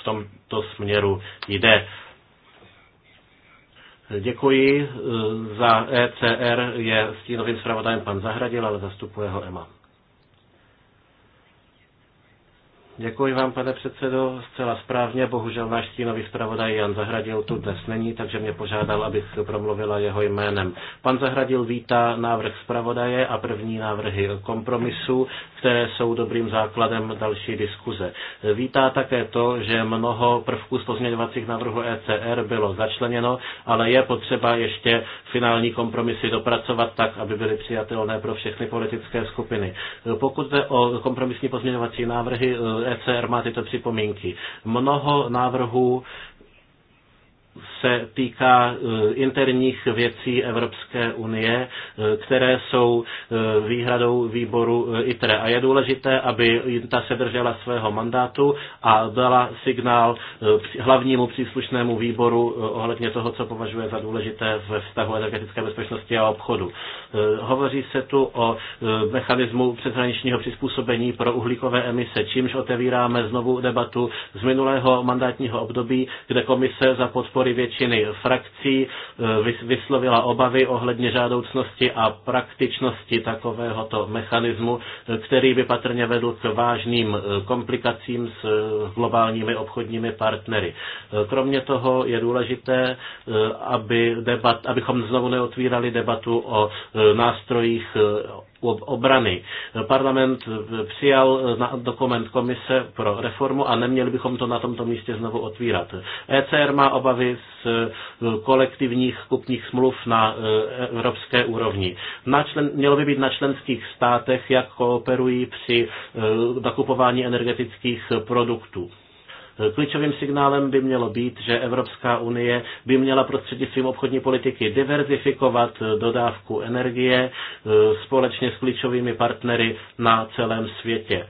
v tom tomto směru jde. Děkuji. Eh, za ECR je stínovým zpravodajem pan Zahradil, ale zastupuje ho EMA. Děkuji vám, pane předsedo. Zcela správně, bohužel náš stínový zpravodaj Jan Zahradil tu dnes není, takže mě požádal, abych promluvila jeho jménem. Pan Zahradil vítá návrh zpravodaje a první návrhy kompromisu, které jsou dobrým základem další diskuze. Vítá také to, že mnoho prvků z pozměňovacích návrhů ECR bylo začleněno, ale je potřeba ještě finální kompromisy dopracovat tak, aby byly přijatelné pro všechny politické skupiny. Pokud jde o kompromisní pozměňovací návrhy, ECR má tyto připomínky. Mnoho návrhů se týká eh, interních věcí Evropské unie, eh, které jsou eh, výhradou výboru ITRE. A je důležité, aby ta se držela svého mandátu a dala signál hlavnímu příslušnému výboru ohledně toho, co považuje za důležité ve vztahu energetické bezpečnosti a obchodu. Hovoří se tu o mechanismu přeshraničního přizpůsobení pro uhlíkové emise, čímž otevíráme znovu debatu z minulého mandátního období, kde komise za podpory větší většiny frakcí e, vyslovila obavy ohledně žádoucnosti a praktičnosti takovéhoto mechanismu, e, který by patrně vedl k vážným e, komplikacím s globálními obchodními partnery. Kromě toho je důležité, aby debat, abychom znovu neotvírali debatu o nástrojích obrany. Parlament přijal dokument komise pro reformu a neměli bychom to na tomto místě znovu otvírat. ECR má obavy z eh, kolektivních kupních smluv na eh, evropské úrovni. Na člen, mělo by být na členských státech, jak kooperují při eh, nakupování energetických produktů. Klíčovým signálem by mělo být, že Evropská unie by měla prostřednictvím obchodní politiky diverzifikovat eh, dodávku energie eh, společně s klíčovými partnery na celém světě.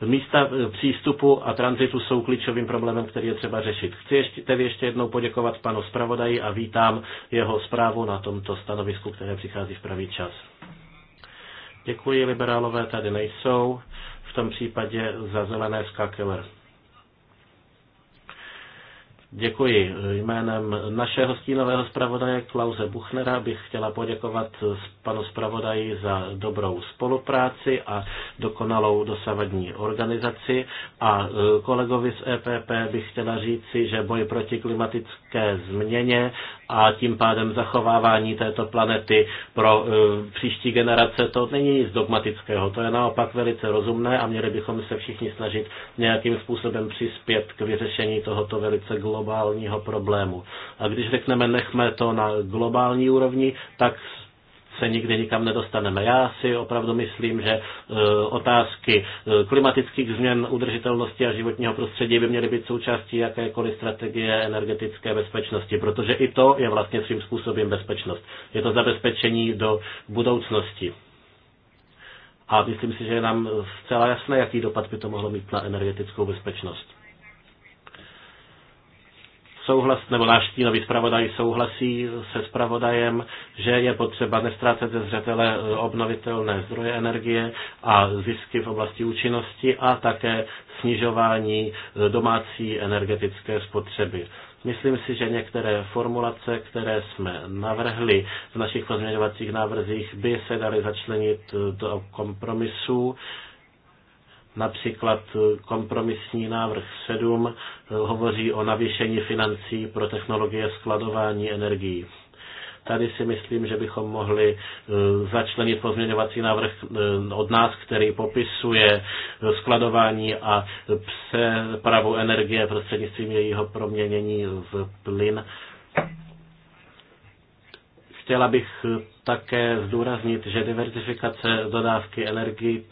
Místa eh, přístupu a tranzitu jsou klíčovým problémem, který je třeba řešit. Chci ještě, tedy ještě jednou poděkovat panu zpravodaji a vítám jeho zprávu na tomto stanovisku, které přichází v pravý čas. Děkuji, liberálové tady nejsou, tom případě za zelené skakeler. Děkuji. Jménem našeho stínového zpravodaje Klause Buchnera bych chtěla poděkovat panu zpravodaji za dobrou spolupráci a dokonalou dosavadní organizaci a e, kolegovi z EPP bych chtěla říci, že boj proti klimatické změně a tím pádem zachovávání této planety pro e, příští generace, to není nic dogmatického, to je naopak velice rozumné a měli bychom se všichni snažit nějakým způsobem přispět k vyřešení tohoto velice globálního problému. A když řekneme nechme to na globální úrovni, tak se nikdy nikam nedostaneme. Já si opravdu myslím, že e, otázky e, klimatických změn, udržitelnosti a životního prostředí by měly být součástí jakékoliv strategie energetické bezpečnosti, protože i to je vlastně svým způsobem bezpečnost. Je to zabezpečení do budoucnosti. A myslím si, že je nám zcela jasné, jaký dopad by to mohlo mít na energetickou bezpečnost souhlas, nebo náš stínový zpravodaj souhlasí se zpravodajem, že je potřeba nestrácet ze zřetele e, obnovitelné zdroje energie a zisky v oblasti účinnosti a také snižování e, domácí energetické spotřeby. Myslím si, že některé formulace, které jsme navrhli v našich pozměňovacích návrzích, by se daly začlenit e, do kompromisů Například eh, kompromisní návrh 7 eh, hovoří o navýšení financí pro technologie skladování energií. Tady si myslím, že bychom mohli eh, začlenit pozměňovací návrh od nás, který popisuje skladování a přepravu energie prostřednictvím jejího proměnění v plyn. Chtěla bych také zdůraznit, že diverzifikace dodávky energie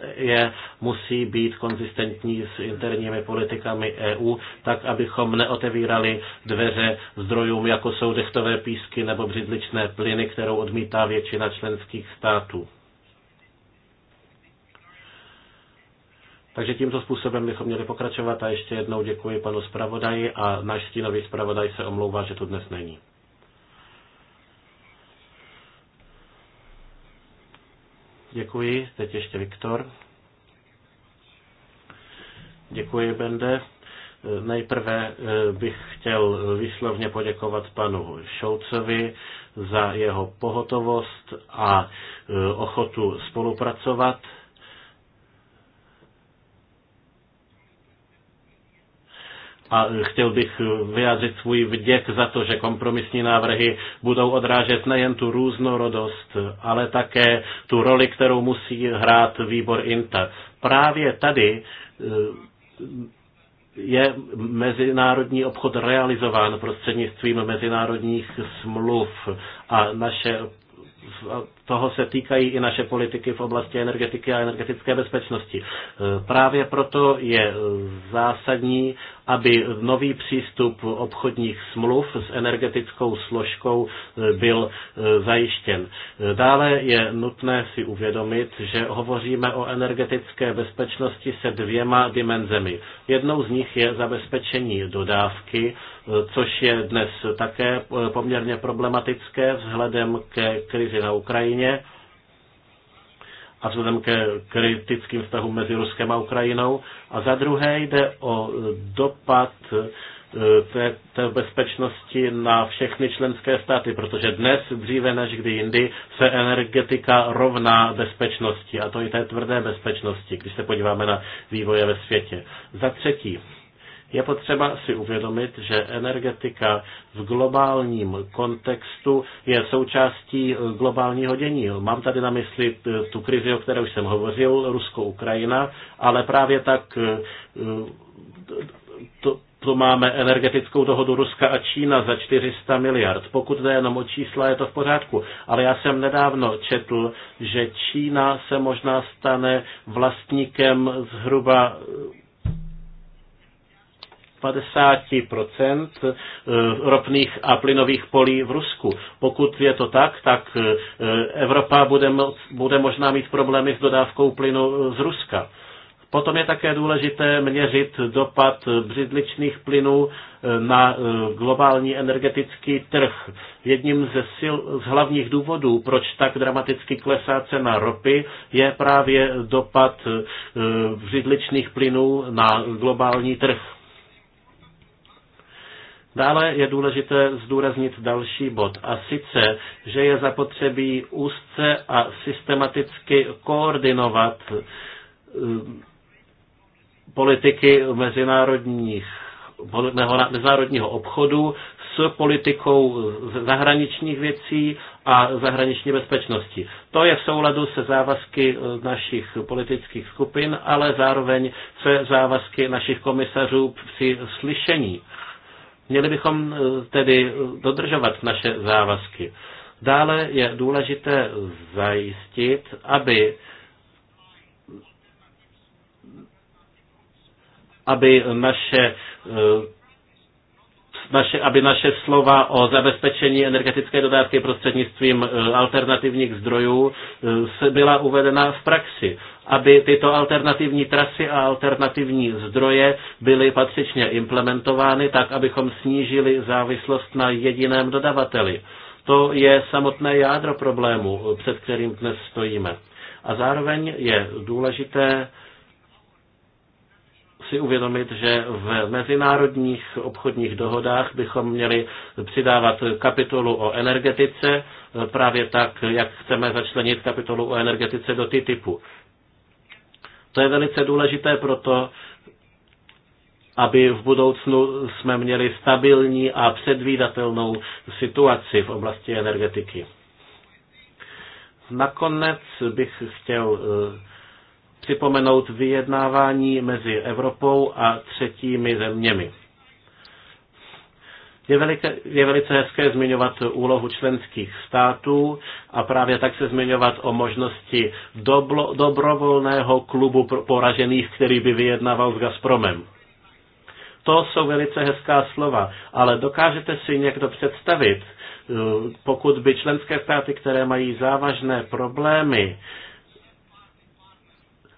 musí být konzistentní s interními politikami EU, tak abychom neotevírali dveře zdrojům, jako jsou dechtové písky nebo břidličné plyny, kterou odmítá většina členských států. Takže tímto způsobem bychom měli pokračovat a ještě jednou děkuji panu zpravodaji a náš stínový zpravodaj se omlouvá, že tu dnes není. Děkuji. Teď ještě Viktor. Děkuji, Bende. Nejprve eh, bych chtěl výslovně poděkovat panu Šoucovi za jeho pohotovost a eh, ochotu spolupracovat a e, chtěl bych e, vyjádřit svůj vděk za to, že kompromisní návrhy budou odrážet nejen tu různorodost, ale také tu roli, kterou musí hrát výbor INTA. Právě tady e, je mezinárodní obchod realizován prostřednictvím mezinárodních smluv a naše toho se týkají i naše politiky v oblasti energetiky a energetické bezpečnosti. E, právě proto je e, zásadní, aby nový přístup obchodních smluv s energetickou složkou e, byl zajištěn. Dále je nutné si uvědomit, že hovoříme o energetické bezpečnosti se dvěma dimenzemi. Jednou z nich je zabezpečení dodávky, což je dnes také poměrně problematické vzhledem ke krizi na Ukrajině Ukrajině a vzhledem ke kritickým vztahům mezi Ruskem a Ukrajinou. A za druhé jde o dopad eh, té, té bezpečnosti na všechny členské státy, protože dnes, dříve než kdy jindy, se energetika rovná bezpečnosti, a to i té tvrdé bezpečnosti, když se podíváme na vývoje ve světě. Za třetí, je potřeba si uvědomit, že energetika v globálním kontextu je součástí eh, globálního dění. Mám tady na mysli eh, tu krizi, o které už jsem hovořil, Rusko-Ukrajina, ale právě tak eh, to, to máme energetickou dohodu Ruska a Čína za 400 miliard. Pokud jde jenom o čísla, je to v pořádku. Ale já jsem nedávno četl, že Čína se možná stane vlastníkem zhruba 50% eh, ropných a plynových polí v Rusku. Pokud je to tak, tak eh, Evropa bude, bude možná mít problémy s dodávkou plynu eh, z Ruska. Potom je také důležité měřit dopad břidličných plynů na globální energetický trh. Jedním ze sil, z hlavních důvodů, proč tak dramaticky klesá cena ropy, je právě dopad břidličných plynů na globální trh. Dále je důležité zdůraznit další bod, a sice, že je zapotřebí úzce a systematicky koordinovat eh, politiky mezinárodních, mezinárodního obchodu s politikou zahraničních věcí a zahraniční bezpečnosti. To je v souladu se závazky eh, našich politických skupin, ale zároveň se závazky našich komisařů při slyšení Měli bychom eh, tedy eh, dodržovat naše závazky. Dále je důležité zajistit, aby aby naše eh, naše, aby naše slova o zabezpečení energetické dodávky prostřednictvím e, alternativních zdrojů e, se byla uvedena v praxi aby tyto alternativní trasy a alternativní zdroje byly patřičně implementovány tak, abychom snížili závislost na jediném dodavateli. To je samotné jádro problému, e, před kterým dnes stojíme. A zároveň je důležité si uvědomit, že v mezinárodních obchodních dohodách bychom měli přidávat kapitolu o energetice, právě tak, jak chceme začlenit kapitolu o energetice do typu. To je velice důležité proto, aby v budoucnu jsme měli stabilní a předvídatelnou situaci v oblasti energetiky. Nakonec bych chtěl eh, připomenout vyjednávání mezi Evropou a třetími zeměmi. Je, velice, je velice hezké zmiňovat úlohu členských států a právě tak se zmiňovat o možnosti doblo, dobrovolného klubu poražených, který by vyjednával s Gazpromem. To jsou velice hezká slova, ale dokážete si někdo představit, eh, pokud by členské státy, které mají závažné problémy,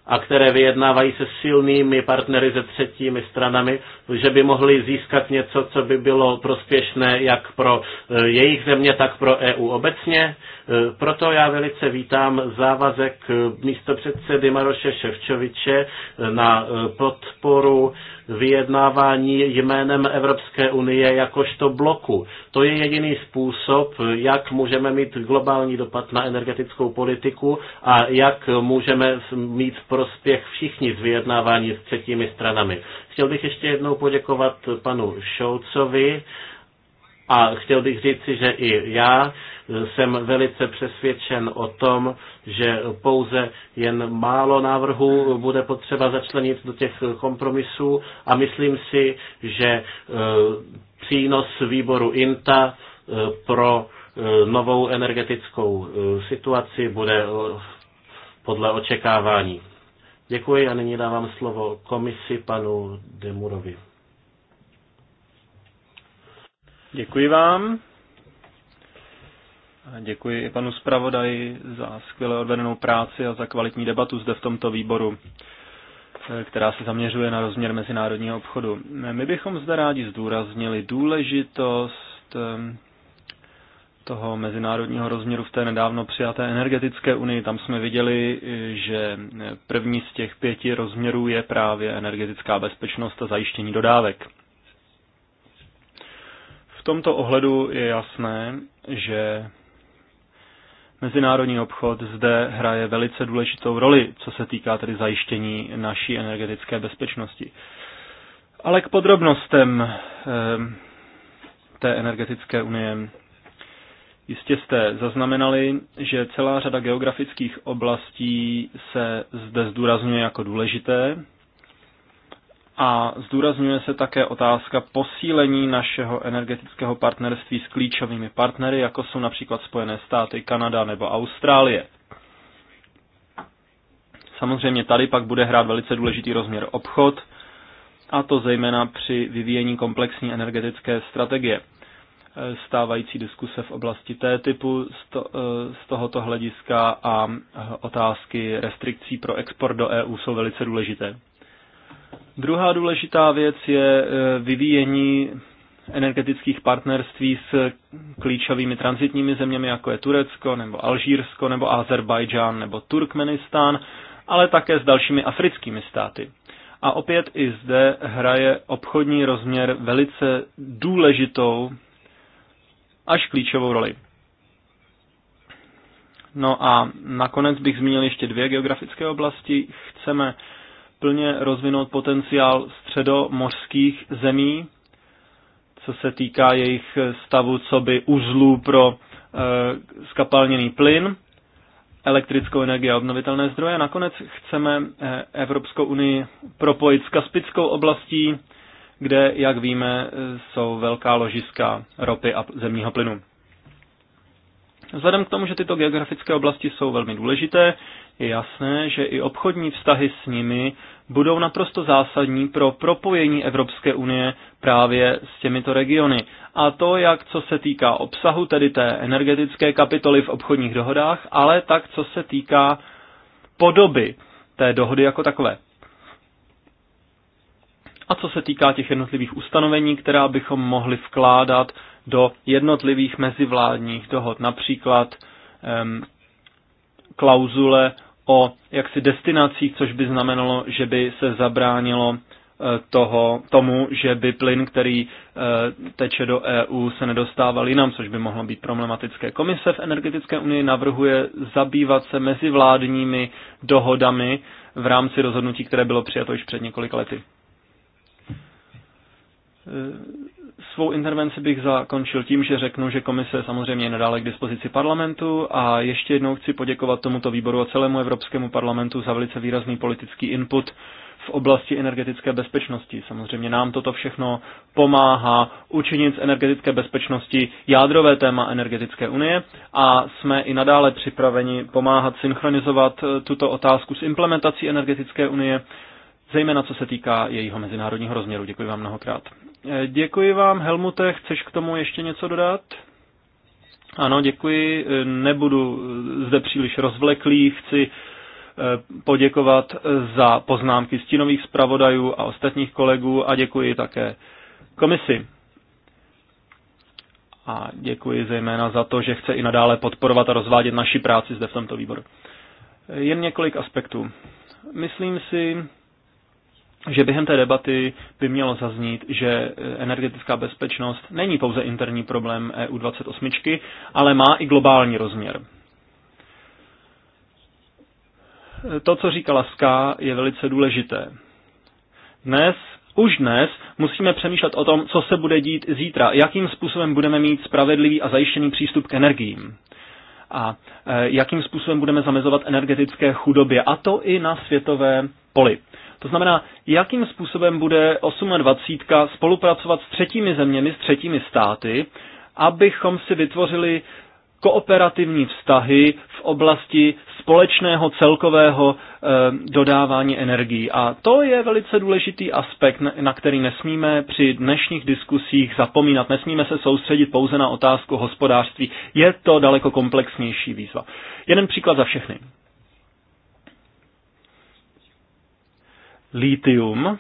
a které vyjednávají se silnými partnery ze třetími stranami, že by mohli získat něco, co by bylo prospěšné jak pro e, jejich země, tak pro EU obecně. E, proto já velice vítám závazek e, místopředsedy Maroše Ševčoviče na podporu vyjednávání jménem Evropské unie jakožto bloku. To je jediný způsob, jak můžeme mít globální dopad na energetickou politiku a jak můžeme mít prospěch všichni z vyjednávání s třetími stranami. Chtěl bych ještě jednou poděkovat panu Šoucovi a chtěl bych říci, že i já jsem velice přesvědčen o tom, že pouze jen málo návrhů bude potřeba začlenit do těch kompromisů a myslím si, že e, přínos výboru INTA e, pro e, novou energetickou situaci bude podle očekávání. Děkuji a nyní dávám slovo komisi panu Demurovi. Děkuji vám děkuji i panu zpravodaji za skvěle odvedenou práci a za kvalitní debatu zde v tomto výboru, eh, která se zaměřuje na rozměr mezinárodního obchodu. Eh, my bychom zde rádi zdůraznili důležitost eh, toho mezinárodního rozměru v té nedávno přijaté energetické unii. Tam jsme viděli, že první z těch pěti rozměrů je právě energetická bezpečnost a zajištění dodávek. V tomto ohledu je jasné, že Mezinárodní obchod zde hraje velice důležitou roli, co se týká tedy zajištění naší energetické bezpečnosti. Ale k podrobnostem ehm, té energetické unie. Jistě jste zaznamenali, že celá řada geografických oblastí se zde zdůrazňuje jako důležité, a zdůrazňuje se také otázka posílení našeho energetického partnerství s klíčovými partnery, jako jsou například Spojené státy, Kanada nebo Austrálie. Samozřejmě tady pak bude hrát velice důležitý rozměr obchod, a to zejména při vyvíjení komplexní energetické strategie. Stávající diskuse v oblasti té typu eh, z tohoto hlediska a otázky restrikcí pro export do EU jsou velice důležité. Druhá důležitá věc je eh, vyvíjení energetických partnerství s klíčovými transitními zeměmi, jako je Turecko, nebo Alžírsko, nebo Azerbajdžán, nebo Turkmenistán, ale také s dalšími africkými státy. A opět i zde hraje obchodní rozměr velice důležitou až klíčovou roli. No a nakonec bych zmínil ještě dvě geografické oblasti. Chceme plně rozvinout potenciál středomořských zemí, co se týká jejich stavu co by uzlů pro e, skapalněný plyn, elektrickou energii a obnovitelné zdroje. nakonec chceme eh, Evropskou unii propojit s Kaspickou oblastí, kde, jak víme, eh, jsou velká ložiska ropy a zemního plynu. Vzhledem k tomu, že tyto geografické oblasti jsou velmi důležité, je jasné, že i obchodní vztahy s nimi budou naprosto zásadní pro propojení Evropské unie právě s těmito regiony. A to jak co se týká obsahu, tedy té energetické kapitoly v obchodních dohodách, ale tak co se týká podoby té dohody jako takové. A co se týká těch jednotlivých ustanovení, která bychom mohli vkládat do jednotlivých mezivládních dohod, například um, klauzule o jaksi destinacích, což by znamenalo, že by se zabránilo e, toho, tomu, že by plyn, který e, teče do EU, se nedostával jinam, což by mohlo být problematické. Komise v Energetické unii navrhuje zabývat se mezivládními dohodami v rámci rozhodnutí, které bylo přijato již před několika lety. E, svou intervenci bych zakončil tím, že řeknu, že komise samozřejmě je nadále k dispozici parlamentu a ještě jednou chci poděkovat tomuto výboru a celému Evropskému parlamentu za velice výrazný politický input v oblasti energetické bezpečnosti. Samozřejmě nám toto všechno pomáhá učinit z energetické bezpečnosti jádrové téma energetické unie a jsme i nadále připraveni pomáhat synchronizovat tuto otázku s implementací energetické unie, zejména co se týká jejího mezinárodního rozměru. Děkuji vám mnohokrát. Děkuji vám, Helmute. Chceš k tomu ještě něco dodat? Ano, děkuji. Nebudu zde příliš rozvleklý. Chci eh, poděkovat za poznámky stínových zpravodajů a ostatních kolegů a děkuji také komisi. A děkuji zejména za to, že chce i nadále podporovat a rozvádět naši práci zde v tomto výboru. Jen několik aspektů. Myslím si, že během té debaty by mělo zaznít, že eh, energetická bezpečnost není pouze interní problém EU28, ale má i globální rozměr. To, co říkala Ska, je velice důležité. Dnes, už dnes, musíme přemýšlet o tom, co se bude dít zítra, jakým způsobem budeme mít spravedlivý a zajištěný přístup k energiím a e, jakým způsobem budeme zamezovat energetické chudobě, a to i na světové poli. To znamená, jakým způsobem bude 28 spolupracovat s třetími zeměmi, s třetími státy, abychom si vytvořili kooperativní vztahy v oblasti společného celkového e, dodávání energií. A to je velice důležitý aspekt, na který nesmíme při dnešních diskusích zapomínat. Nesmíme se soustředit pouze na otázku hospodářství. Je to daleko komplexnější výzva. Jeden příklad za všechny. Litium.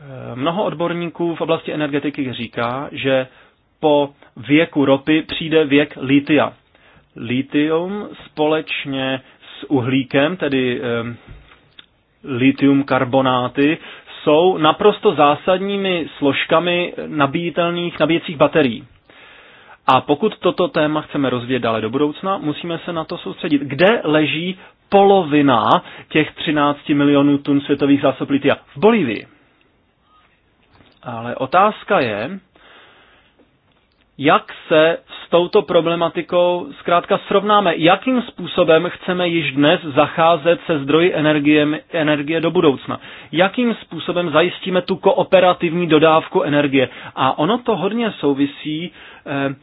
Eh, mnoho odborníků v oblasti energetiky říká, že po věku ropy přijde věk litia. Litium společně s uhlíkem, tedy e, litium karbonáty, jsou naprosto zásadními složkami nabíjitelných nabíjecích baterií. A pokud toto téma chceme rozvíjet dále do budoucna, musíme se na to soustředit. Kde leží polovina těch 13 milionů tun světových zásob litia? V Bolívii. Ale otázka je, jak se s touto problematikou zkrátka srovnáme, jakým způsobem chceme již dnes zacházet se zdroji energie, energie do budoucna, jakým způsobem zajistíme tu kooperativní dodávku energie. A ono to hodně souvisí eh,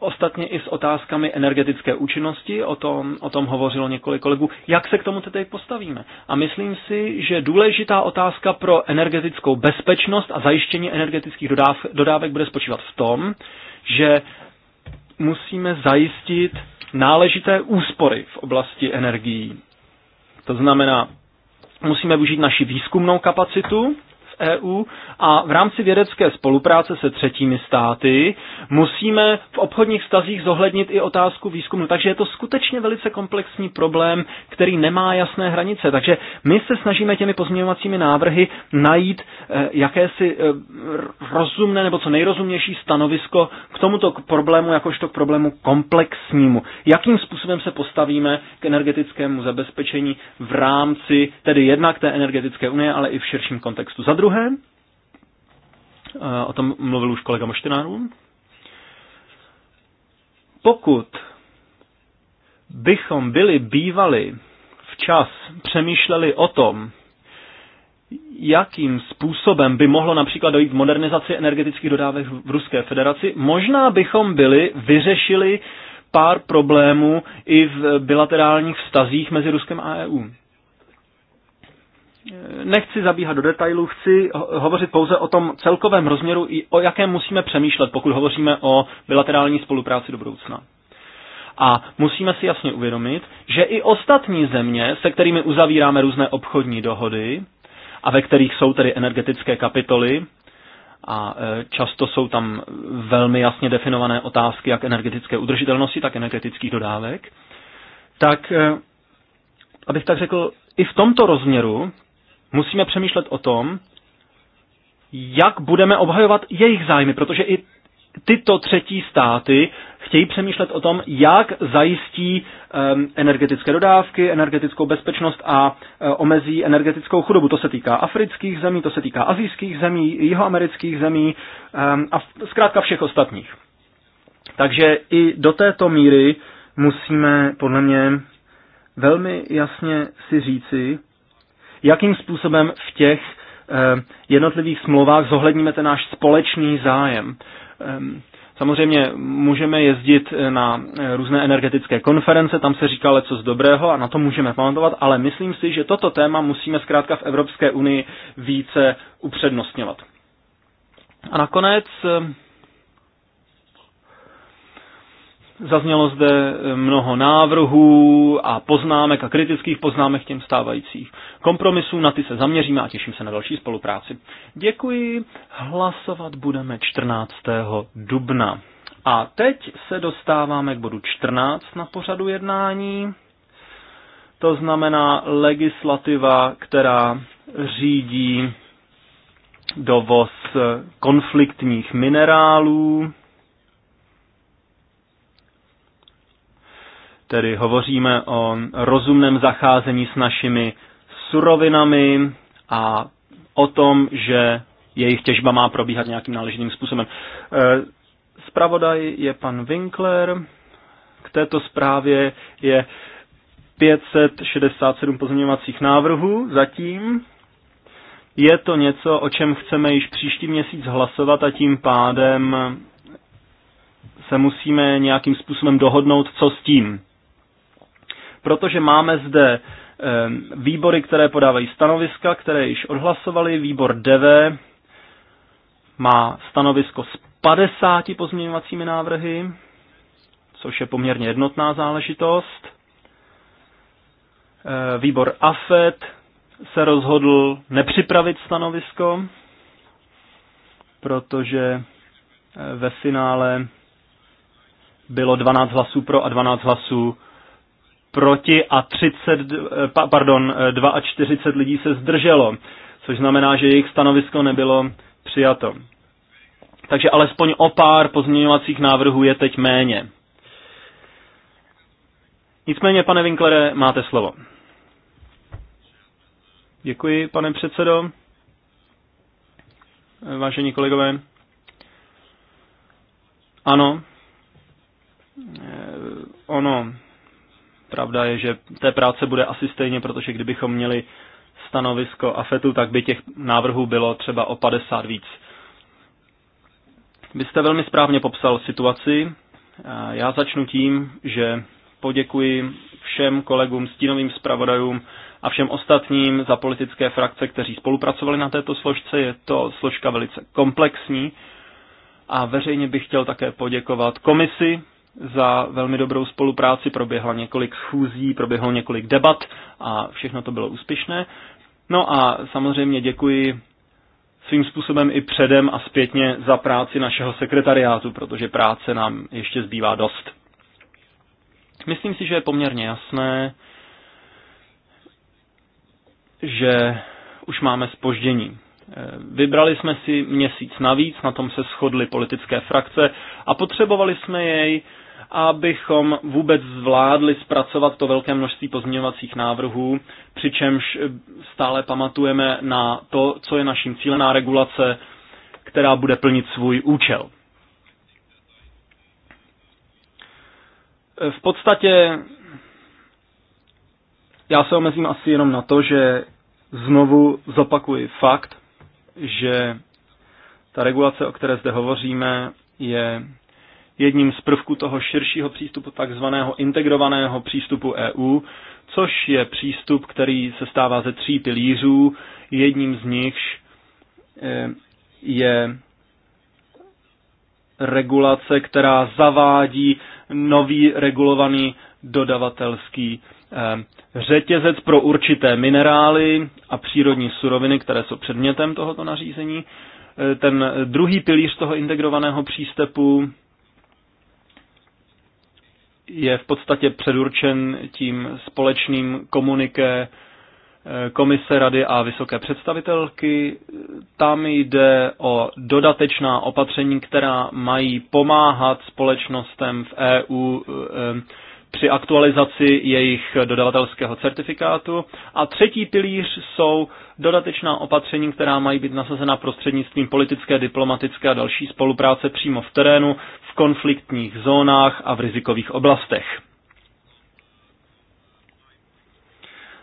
ostatně i s otázkami energetické účinnosti, o tom, o tom hovořilo několik kolegů, jak se k tomu teď postavíme. A myslím si, že důležitá otázka pro energetickou bezpečnost a zajištění energetických dodáv, dodávek bude spočívat v tom, že musíme zajistit náležité úspory v oblasti energií. To znamená, musíme využít naši výzkumnou kapacitu, EU a v rámci vědecké spolupráce se třetími státy musíme v obchodních stazích zohlednit i otázku výzkumu. Takže je to skutečně velice komplexní problém, který nemá jasné hranice. Takže my se snažíme těmi pozměňovacími návrhy najít eh, jakési eh, rozumné nebo co nejrozumnější stanovisko k tomuto problému, jakožto k problému komplexnímu. Jakým způsobem se postavíme k energetickému zabezpečení v rámci tedy jednak té energetické unie, ale i v širším kontextu. Za druhé, druhé, o tom mluvil už kolega Moštinárů, pokud bychom byli bývali včas přemýšleli o tom, jakým způsobem by mohlo například dojít k modernizaci energetických dodávek v Ruské federaci, možná bychom byli vyřešili pár problémů i v bilaterálních vztazích mezi Ruskem a EU nechci zabíhat do detailů, chci hovořit pouze o tom celkovém rozměru, i o jakém musíme přemýšlet, pokud hovoříme o bilaterální spolupráci do budoucna. A musíme si jasně uvědomit, že i ostatní země, se kterými uzavíráme různé obchodní dohody, a ve kterých jsou tedy energetické kapitoly, a e, často jsou tam velmi jasně definované otázky jak energetické udržitelnosti, tak energetických dodávek, tak, e, abych tak řekl, i v tomto rozměru Musíme přemýšlet o tom, jak budeme obhajovat jejich zájmy, protože i tyto třetí státy chtějí přemýšlet o tom, jak zajistí um, energetické dodávky, energetickou bezpečnost a uh, omezí energetickou chudobu. To se týká afrických zemí, to se týká azijských zemí, jihoamerických zemí um, a v, zkrátka všech ostatních. Takže i do této míry musíme podle mě velmi jasně si říci, jakým způsobem v těch eh, jednotlivých smlouvách zohledníme ten náš společný zájem. Ehm, samozřejmě můžeme jezdit na eh, různé energetické konference, tam se říká co z dobrého a na to můžeme pamatovat, ale myslím si, že toto téma musíme zkrátka v Evropské unii více upřednostňovat. A nakonec ehm, Zaznělo zde eh, mnoho návrhů a poznámek a kritických poznámek těm stávajících kompromisů. Na ty se zaměříme a těším se na další spolupráci. Děkuji. Hlasovat budeme 14. dubna. A teď se dostáváme k bodu 14 na pořadu jednání. To znamená legislativa, která řídí dovoz konfliktních minerálů Tedy hovoříme o rozumném zacházení s našimi surovinami a o tom, že jejich těžba má probíhat nějakým náležitým způsobem. Spravodaj e, je pan Winkler. K této zprávě je 567 pozměňovacích návrhů zatím. Je to něco, o čem chceme již příští měsíc hlasovat a tím pádem se musíme nějakým způsobem dohodnout, co s tím protože máme zde výbory, které podávají stanoviska, které již odhlasovali. Výbor DV má stanovisko s 50 pozměňovacími návrhy, což je poměrně jednotná záležitost. Výbor AFET se rozhodl nepřipravit stanovisko, protože ve finále bylo 12 hlasů pro a 12 hlasů proti a 30, pardon, 42 lidí se zdrželo, což znamená, že jejich stanovisko nebylo přijato. Takže alespoň o pár pozměňovacích návrhů je teď méně. Nicméně, pane Winklere, máte slovo. Děkuji, pane předsedo. Vážení kolegové. Ano, eh, ono Pravda je, že té práce bude asi stejně, protože kdybychom měli stanovisko AFETu, tak by těch návrhů bylo třeba o 50 víc. Vy jste velmi správně popsal situaci. Já začnu tím, že poděkuji všem kolegům, stínovým zpravodajům a všem ostatním za politické frakce, kteří spolupracovali na této složce. Je to složka velice komplexní a veřejně bych chtěl také poděkovat komisi za velmi dobrou spolupráci, proběhla několik schůzí, proběhlo několik debat a všechno to bylo úspěšné. No a samozřejmě děkuji svým způsobem i předem a zpětně za práci našeho sekretariátu, protože práce nám ještě zbývá dost. Myslím si, že je poměrně jasné, že už máme spoždění. Vybrali jsme si měsíc navíc, na tom se shodly politické frakce a potřebovali jsme jej abychom vůbec zvládli zpracovat to velké množství pozměňovacích návrhů, přičemž stále pamatujeme na to, co je naším cílem na regulace, která bude plnit svůj účel. V podstatě já se omezím asi jenom na to, že znovu zopakuji fakt, že ta regulace, o které zde hovoříme, je jedním z prvků toho širšího přístupu, takzvaného integrovaného přístupu EU, což je přístup, který se stává ze tří pilířů. Jedním z nich eh, je regulace, která zavádí nový regulovaný dodavatelský eh, řetězec pro určité minerály a přírodní suroviny, které jsou předmětem tohoto nařízení. Eh, ten druhý pilíř toho integrovaného přístupu je v podstatě předurčen tím společným komuniké eh, komise rady a vysoké představitelky. Tam jde o dodatečná opatření, která mají pomáhat společnostem v EU eh, při aktualizaci jejich dodavatelského certifikátu. A třetí pilíř jsou dodatečná opatření, která mají být nasazena prostřednictvím politické, diplomatické a další spolupráce přímo v terénu, v konfliktních zónách a v rizikových oblastech.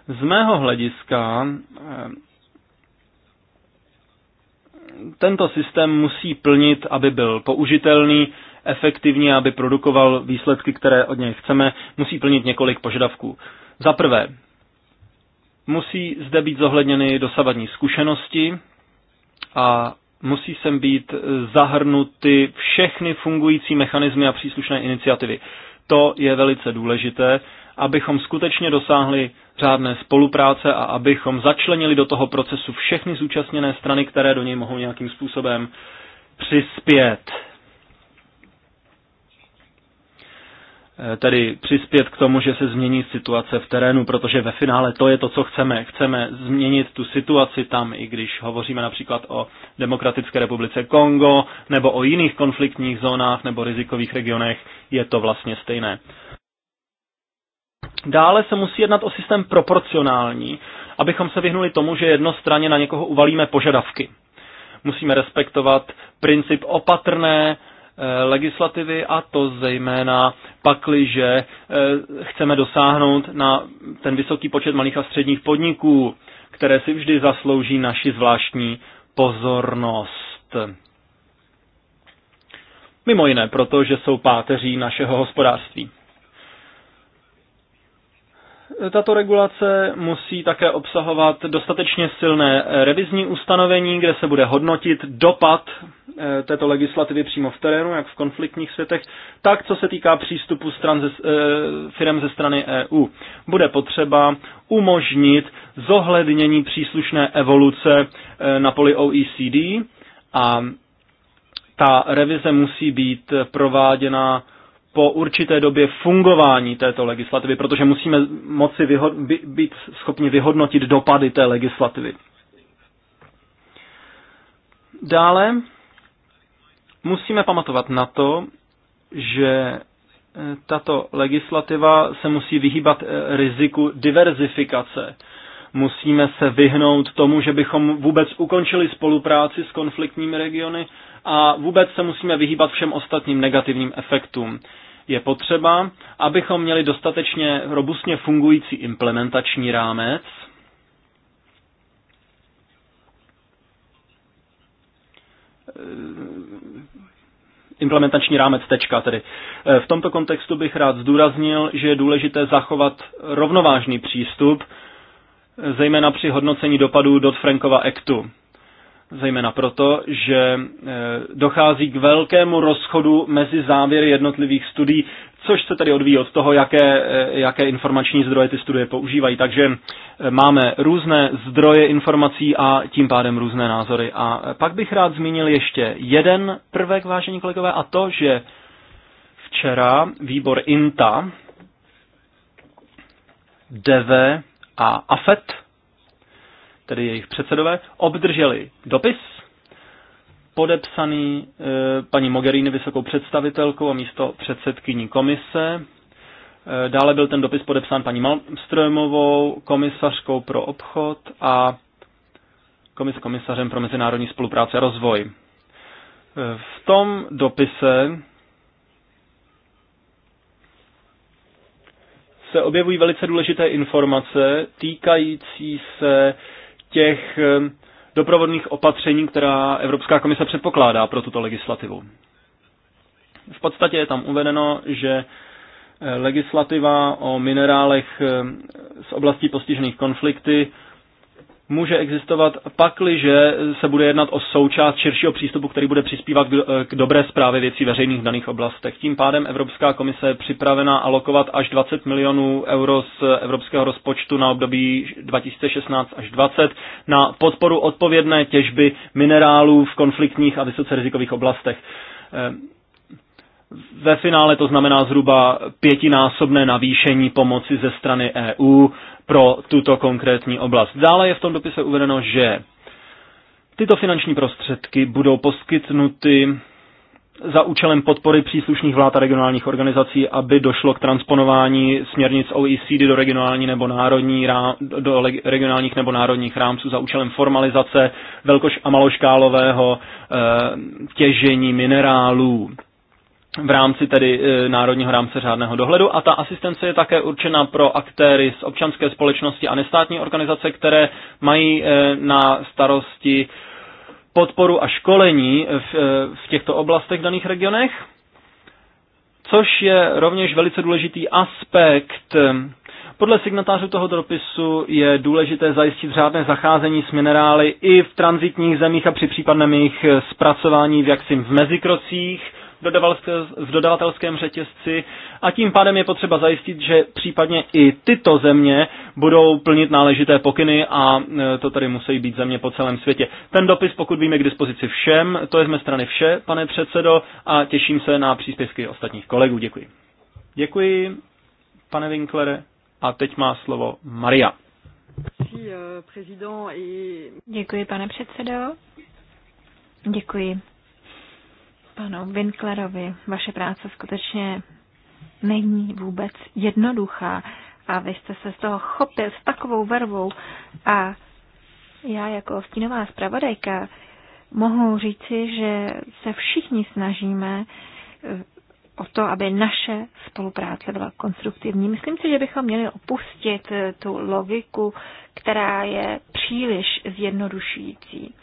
Z mého hlediska eh, tento systém musí plnit, aby byl použitelný, efektivní, aby produkoval výsledky, které od něj chceme, musí plnit několik požadavků. Za prvé, Musí zde být zohledněny dosavadní zkušenosti a musí sem být zahrnuty všechny fungující mechanismy a příslušné iniciativy. To je velice důležité, abychom skutečně dosáhli řádné spolupráce a abychom začlenili do toho procesu všechny zúčastněné strany, které do něj mohou nějakým způsobem přispět. Eh, tedy přispět k tomu, že se změní situace v terénu, protože ve finále to je to, co chceme. Chceme změnit tu situaci tam, i když hovoříme například o Demokratické republice Kongo nebo o jiných konfliktních zónách nebo rizikových regionech, je to vlastně stejné. Dále se musí jednat o systém proporcionální, abychom se vyhnuli tomu, že jednostranně na někoho uvalíme požadavky. Musíme respektovat princip opatrné, Eh, legislativy a to zejména pakliže eh, chceme dosáhnout na ten vysoký počet malých a středních podniků, které si vždy zaslouží naši zvláštní pozornost. Mimo jiné, protože jsou páteří našeho hospodářství. Tato regulace musí také obsahovat dostatečně silné revizní ustanovení, kde se bude hodnotit dopad eh, této legislativy přímo v terénu, jak v konfliktních světech, tak co se týká přístupu stran ze, eh, firm ze strany EU. Bude potřeba umožnit zohlednění příslušné evoluce eh, na poli OECD a ta revize musí být prováděna po určité době fungování této legislativy, protože musíme moci vyho- být schopni vyhodnotit dopady té legislativy. Dále musíme pamatovat na to, že eh, tato legislativa se musí vyhýbat eh, riziku diverzifikace. Musíme se vyhnout tomu, že bychom vůbec ukončili spolupráci s konfliktními regiony a vůbec se musíme vyhýbat všem ostatním negativním efektům je potřeba, abychom měli dostatečně robustně fungující implementační rámec, implementační rámec tečka tedy. V tomto kontextu bych rád zdůraznil, že je důležité zachovat rovnovážný přístup, zejména při hodnocení dopadů Dodd-Frankova Actu zejména proto, že eh, dochází k velkému rozchodu mezi závěry jednotlivých studií, což se tady odvíjí od toho, jaké, eh, jaké informační zdroje ty studie používají. Takže eh, máme různé zdroje informací a tím pádem různé názory. A pak bych rád zmínil ještě jeden prvek, vážení kolegové, a to, že včera výbor INTA, DEVE a AFET tedy jejich předsedové, obdrželi dopis podepsaný e, paní Mogherini vysokou představitelkou a místo předsedkyní komise. E, dále byl ten dopis podepsán paní Malmströmovou, komisařkou pro obchod a komis komisařem pro mezinárodní spolupráci a rozvoj. E, v tom dopise se objevují velice důležité informace týkající se těch eh, doprovodných opatření, která Evropská komise předpokládá pro tuto legislativu. V podstatě je tam uvedeno, že eh, legislativa o minerálech eh, z oblastí postižených konflikty může existovat pakliže se bude jednat o součást širšího přístupu, který bude přispívat k dobré zprávě věcí veřejných v daných oblastech. Tím pádem Evropská komise je připravena alokovat až 20 milionů euro z evropského rozpočtu na období 2016 až 20 na podporu odpovědné těžby minerálů v konfliktních a vysoce rizikových oblastech. Ve finále to znamená zhruba pětinásobné navýšení pomoci ze strany EU pro tuto konkrétní oblast. Dále je v tom dopise uvedeno, že tyto finanční prostředky budou poskytnuty za účelem podpory příslušných vlád a regionálních organizací, aby došlo k transponování směrnic OECD do regionální nebo národní rám, do regionálních nebo národních rámců za účelem formalizace velkoš a maloškálového e, těžení minerálů v rámci tedy e, Národního rámce řádného dohledu a ta asistence je také určena pro aktéry z občanské společnosti a nestátní organizace, které mají e, na starosti podporu a školení v, e, v těchto oblastech v daných regionech, což je rovněž velice důležitý aspekt. Podle signatářů toho dopisu je důležité zajistit řádné zacházení s minerály i v transitních zemích a při případném jejich zpracování v jaksi v mezikrocích, v dodavatelském řetězci a tím pádem je potřeba zajistit, že případně i tyto země budou plnit náležité pokyny a e, to tady musí být země po celém světě. Ten dopis, pokud víme, k dispozici všem, to je z mé strany vše, pane předsedo, a těším se na příspěvky ostatních kolegů. Děkuji. Děkuji, pane Winklere. A teď má slovo Maria. Euh, Děkuji, pane předsedo. Děkuji panu Winklerovi. Vaše práce skutečně není vůbec jednoduchá a vy jste se z toho chopil s takovou vervou a já jako stínová zpravodajka mohu říci, že se všichni snažíme eh, o to, aby naše spolupráce byla konstruktivní. Myslím si, že bychom měli opustit eh, tu logiku, která je příliš zjednodušující.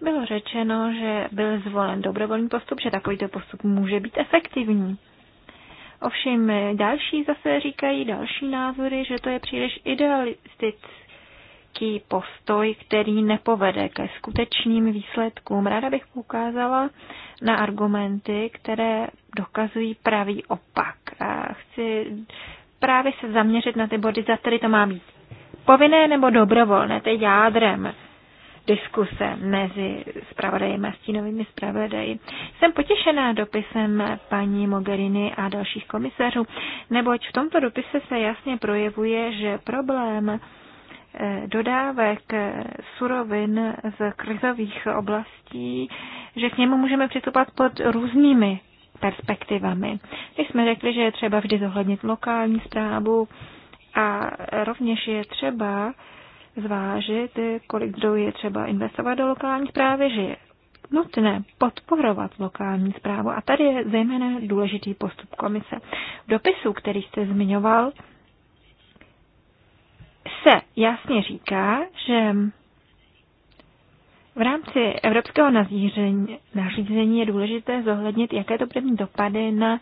Bylo řečeno, že byl zvolen dobrovolný postup, že takovýto postup může být efektivní. Ovšem další zase říkají další názory, že to je příliš idealistický postoj, který nepovede ke skutečným výsledkům. Ráda bych poukázala na argumenty, které dokazují pravý opak. A chci právě se zaměřit na ty body, za které to má být. Povinné nebo dobrovolné, to je jádrem diskuse mezi zpravodajem a stínovými zpravodaji. Jsem potěšená dopisem paní Mogherini a dalších komisařů, neboť v tomto dopise se jasně projevuje, že problém eh, dodávek eh, surovin z krizových oblastí, že k němu můžeme přistupovat pod různými perspektivami. My jsme řekli, že je třeba vždy zohlednit lokální zprávu a rovněž je třeba zvážit, kolik zdrojů je třeba investovat do lokální zprávy, že je nutné podporovat lokální zprávu. A tady je zejména důležitý postup komise. V dopisu, který jste zmiňoval, se jasně říká, že v rámci evropského nařízení je důležité zohlednit, jaké to první dopady na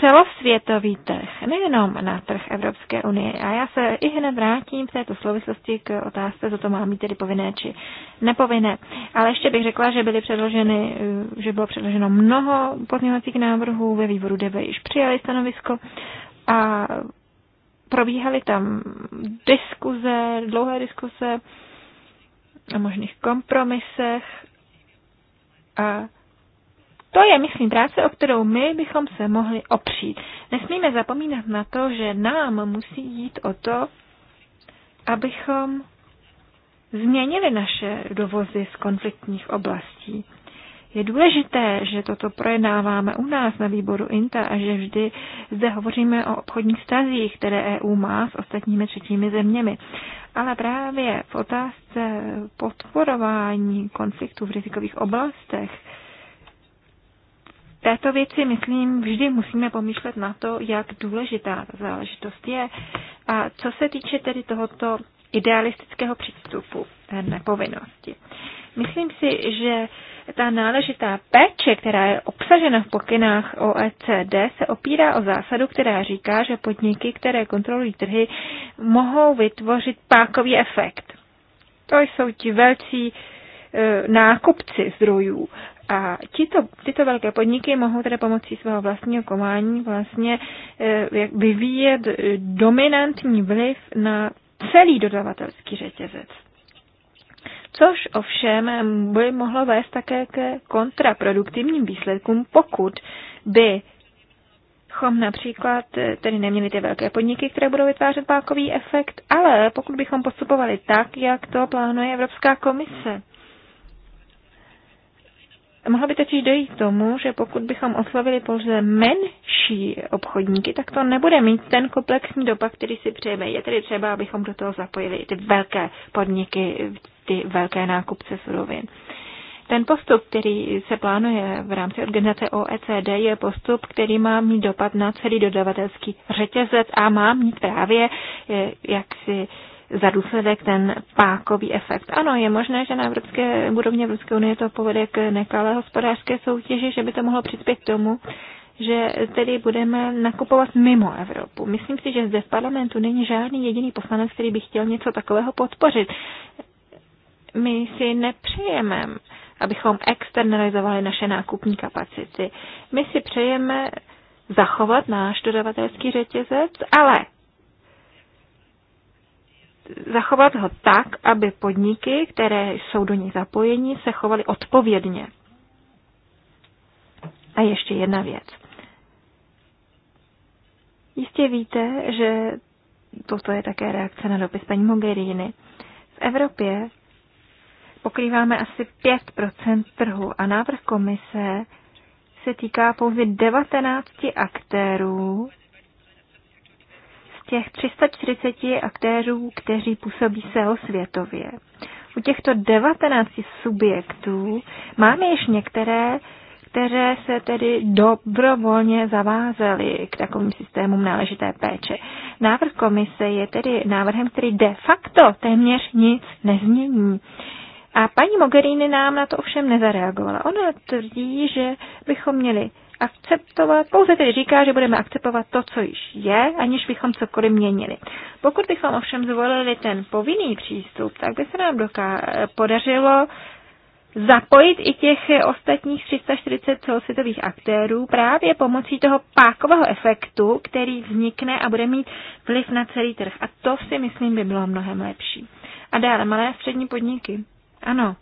celosvětový trh, nejenom na trh Evropské unie. A já se i hned vrátím v této souvislosti k otázce, co to má mít tedy povinné či nepovinné. Ale ještě bych řekla, že byly předloženy, eh, že bylo předloženo mnoho pozměňovacích návrhů, ve výboru DB již přijali stanovisko a probíhaly tam diskuze, dlouhé diskuze o možných kompromisech a to je, myslím, práce, o kterou my bychom se mohli opřít. Nesmíme zapomínat na to, že nám musí jít o to, abychom změnili naše dovozy z konfliktních oblastí. Je důležité, že toto projednáváme u nás na výboru INTA a že vždy zde hovoříme o obchodních stazích, které EU má s ostatními třetími zeměmi. Ale právě v otázce podporování konfliktů v rizikových oblastech této věci, myslím, vždy musíme pomýšlet na to, jak důležitá ta záležitost je. A co se týče tedy tohoto idealistického přístupu nepovinnosti. Myslím si, že ta náležitá péče, která je obsažena v pokynách OECD, se opírá o zásadu, která říká, že podniky, které kontrolují trhy, mohou vytvořit pákový efekt. To jsou ti velcí e, nákupci zdrojů. A tito, tyto velké podniky mohou tedy pomocí svého vlastního komání vlastně eh, vyvíjet eh, dominantní vliv na celý dodavatelský řetězec. Což ovšem by mohlo vést také ke kontraproduktivním výsledkům, pokud by bychom například eh, tedy neměli ty velké podniky, které budou vytvářet pákový efekt, ale pokud bychom postupovali tak, jak to plánuje Evropská komise, Mohlo by totiž dojít k tomu, že pokud bychom oslovili pouze menší obchodníky, tak to nebude mít ten komplexní dopad, který si přejeme. Je tedy třeba, abychom do toho zapojili ty velké podniky, ty velké nákupce surovin. Ten postup, který se plánuje v rámci organizace OECD, je postup, který má mít dopad na celý dodavatelský řetězec a má mít právě eh, jaksi za důsledek ten pákový efekt. Ano, je možné, že na Evropské, úrovni Evropské unie to povede k nekalé hospodářské soutěži, že by to mohlo přispět k tomu, že tedy budeme nakupovat mimo Evropu. Myslím si, že zde v parlamentu není žádný jediný poslanec, který by chtěl něco takového podpořit. My si nepřejeme, abychom externalizovali naše nákupní kapacity. My si přejeme zachovat náš dodavatelský řetězec, ale zachovat ho tak, aby podniky, které jsou do něj zapojeni, se chovaly odpovědně. A ještě jedna věc. Jistě víte, že toto je také reakce na dopis paní Mogherini. V Evropě pokrýváme asi 5 trhu a návrh komise se týká pouze 19 aktérů, těch 340 aktérů, kteří působí celosvětově. U těchto 19 subjektů máme již některé, které se tedy dobrovolně zavázaly k takovým systémům náležité péče. Návrh komise je tedy návrhem, který de facto téměř nic nezmění. A paní Mogherini nám na to ovšem nezareagovala. Ona tvrdí, že bychom měli akceptovat, pouze tedy říká, že budeme akceptovat to, co již je, aniž bychom cokoliv měnili. Pokud bychom ovšem zvolili ten povinný přístup, tak by se nám doká- podařilo zapojit i těch ostatních 340 celosvětových aktérů právě pomocí toho pákového efektu, který vznikne a bude mít vliv na celý trh. A to si myslím by bylo mnohem lepší. A dále malé a střední podniky. Ano,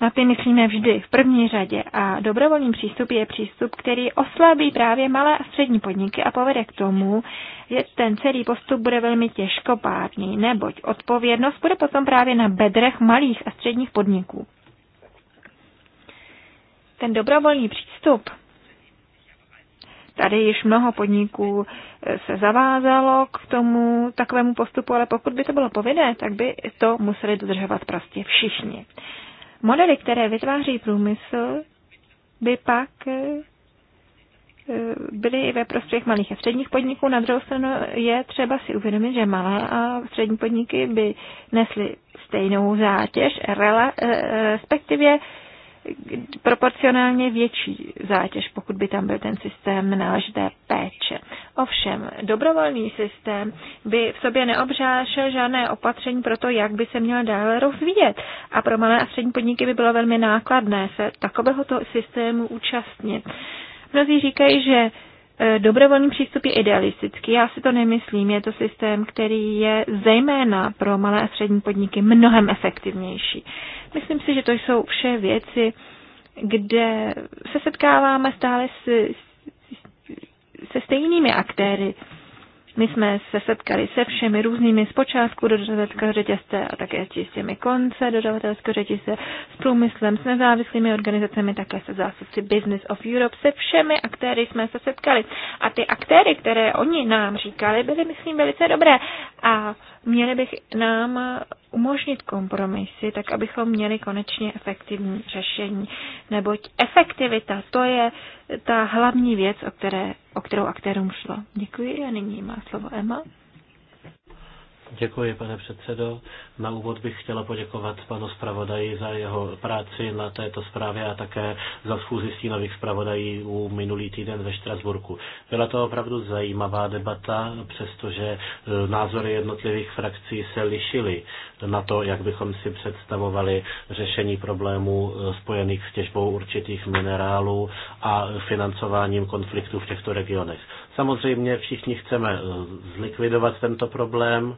na ty myslíme vždy v první řadě a dobrovolný přístup je přístup, který oslabí právě malé a střední podniky a povede k tomu, že ten celý postup bude velmi těžkopádný, neboť odpovědnost bude potom právě na bedrech malých a středních podniků. Ten dobrovolný přístup Tady již mnoho podniků eh, se zavázalo k tomu takovému postupu, ale pokud by to bylo povinné, tak by to museli dodržovat prostě všichni. Modely, které vytváří průmysl, by pak eh, byly i ve prospěch malých a středních podniků. Na druhou stranu je třeba si uvědomit, že malé a střední podniky by nesly stejnou zátěž, eh, respektive proporcionálně větší zátěž, pokud by tam byl ten systém náležité péče. Ovšem, dobrovolný systém by v sobě neobřášel žádné opatření pro to, jak by se měl dále rozvíjet. A pro malé a střední podniky by bylo velmi nákladné se takového systému účastnit. Mnozí říkají, že Eh, dobrovolný přístup je idealistický, já si to nemyslím. Je to systém, který je zejména pro malé a střední podniky mnohem efektivnější. Myslím si, že to jsou vše věci, kde se setkáváme stále s, se stejnými aktéry, my jsme se setkali se všemi různými zpočátku dodavatelského řetězce a také s těmi konce dodavatelského řetězce, s průmyslem, s nezávislými organizacemi, také se zástupci Business of Europe, se všemi aktéry jsme se setkali. A ty aktéry, které oni nám říkali, byly, myslím, velice dobré. A měli bych nám umožnit kompromisy, tak abychom měli konečně efektivní řešení. Neboť efektivita, to je ta hlavní věc, o, které, o kterou aktérům šlo. Děkuji a nyní má slovo Emma. Děkuji, pane předsedo. Na úvod bych chtěla poděkovat panu zpravodaji za jeho práci na této zprávě a také za schůzi stínových u minulý týden ve Štrasburku. Byla to opravdu zajímavá debata, přestože e, názory jednotlivých frakcí se lišily na to, jak bychom si představovali řešení problémů e, spojených s těžbou určitých minerálů a financováním konfliktů v těchto regionech. Samozřejmě všichni chceme e, zlikvidovat tento problém,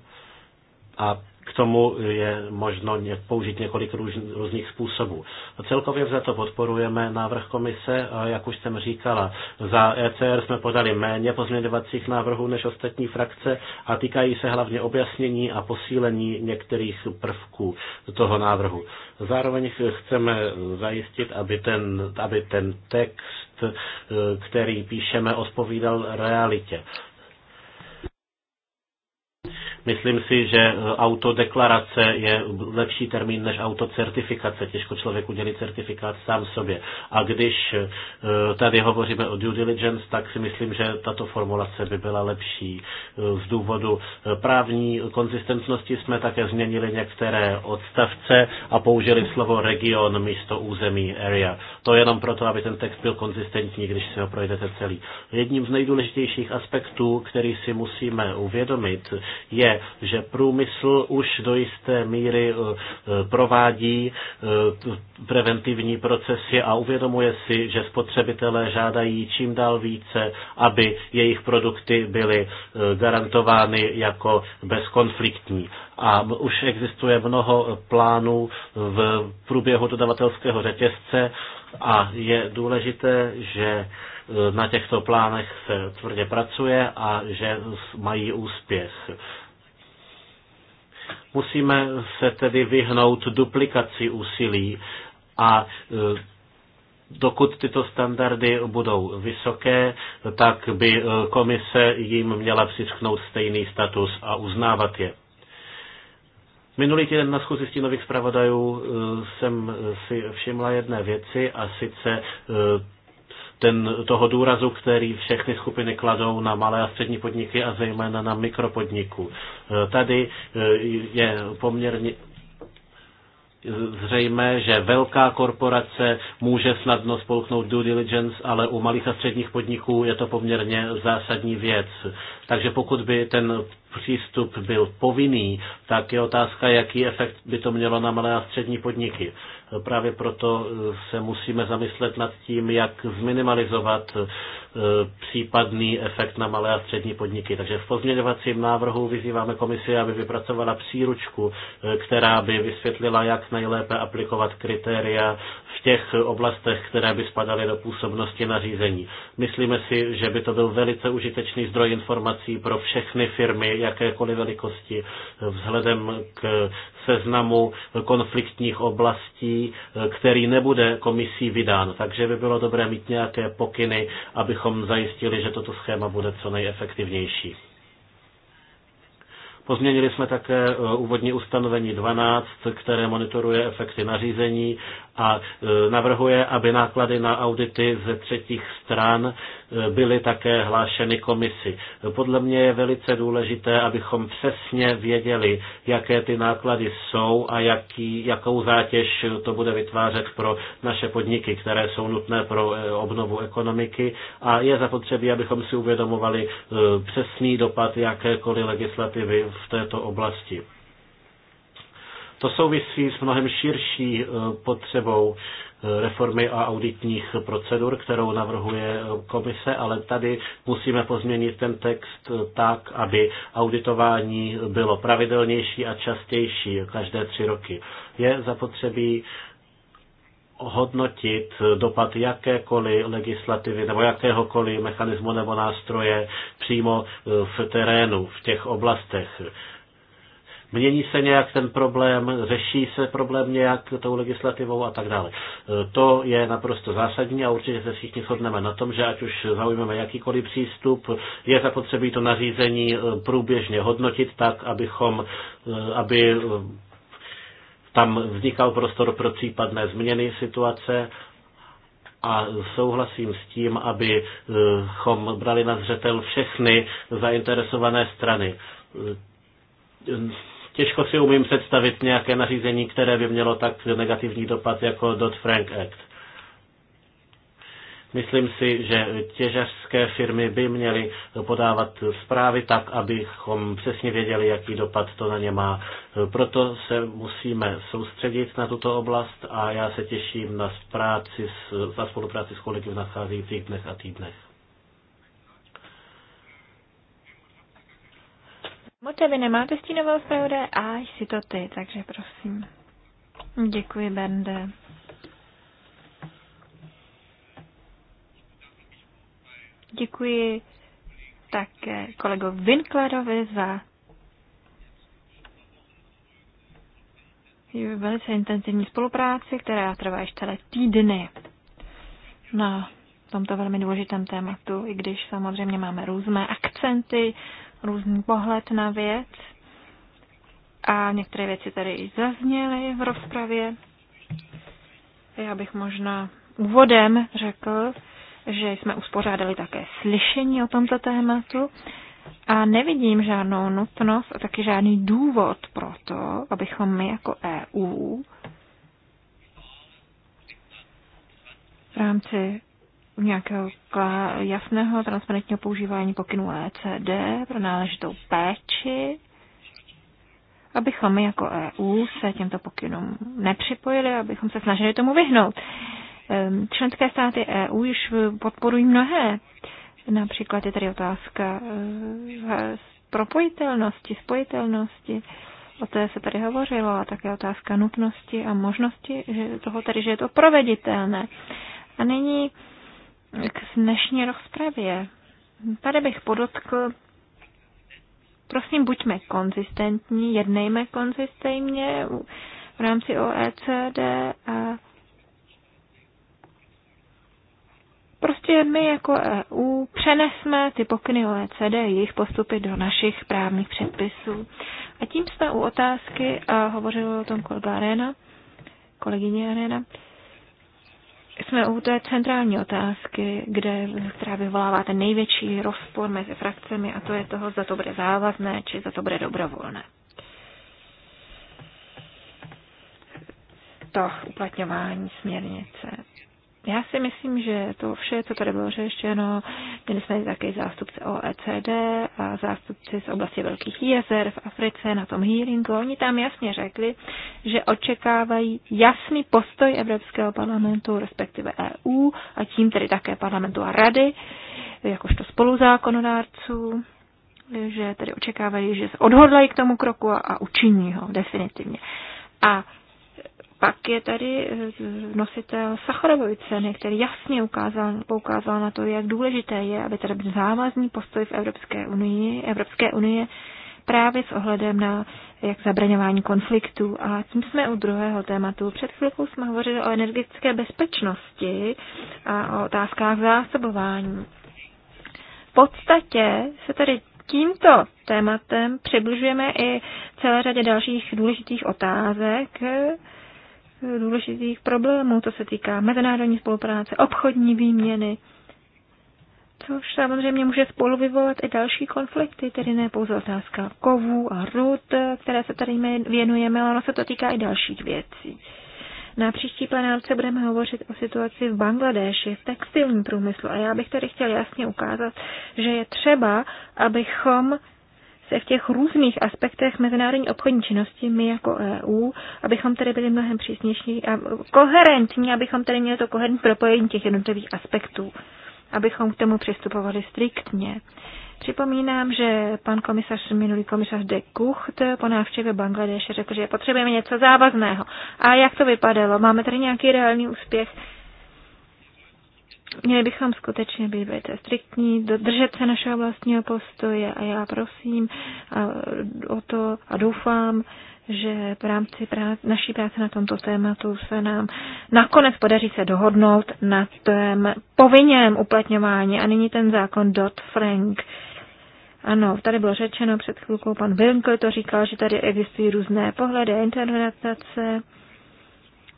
a k tomu je možno použít několik různých způsobů. Celkově za to podporujeme návrh komise, jak už jsem říkala. Za ECR jsme podali méně pozměňovacích návrhů než ostatní frakce a týkají se hlavně objasnění a posílení některých prvků toho návrhu. Zároveň chceme zajistit, aby ten, aby ten text, e, který píšeme, odpovídal realitě. Myslím si, že e, autodeklarace je lepší termín než autocertifikace. Těžko člověk udělí certifikát sám sobě. A když e, tady hovoříme o due diligence, tak si myslím, že tato formulace by byla lepší. E, z důvodu právní konzistentnosti jsme také změnili některé odstavce a použili slovo region místo území area. To jenom proto, aby ten text byl konzistentní, když si ho projdete celý. Jedním z nejdůležitějších aspektů, který si musíme uvědomit, je je, že průmysl už do jisté míry eh, eh, provádí eh, preventivní procesy a uvědomuje si, že spotřebitelé žádají čím dál více, aby jejich produkty byly garantovány jako bezkonfliktní. A už existuje mnoho plánů v průběhu dodavatelského řetězce a je důležité, že na těchto plánech se tvrdě pracuje a že mají úspěch. Musíme se tedy vyhnout duplikaci úsilí a e, dokud tyto standardy budou vysoké, tak by e, komise jim měla přisknout stejný status a uznávat je. Minulý týden na schůzi stínových zpravodajů e, jsem si všimla jedné věci a sice ten, toho důrazu, který všechny skupiny kladou na malé a střední podniky a zejména na mikropodniku. E, tady e, je poměrně, zřejmé, že velká korporace může snadno spolknout due diligence, ale u malých a středních podniků je to poměrně zásadní věc. Takže pokud by ten přístup byl povinný, tak je otázka, jaký efekt by to mělo na malé a střední podniky. Právě proto se musíme zamyslet nad tím, jak zminimalizovat E, případný efekt na malé a střední podniky. Takže v pozměňovacím návrhu vyzýváme komisi, aby vypracovala příručku, e, která by vysvětlila, jak nejlépe aplikovat kritéria v těch oblastech, které by spadaly do působnosti nařízení. Myslíme si, že by to byl velice užitečný zdroj informací pro všechny firmy jakékoliv velikosti vzhledem k seznamu konfliktních oblastí, e, který nebude komisí vydán. Takže by bylo dobré mít nějaké pokyny, abychom abychom zajistili, že toto schéma bude co nejefektivnější. Pozměnili jsme také eh, úvodní ustanovení 12, které monitoruje efekty nařízení a e, navrhuje, aby náklady na audity ze třetích stran e, byly také hlášeny komisi. Podle mě je velice důležité, abychom přesně věděli, jaké ty náklady jsou a jaký, jakou zátěž to bude vytvářet pro naše podniky, které jsou nutné pro e, obnovu ekonomiky a je zapotřebí, abychom si uvědomovali přesný dopad jakékoliv legislativy v této oblasti. To souvisí s mnohem širší eh, potřebou eh, reformy a auditních procedur, kterou navrhuje eh, komise, ale tady musíme pozměnit ten text tak, aby auditování bylo pravidelnější a častější každé tři roky. Je zapotřebí hodnotit dopad jakékoliv legislativy nebo jakéhokoliv mechanismu nebo nástroje přímo v terénu, v těch oblastech. Mění se nějak ten problém, řeší se problém nějak tou legislativou a tak dále. E, to je naprosto zásadní a určitě se všichni shodneme na tom, že ať už zaujmeme jakýkoliv přístup, je zapotřebí to nařízení e, průběžně hodnotit tak, abychom, e, aby tam vznikal prostor pro případné změny situace a souhlasím s tím, abychom brali na zřetel všechny zainteresované strany. Těžko si umím představit nějaké nařízení, které by mělo tak negativní dopad jako Dodd-Frank Act. Myslím si, že těžařské firmy by měly podávat zprávy tak, abychom přesně věděli, jaký dopad to na ně má. Proto se musíme soustředit na tuto oblast a já se těším na, práci s, na spolupráci s kolegy v nacházejících dnech a týdnech. Moče, vy nemáte stínového zpravodaje? A jsi to ty, takže prosím. Děkuji, Bernde. Děkuji také kolego Winklerovi za velice intenzivní spolupráci, která trvá ještě celé týdny na tomto velmi důležitém tématu, i když samozřejmě máme různé akcenty, různý pohled na věc a některé věci tady i zazněly v rozpravě. Já bych možná úvodem řekl, že jsme uspořádali také slyšení o tomto tématu a nevidím žádnou nutnost a taky žádný důvod pro to, abychom my jako EU v rámci nějakého jasného, transparentního používání pokynů ECD pro náležitou péči, abychom my jako EU se těmto pokynům nepřipojili, abychom se snažili tomu vyhnout. Ehm, členské státy EU již podporují mnohé. Například je tady otázka eh, propojitelnosti, spojitelnosti. O té se tady hovořilo a také otázka nutnosti a možnosti že toho tady, že je to proveditelné. A nyní k dnešní rozpravě. Tady bych podotkl, prosím, buďme konzistentní, jednejme konzistentně v rámci OECD a prostě my jako EU přenesme ty pokyny OECD, jejich postupy do našich právních předpisů. A tím jsme u otázky, a hovořil o tom kolega Arena, kolegyně Arena, jsme u té centrální otázky, kde, která vyvolává ten největší rozpor mezi frakcemi a to je toho, za to bude závazné, či za to bude dobrovolné. To uplatňování směrnice. Já si myslím, že to vše, co tady bylo řešeno, měli jsme také zástupce OECD a zástupci z oblasti Velkých jezer v Africe na tom hearingu. Oni tam jasně řekli, že očekávají jasný postoj Evropského parlamentu, respektive EU a tím tedy také parlamentu a rady, jakožto spoluzákonodárců že tedy očekávají, že se odhodlají k tomu kroku a, a učiní ho definitivně. A pak je tady eh, nositel Sacharovovy ceny, který jasně ukázal, poukázal na to, jak důležité je, aby tady byl závazný postoj v Evropské unii, Evropské unie právě s ohledem na jak zabraňování konfliktů. A tím jsme u druhého tématu. Před chvilkou jsme hovořili o energetické bezpečnosti a o otázkách zásobování. V podstatě se tady tímto tématem přibližujeme i celé řadě dalších důležitých otázek, důležitých problémů, co se týká mezinárodní spolupráce, obchodní výměny, což samozřejmě může spolu vyvolat i další konflikty, tedy ne pouze otázka kovů a rud, které se tady věnujeme, ale ono se to týká i dalších věcí. Na příští plenárce budeme hovořit o situaci v Bangladeši, v textilním průmyslu a já bych tady chtěl jasně ukázat, že je třeba, abychom se v těch různých aspektech mezinárodní obchodní činnosti my jako EU, abychom tady byli mnohem přísnější a koherentní, abychom tady měli to koherentní propojení těch jednotlivých aspektů, abychom k tomu přistupovali striktně. Připomínám, že pan komisař, minulý komisař de Kucht po návštěvě Bangladeše řekl, že potřebujeme něco závazného. A jak to vypadalo? Máme tady nějaký reálný úspěch? Měli bychom skutečně být velice striktní, držet se našeho vlastního postoje a já prosím a, o to a doufám, že v rámci prác, naší práce na tomto tématu se nám nakonec podaří se dohodnout na tom povinném uplatňování a nyní ten zákon Dodd-Frank. Ano, tady bylo řečeno před chvilkou, pan Winkle to říkal, že tady existují různé pohledy a interpretace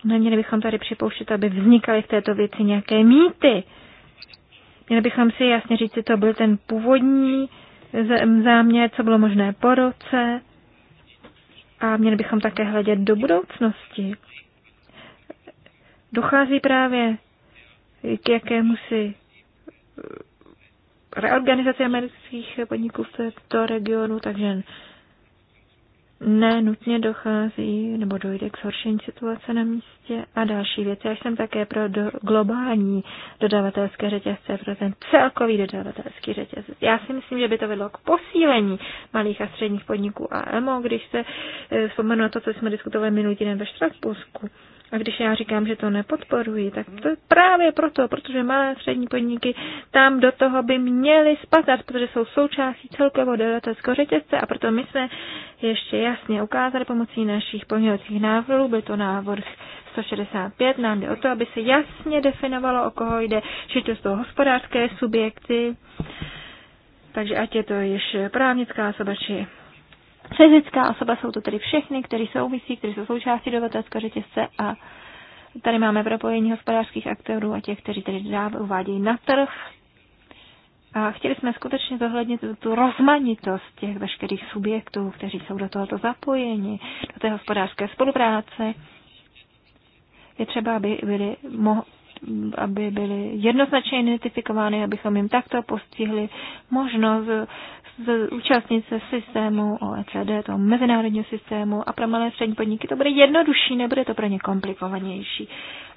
Neměli bychom tady připouštět, aby vznikaly v této věci nějaké mýty. Měli bychom si jasně říct, že to byl ten původní záměr, co bylo možné po roce. A měli bychom také hledět do budoucnosti. Dochází právě k jakému si eh, reorganizaci amerických podniků v této regionu, takže ne nutně dochází nebo dojde k zhoršení situace na místě. A další věci. já jsem také pro do, globální dodavatelské řetězce, pro ten celkový dodavatelský řetězec. Já si myslím, že by to vedlo k posílení malých a středních podniků a EMO, když se eh, vzpomenu na to, co jsme diskutovali minulý týden ve Štrasbursku. A když já říkám, že to nepodporuji, tak to právě proto, protože malé a střední podniky tam do toho by měly spadat, protože jsou součástí celkového dodatelského řetězce a proto my jsme ještě jasně ukázali pomocí našich pozměňovacích návrhů, byl to návrh 165, nám jde o to, aby se jasně definovalo, o koho jde, že to jsou hospodářské subjekty, takže ať je to již právnická osoba či Fyzická osoba jsou to tedy všechny, kteří souvisí, kteří jsou součástí dodavatelského řetězce a tady máme propojení hospodářských aktérů a těch, kteří tedy dáv, uvádějí na trh. A chtěli jsme skutečně zohlednit tu rozmanitost těch veškerých subjektů, kteří jsou do tohoto zapojeni, do té hospodářské spolupráce. Je třeba, aby byly, mo, aby byly jednoznačně identifikovány, abychom jim takto postihli možnost z účastnice systému OECD, toho mezinárodního systému a pro malé střední podniky to bude jednodušší, nebude to pro ně komplikovanější.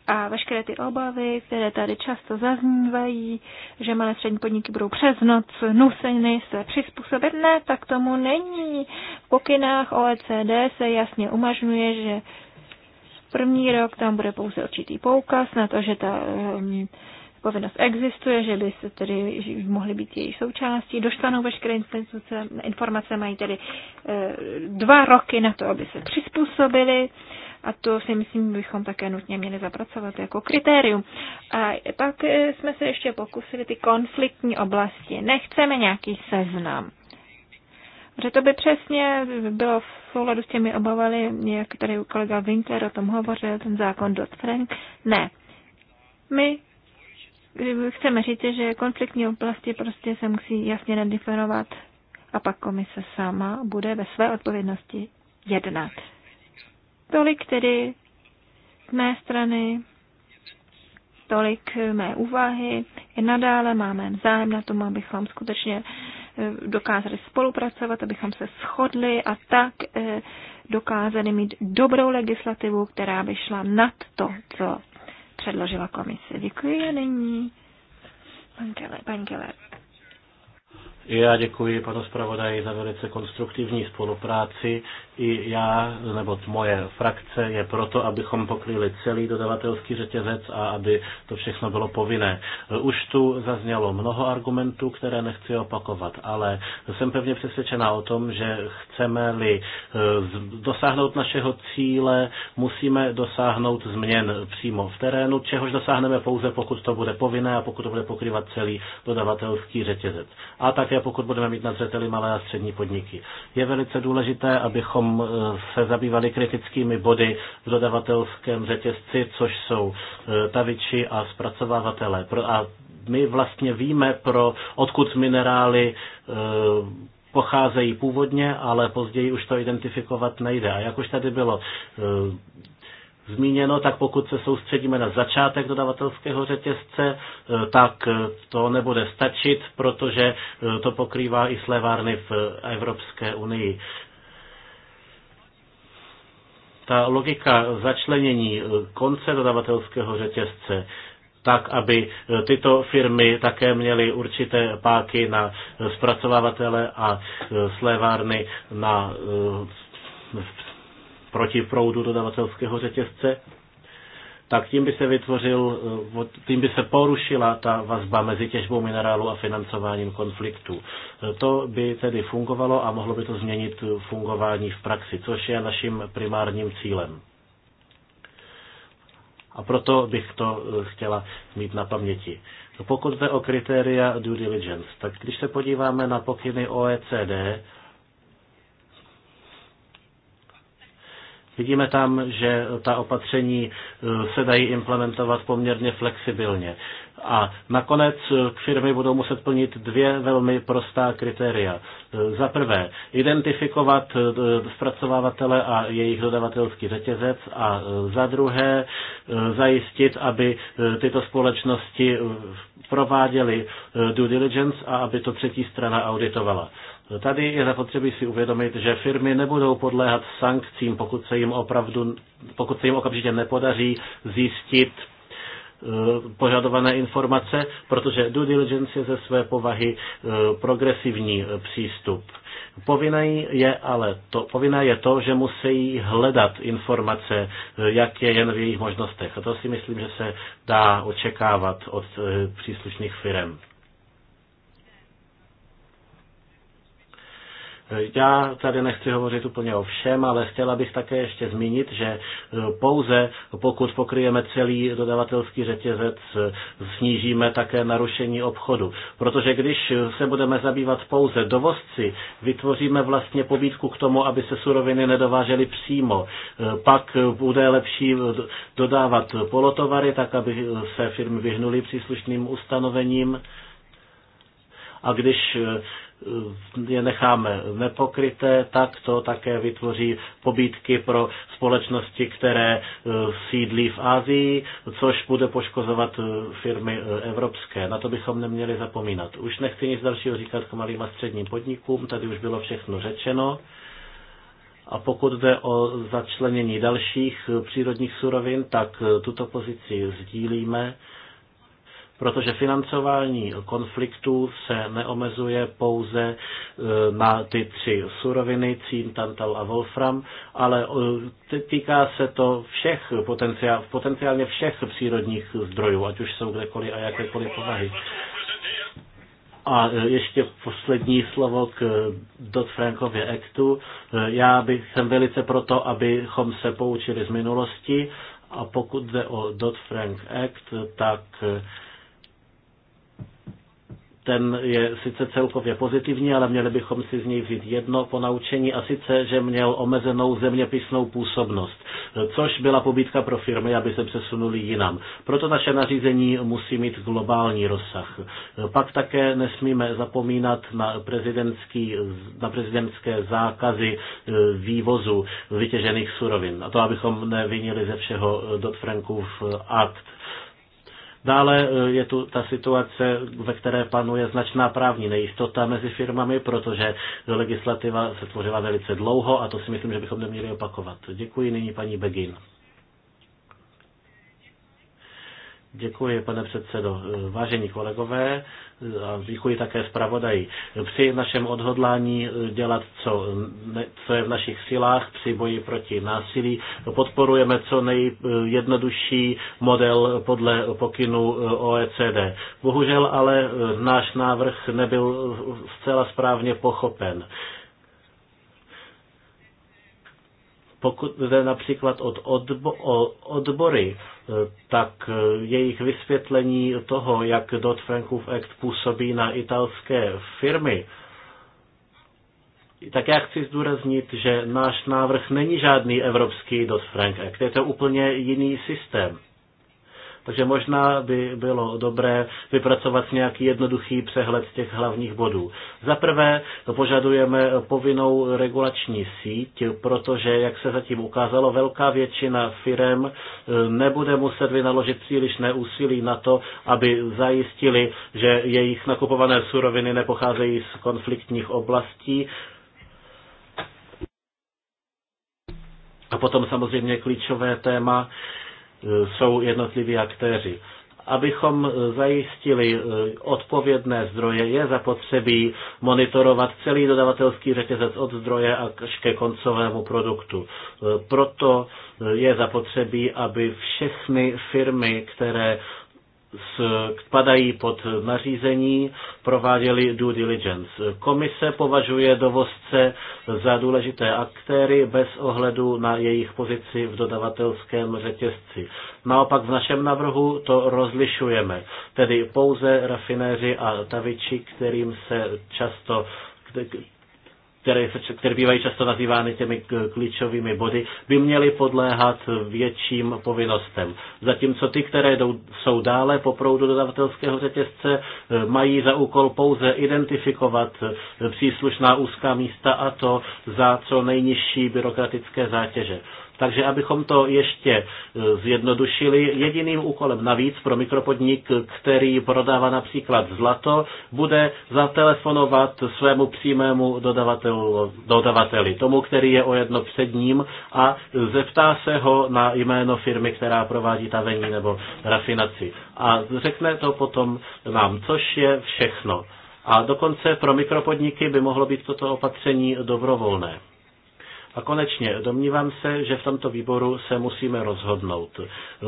A veškeré ty obavy, které tady často zaznívají, že malé střední podniky budou přes noc nuseny se přizpůsobit, ne, tak tomu není. V pokynách OECD se jasně umažňuje, že první rok tam bude pouze určitý poukaz na to, že ta um, povinnost existuje, že by se tedy mohly být její součástí, dostanou veškeré instituce, informace, mají tedy eh, dva roky na to, aby se přizpůsobili a to si myslím, bychom také nutně měli zapracovat jako kritérium. A pak eh, jsme se ještě pokusili ty konfliktní oblasti. Nechceme nějaký seznam. Že to by přesně bylo v souladu s těmi obavami, jak tady kolega Winkler o tom hovořil, ten zákon Dodd-Frank. Ne. My chceme říct, že konfliktní oblasti prostě se musí jasně nadefinovat a pak komise sama bude ve své odpovědnosti jednat. Tolik tedy z mé strany, tolik mé úvahy. I nadále máme zájem na tom, abychom skutečně eh, dokázali spolupracovat, abychom se shodli a tak eh, dokázali mít dobrou legislativu, která by šla nad to, co předložila komise. Děkuji a nyní pan Keller. Já děkuji panu zpravodaji za velice konstruktivní spolupráci i já, nebo moje frakce je proto, abychom pokryli celý dodavatelský řetězec a aby to všechno bylo povinné. Už tu zaznělo mnoho argumentů, které nechci opakovat, ale jsem pevně přesvědčená o tom, že chceme-li e, dosáhnout našeho cíle, musíme dosáhnout změn přímo v terénu, čehož dosáhneme pouze, pokud to bude povinné a pokud to bude pokrývat celý dodavatelský řetězec. A také pokud budeme mít na zřeteli malé a střední podniky. Je velice důležité, abychom abychom eh, se zabývali kritickými body v dodavatelském řetězci, což jsou eh, taviči a zpracovávatele. A my vlastně víme, pro odkud minerály eh, pocházejí původně, ale později už to identifikovat nejde. A jak už tady bylo zmíněno, tak pokud se soustředíme na začátek dodavatelského řetězce, tak to nebude stačit, protože to pokrývá i slevárny v Evropské unii ta logika začlenění eh, konce dodavatelského řetězce, tak, aby eh, tyto firmy také měly určité páky na eh, zpracovávatele a slévárny na protiproudu dodavatelského řetězce tak tím by se vytvořil, eh, tím by se porušila ta vazba mezi těžbou minerálu a financováním konfliktu. Eh, to by tedy fungovalo a mohlo by to změnit eh, fungování v praxi, což je naším primárním cílem. A proto bych to chtěla mít na paměti. Pokud jde o kritéria due diligence, tak když se podíváme na pokyny OECD, Vidíme tam, že ta opatření eh, se dají implementovat poměrně flexibilně. A nakonec eh, firmy budou muset plnit dvě velmi prostá kritéria. Eh, za prvé, identifikovat zpracovávatele a jejich dodavatelský řetězec a za druhé, zajistit, aby tyto společnosti prováděly due diligence a aby to třetí strana auditovala. Tady je zapotřebí si uvědomit, že firmy nebudou podléhat sankcím, pokud se jim opravdu, pokud se jim okamžitě nepodaří zjistit eh, požadované informace, protože due diligence je ze své povahy eh, progresivní eh, přístup. Povinné je ale to, povinné je to, že musí hledat informace, jak je jen v jejich možnostech. A to si myslím, že se dá očekávat od příslušných firm. Já tady nechci hovořit úplně o všem, ale chtěla bych také ještě zmínit, že e, pouze pokud pokryjeme celý dodavatelský řetězec, e, snížíme také narušení obchodu. Protože když se budeme zabývat pouze dovozci, vytvoříme vlastně pobídku k tomu, aby se suroviny nedovážely přímo. E, pak bude lepší dodávat polotovary, tak aby se firmy vyhnuly příslušným ustanovením a když eh, je necháme nepokryté, tak to také vytvoří pobídky pro společnosti, které eh, sídlí v Asii, což bude poškozovat eh, firmy evropské. Na to bychom neměli zapomínat. Už nechci nic dalšího říkat k malým a středním podnikům, tady už bylo všechno řečeno. A pokud jde o začlenění dalších přírodních surovin, tak tuto pozici sdílíme protože financování konfliktů se neomezuje pouze e, na ty tři suroviny, cín, tantal a wolfram, ale e, týká se to všech potenciál, potenciálně všech přírodních zdrojů, ať už jsou kdekoliv a jakékoliv povahy. A e, ještě poslední slovo k Dodd-Frankově actu. Já bych jsem velice proto, abychom se poučili z minulosti a pokud jde o Dodd-Frank Act, tak ten je sice celkově pozitivní, ale měli bychom si z něj vzít jedno ponaučení a sice, že měl omezenou zeměpisnou působnost, což byla pobídka pro firmy, aby se přesunuli jinam. Proto naše nařízení musí mít globální rozsah. Pak také nesmíme zapomínat na, prezidentský, na prezidentské zákazy eh, vývozu vytěžených surovin. A to, abychom nevinili ze všeho Dodd-Frankův akt Dále e, je tu ta situace, ve které panuje značná právní nejistota mezi firmami, protože legislativa se tvořila velice dlouho a to si myslím, že bychom neměli opakovat. Děkuji nyní paní Begin. Děkuji, pane předsedo. Vážení kolegové, a děkuji také zpravodaji. Při našem odhodlání dělat, co, ne, co je v našich silách při boji proti násilí, podporujeme co nejjednodušší model podle pokynu OECD. Bohužel ale náš návrh nebyl zcela správně pochopen. Pokud jde například od odbo, o odbory, e, tak e, jejich vysvětlení toho, jak Dodd-Frankův Act působí na italské firmy, tak já chci zdůraznit, že náš návrh není žádný evropský Dodd-Frank Act, je to úplně jiný systém. Takže možná by bylo dobré vypracovat nějaký jednoduchý přehled těch hlavních bodů. Za prvé požadujeme povinnou regulační síť, protože, jak se zatím ukázalo, velká většina firm e, nebude muset vynaložit přílišné úsilí na to, aby zajistili, že jejich nakupované suroviny nepocházejí z konfliktních oblastí, A potom samozřejmě klíčové téma Eh, jsou jednotliví aktéři. Abychom eh, zajistili eh, odpovědné zdroje, je zapotřebí monitorovat celý dodavatelský řetězec od zdroje až ke koncovému produktu. Proto je zapotřebí, aby všechny firmy, které spadají pod nařízení, prováděli due diligence. Komise považuje dovozce za důležité aktéry bez ohledu na jejich pozici v dodavatelském řetězci. Naopak v našem navrhu to rozlišujeme, tedy pouze rafinéři a taviči, kterým se často které, se, které bývají často nazývány těmi klíčovými body, by měly podléhat větším povinnostem. Zatímco ty, které jdou, jsou dále po proudu dodavatelského řetězce, eh, mají za úkol pouze identifikovat eh, příslušná úzká místa a to za co nejnižší byrokratické zátěže. Takže abychom to ještě e, zjednodušili, jediným úkolem navíc pro mikropodnik, který prodává například zlato, bude zatelefonovat svému přímému dodavateli, tomu, který je o jedno před ním a zeptá se ho na jméno firmy, která provádí tavení nebo rafinaci. A řekne to potom nám, což je všechno. A dokonce pro mikropodniky by mohlo být toto opatření dobrovolné. A konečně domnívám se, že v tomto výboru se musíme rozhodnout.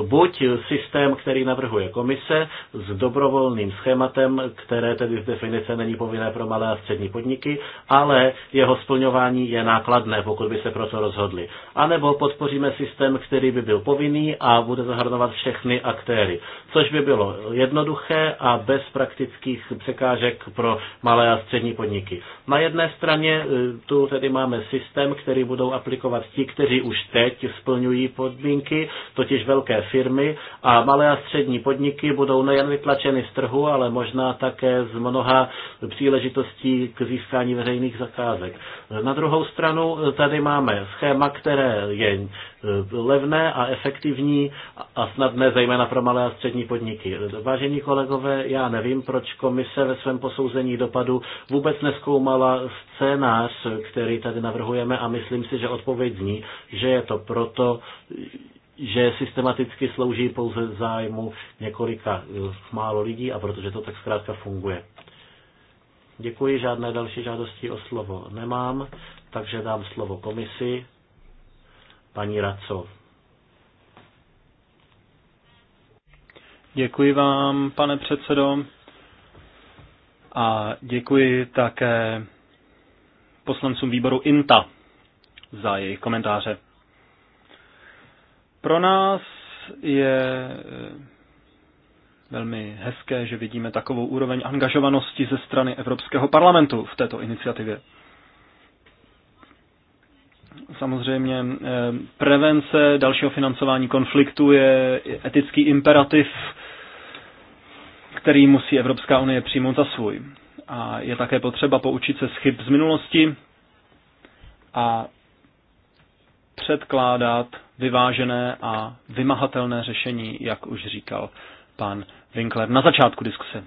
Buď systém, který navrhuje komise s dobrovolným schématem, které tedy z definice není povinné pro malé a střední podniky, ale jeho splňování je nákladné, pokud by se pro to rozhodli. A nebo podpoříme systém, který by byl povinný a bude zahrnovat všechny aktéry, což by bylo jednoduché a bez praktických překážek pro malé a střední podniky. Na jedné straně e, tu tedy máme systém, který bude budou aplikovat ti, kteří už teď splňují podmínky, totiž velké firmy a malé a střední podniky budou nejen vytlačeny z trhu, ale možná také z mnoha příležitostí k získání veřejných zakázek. Na druhou stranu tady máme schéma, které je levné a efektivní a snadné, zejména pro malé a střední podniky. Vážení kolegové, já nevím, proč komise ve svém posouzení dopadu vůbec neskoumala scénář, který tady navrhujeme a myslím si, že odpověď zní, že je to proto, že systematicky slouží pouze zájmu několika eh, málo lidí a protože to tak zkrátka funguje. Děkuji, žádné další žádosti o slovo nemám, takže dám slovo komisi paní Raco. Děkuji vám, pane předsedo. A děkuji také poslancům výboru INTA za jejich komentáře. Pro nás je eh, velmi hezké, že vidíme takovou úroveň angažovanosti ze strany Evropského parlamentu v této iniciativě. Samozřejmě eh, prevence dalšího financování konfliktu je etický imperativ, který musí Evropská unie přijmout za svůj. A je také potřeba poučit se z chyb z minulosti a předkládat vyvážené a vymahatelné řešení, jak už říkal pan Winkler na začátku diskuse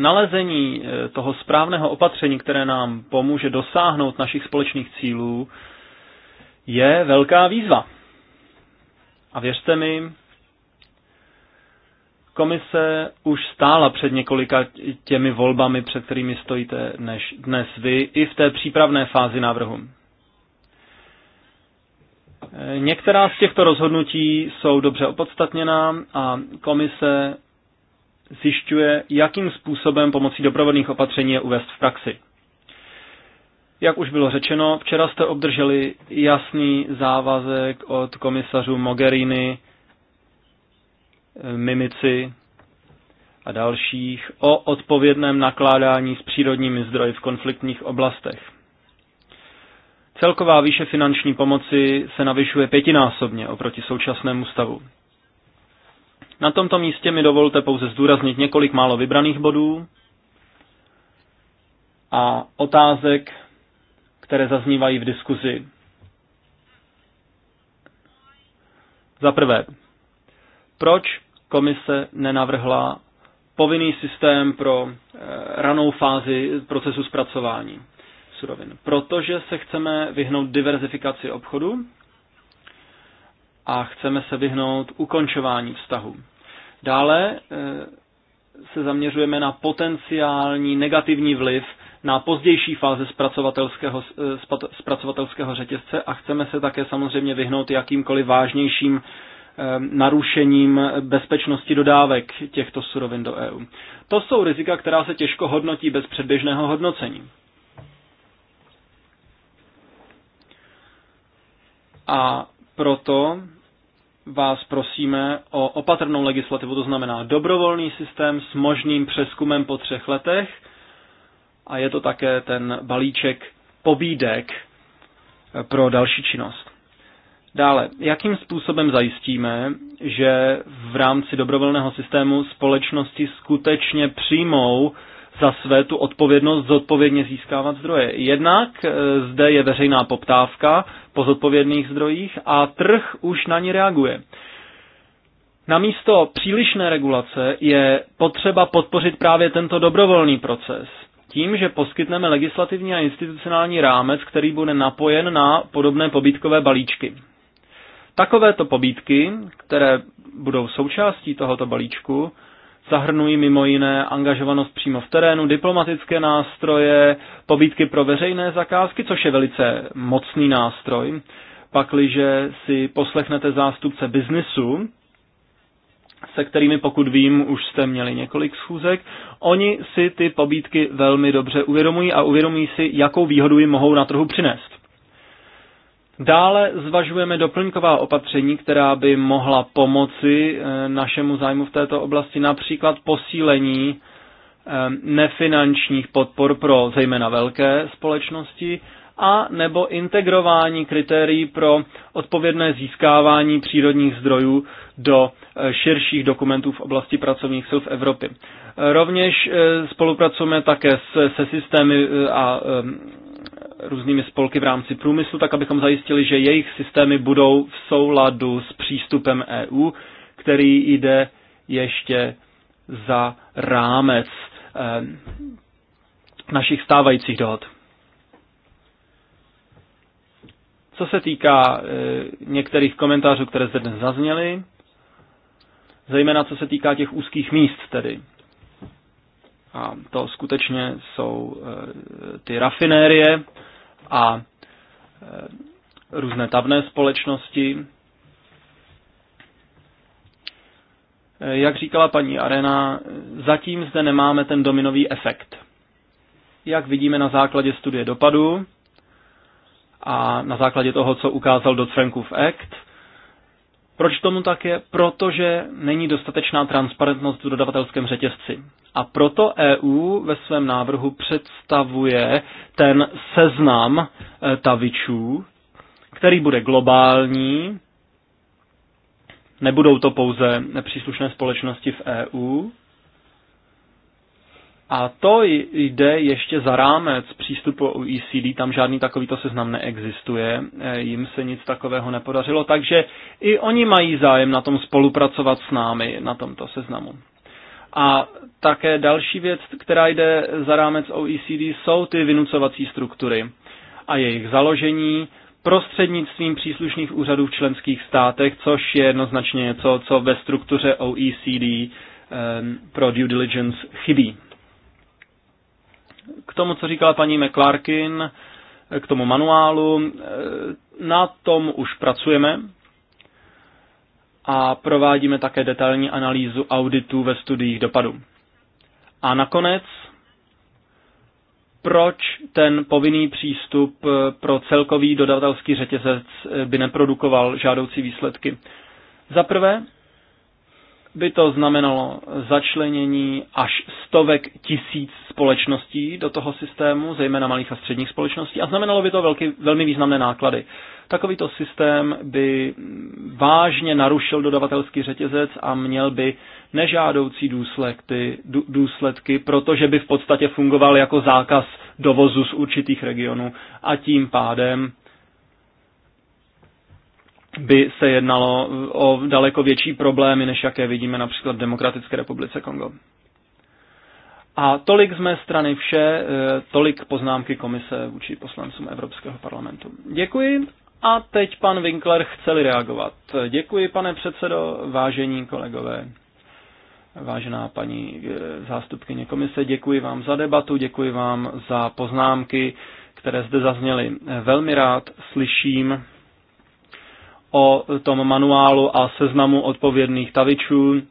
nalezení eh, toho správného opatření, které nám pomůže dosáhnout našich společných cílů, je velká výzva. A věřte mi, komise už stála před několika těmi volbami, před kterými stojíte než dnes vy, i v té přípravné fázi návrhu. Eh, některá z těchto rozhodnutí jsou dobře opodstatněná a komise zjišťuje, jakým způsobem pomocí doprovodných opatření je uvést v praxi. Jak už bylo řečeno, včera jste obdrželi jasný závazek od komisařů Mogherini, eh, Mimici a dalších o odpovědném nakládání s přírodními zdroji v konfliktních oblastech. Celková výše finanční pomoci se navyšuje pětinásobně oproti současnému stavu. Na tomto místě mi dovolte pouze zdůraznit několik málo vybraných bodů a otázek, které zaznívají v diskuzi. Za prvé, proč komise nenavrhla povinný systém pro eh, ranou fázi procesu zpracování surovin? Protože se chceme vyhnout diverzifikaci obchodu a chceme se vyhnout ukončování vztahu. Dále eh, se zaměřujeme na potenciální negativní vliv na pozdější fáze zpracovatelského, eh, zpracovatelského řetězce a chceme se také samozřejmě vyhnout jakýmkoliv vážnějším eh, narušením bezpečnosti dodávek těchto surovin do EU. To jsou rizika, která se těžko hodnotí bez předběžného hodnocení. A proto vás prosíme o opatrnou legislativu, to znamená dobrovolný systém s možným přeskumem po třech letech a je to také ten balíček pobídek eh, pro další činnost. Dále, jakým způsobem zajistíme, že v rámci dobrovolného systému společnosti skutečně přijmou za své tu odpovědnost zodpovědně získávat zdroje. Jednak e, zde je veřejná poptávka po zodpovědných zdrojích a trh už na ní reaguje. Namísto přílišné regulace je potřeba podpořit právě tento dobrovolný proces. Tím, že poskytneme legislativní a institucionální rámec, který bude napojen na podobné pobídkové balíčky. Takovéto pobídky, které budou součástí tohoto balíčku, zahrnují mimo jiné angažovanost přímo v terénu, diplomatické nástroje, pobídky pro veřejné zakázky, což je velice mocný nástroj. Pakliže si poslechnete zástupce biznisu, se kterými, pokud vím, už jste měli několik schůzek, oni si ty pobídky velmi dobře uvědomují a uvědomují si, jakou výhodu jim mohou na trhu přinést. Dále zvažujeme doplňková opatření, která by mohla pomoci eh, našemu zájmu v této oblasti, například posílení eh, nefinančních podpor pro zejména velké společnosti a nebo integrování kritérií pro odpovědné získávání přírodních zdrojů do eh, širších dokumentů v oblasti pracovních sil v Evropě. Rovněž spolupracujeme také se, se systémy a různými spolky v rámci průmyslu, tak abychom zajistili, že jejich systémy budou v souladu s přístupem EU, který jde ještě za rámec eh, našich stávajících dohod. Co se týká eh, některých komentářů, které zde dnes zazněly, zejména co se týká těch úzkých míst tedy. A to skutečně jsou eh, ty rafinérie a eh, různé tavné společnosti. Eh, jak říkala paní Arena, zatím zde nemáme ten dominový efekt. Jak vidíme na základě studie dopadu a na základě toho, co ukázal Dodd-Frankův Act, proč tomu tak je? Protože není dostatečná transparentnost v dodavatelském řetězci. A proto EU ve svém návrhu představuje ten seznam eh, tavičů, který bude globální, nebudou to pouze příslušné společnosti v EU. A to jde ještě za rámec přístupu OECD, tam žádný takovýto seznam neexistuje, eh, jim se nic takového nepodařilo, takže i oni mají zájem na tom spolupracovat s námi na tomto seznamu. A také další věc, která jde za rámec OECD, jsou ty vynucovací struktury a jejich založení prostřednictvím příslušných úřadů v členských státech, což je jednoznačně něco, co ve struktuře OECD ehm, pro due diligence chybí. K tomu, co říkala paní McClarkin, k tomu manuálu, ehm, na tom už pracujeme, a provádíme také detailní analýzu auditů ve studiích dopadu. A nakonec, proč ten povinný přístup eh, pro celkový dodavatelský řetězec eh, by neprodukoval žádoucí výsledky? Za prvé, by to znamenalo začlenění až stovek tisíc společností do toho systému, zejména malých a středních společností, a znamenalo by to velký, velmi významné náklady. Takovýto systém by vážně narušil dodavatelský řetězec a měl by nežádoucí důsledky, důsledky, protože by v podstatě fungoval jako zákaz dovozu z určitých regionů a tím pádem by se jednalo o daleko větší problémy, než jaké vidíme například v Demokratické republice Kongo. A tolik z mé strany vše, eh, tolik poznámky komise vůči poslancům Evropského parlamentu. Děkuji a teď pan Winkler chceli reagovat. Děkuji, pane předsedo, vážení kolegové, vážená paní eh, zástupkyně komise, děkuji vám za debatu, děkuji vám za poznámky, které zde zazněly. Eh, velmi rád slyším o tom manuálu a seznamu odpovědných tavičů.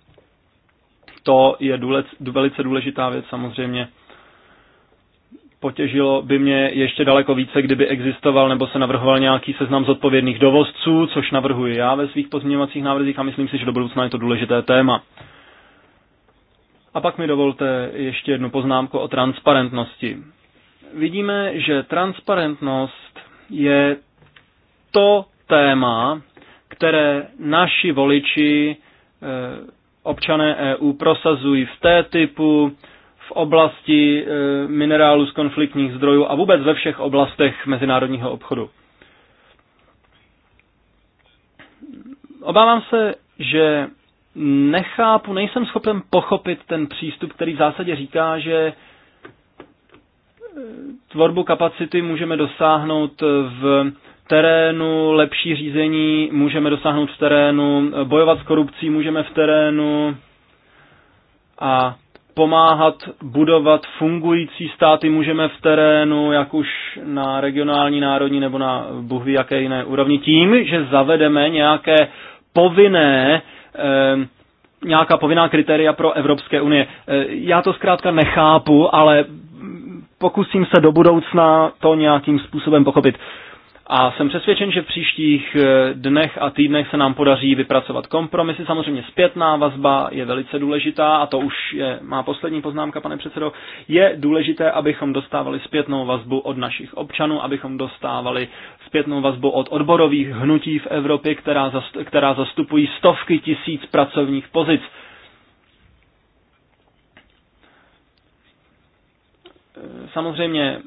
To je důlec, velice důležitá věc samozřejmě. Potěžilo by mě ještě daleko více, kdyby existoval nebo se navrhoval nějaký seznam zodpovědných dovozců, což navrhuji já ve svých pozměňovacích návrzích a myslím si, že do budoucna je to důležité téma. A pak mi dovolte ještě jednu poznámku o transparentnosti. Vidíme, že transparentnost je to téma, které naši voliči, eh, občané EU, prosazují v té typu, v oblasti eh, minerálu z konfliktních zdrojů a vůbec ve všech oblastech mezinárodního obchodu. Obávám se, že nechápu, nejsem schopen pochopit ten přístup, který v zásadě říká, že eh, tvorbu kapacity můžeme dosáhnout v terénu, lepší řízení můžeme dosáhnout v terénu, bojovat s korupcí můžeme v terénu a pomáhat budovat fungující státy můžeme v terénu, jak už na regionální, národní nebo na bůh ví jaké jiné úrovni, tím, že zavedeme nějaké povinné eh, nějaká povinná kritéria pro Evropské unie. E, já to zkrátka nechápu, ale pokusím se do budoucna to nějakým způsobem pochopit. A jsem přesvědčen, že v příštích eh, dnech a týdnech se nám podaří vypracovat kompromisy. Samozřejmě zpětná vazba je velice důležitá a to už je má poslední poznámka, pane předsedo. Je důležité, abychom dostávali zpětnou vazbu od našich občanů, abychom dostávali zpětnou vazbu od odborových hnutí v Evropě, která, zast, která zastupují stovky tisíc pracovních pozic. Eh, samozřejmě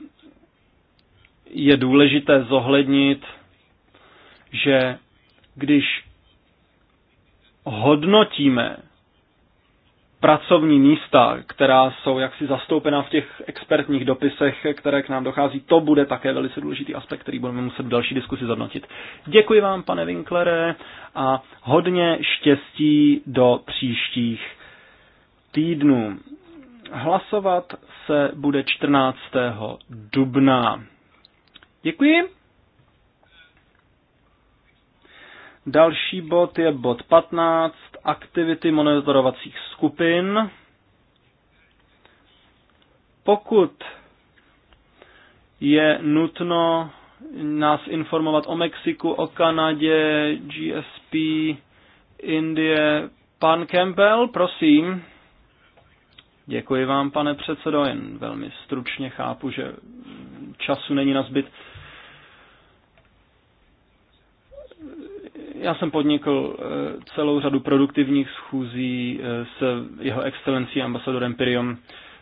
je důležité zohlednit, že když hodnotíme pracovní místa, která jsou jaksi zastoupena v těch expertních dopisech, které k nám dochází, to bude také velice důležitý aspekt, který budeme muset v další diskusi zhodnotit. Děkuji vám, pane Winklere, a hodně štěstí do příštích týdnů. Hlasovat se bude 14. dubna. Děkuji. Další bod je bod 15, aktivity monitorovacích skupin. Pokud je nutno nás informovat o Mexiku, o Kanadě, GSP, Indie. Pan Campbell, prosím. Děkuji vám, pane předsedo, jen velmi stručně chápu, že času není na zbyt. Já jsem podnikl eh, celou řadu produktivních schůzí eh, s jeho excelencí ambasadorem Piriom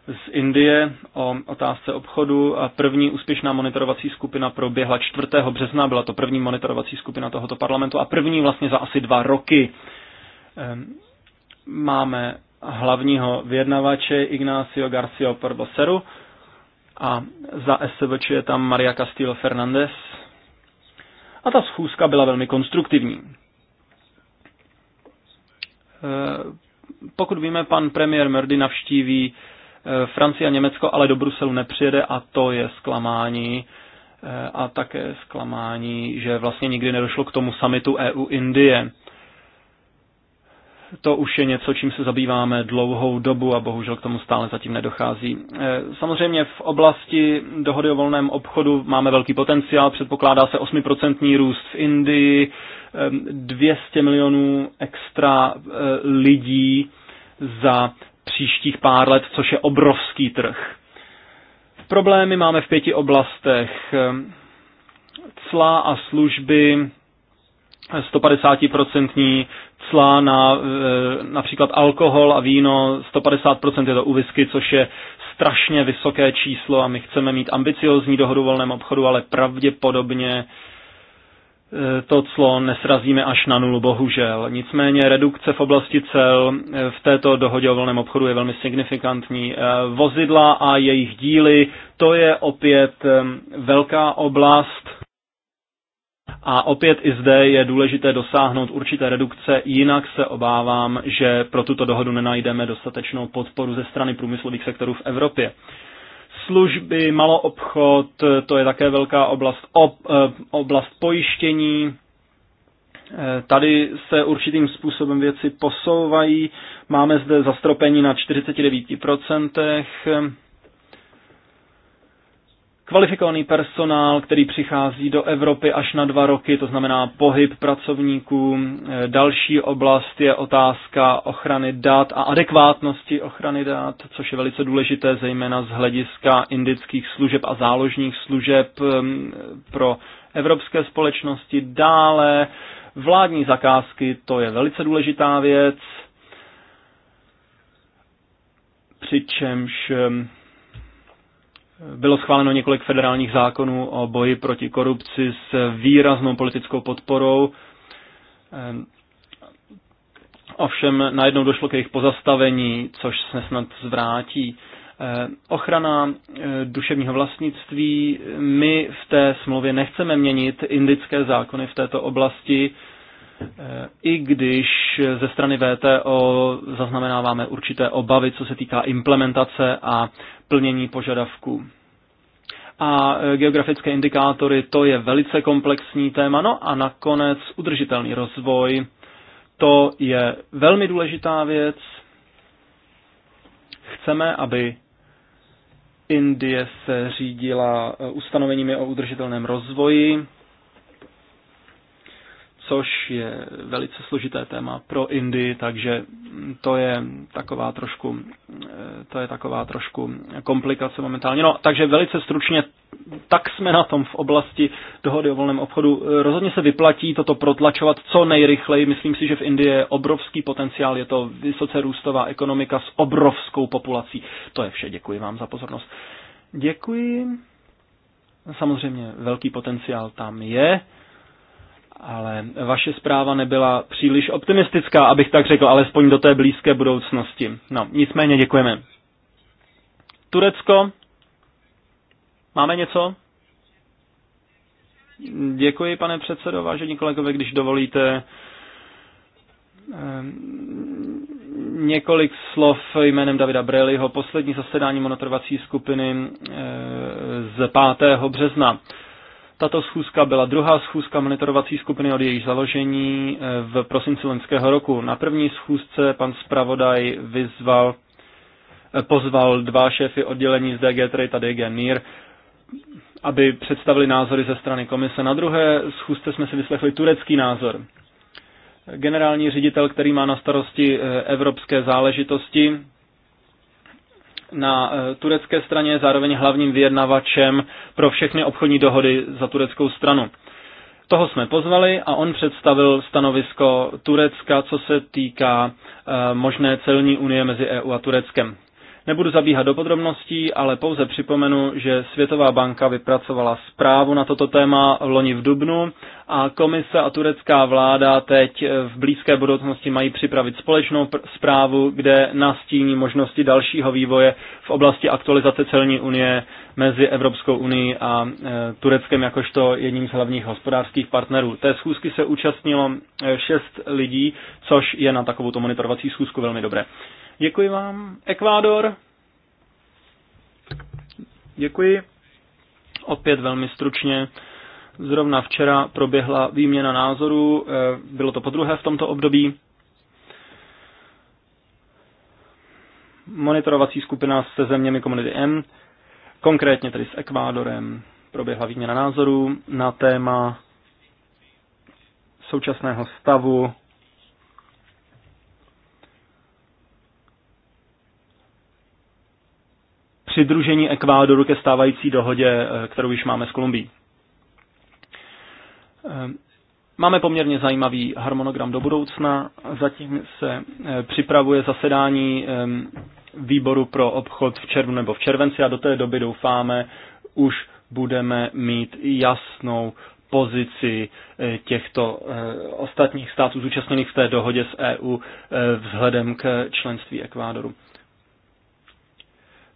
z Indie o otázce obchodu a první úspěšná monitorovací skupina proběhla 4. března, byla to první monitorovací skupina tohoto parlamentu a první vlastně za asi dva roky. Ehm, máme hlavního vyjednavače Ignacio Garcia Porboseru a za SVČ je tam Maria Castillo Fernández, a ta schůzka byla velmi konstruktivní. E, pokud víme, pan premiér Merdy navštíví e, Francii a Německo, ale do Bruselu nepřijede a to je zklamání e, a také zklamání, že vlastně nikdy nedošlo k tomu samitu EU-Indie to už je něco, čím se zabýváme dlouhou dobu a bohužel k tomu stále zatím nedochází. E, samozřejmě v oblasti dohody o volném obchodu máme velký potenciál, předpokládá se 8% růst v Indii, 200 e, milionů extra e, lidí za příštích pár let, což je obrovský trh. Problémy máme v pěti oblastech. Cla a služby, 150% cla na e, například alkohol a víno, 150% je to u whisky, což je strašně vysoké číslo a my chceme mít ambiciozní dohodu volném obchodu, ale pravděpodobně e, to clo nesrazíme až na nulu, bohužel. Nicméně redukce v oblasti cel e, v této dohodě o volném obchodu je velmi signifikantní. Vozidla a jejich díly, to je opět velká oblast, a opět i zde je důležité dosáhnout určité redukce, jinak se obávám, že pro tuto dohodu nenajdeme dostatečnou podporu ze strany průmyslových sektorů v Evropě. Služby, maloobchod, to je také velká oblast, ob, eh, oblast pojištění, eh, Tady se určitým způsobem věci posouvají. Máme zde zastropení na 49% kvalifikovaný personál, který přichází do Evropy až na dva roky, to znamená pohyb pracovníků. E, další oblast je otázka ochrany dat a adekvátnosti ochrany dat, což je velice důležité, zejména z hlediska indických služeb a záložních služeb e, pro evropské společnosti. Dále vládní zakázky, to je velice důležitá věc, přičemž e, bylo schváleno několik federálních zákonů o boji proti korupci s výraznou politickou podporou. Ehm, ovšem najednou došlo k jejich pozastavení, což se snad zvrátí. Ehm, ochrana ehm, duševního vlastnictví. My v té smlouvě nechceme měnit indické zákony v této oblasti, i když ze strany VTO zaznamenáváme určité obavy, co se týká implementace a plnění požadavků. A e, geografické indikátory, to je velice komplexní téma. No a nakonec udržitelný rozvoj, to je velmi důležitá věc. Chceme, aby Indie se řídila e, ustanoveními o udržitelném rozvoji, což je velice složité téma pro Indii, takže to je taková trošku, eh, to je taková trošku komplikace momentálně. No, takže velice stručně, tak jsme na tom v oblasti dohody o volném obchodu. Eh, rozhodně se vyplatí toto protlačovat co nejrychleji. Myslím si, že v Indii je obrovský potenciál, je to vysoce růstová ekonomika s obrovskou populací. To je vše, děkuji vám za pozornost. Děkuji. Samozřejmě velký potenciál tam je ale vaše zpráva nebyla příliš optimistická, abych tak řekl, alespoň do té blízké budoucnosti. No, nicméně děkujeme. Turecko, máme něco? Děkuji, pane předsedo, vážení kolegové, když dovolíte ehm, několik slov jménem Davida Brelyho, poslední zasedání monitorovací skupiny ehm, z 5. března. Tato schůzka byla druhá schůzka monitorovací skupiny od jejich založení eh, v prosinci loňského roku. Na první schůzce pan zpravodaj vyzval, eh, pozval dva šéfy oddělení z DG Trade a DG NIR, aby představili názory ze strany komise. Na druhé schůzce jsme si vyslechli turecký názor. Generální ředitel, který má na starosti eh, evropské záležitosti, na eh, turecké straně zároveň hlavním vyjednavačem pro všechny obchodní dohody za tureckou stranu. Toho jsme pozvali a on představil stanovisko Turecka, co se týká eh, možné celní unie mezi EU a Tureckem. Nebudu zabíhat do podrobností, ale pouze připomenu, že Světová banka vypracovala zprávu na toto téma v loni v Dubnu a komise a turecká vláda teď v blízké budoucnosti mají připravit společnou pr- zprávu, kde nastíní možnosti dalšího vývoje v oblasti aktualizace celní unie mezi Evropskou unii a e, Tureckem jakožto jedním z hlavních hospodářských partnerů. Té schůzky se účastnilo e, šest lidí, což je na takovou monitorovací schůzku velmi dobré. Děkuji vám. Ekvádor. Děkuji. Opět velmi stručně. Zrovna včera proběhla výměna názorů, eh, bylo to podruhé v tomto období. Monitorovací skupina se zeměmi komunity M, konkrétně tedy s Ekvádorem, proběhla výměna názorů na téma současného stavu přidružení Ekvádoru ke stávající dohodě, eh, kterou již máme s Kolumbií. Eh, máme poměrně zajímavý harmonogram do budoucna. Zatím se eh, připravuje zasedání výboru pro obchod v červnu nebo v červenci a do té doby doufáme, už budeme mít jasnou pozici těchto ostatních států zúčastněných v té dohodě s EU vzhledem k členství Ekvádoru.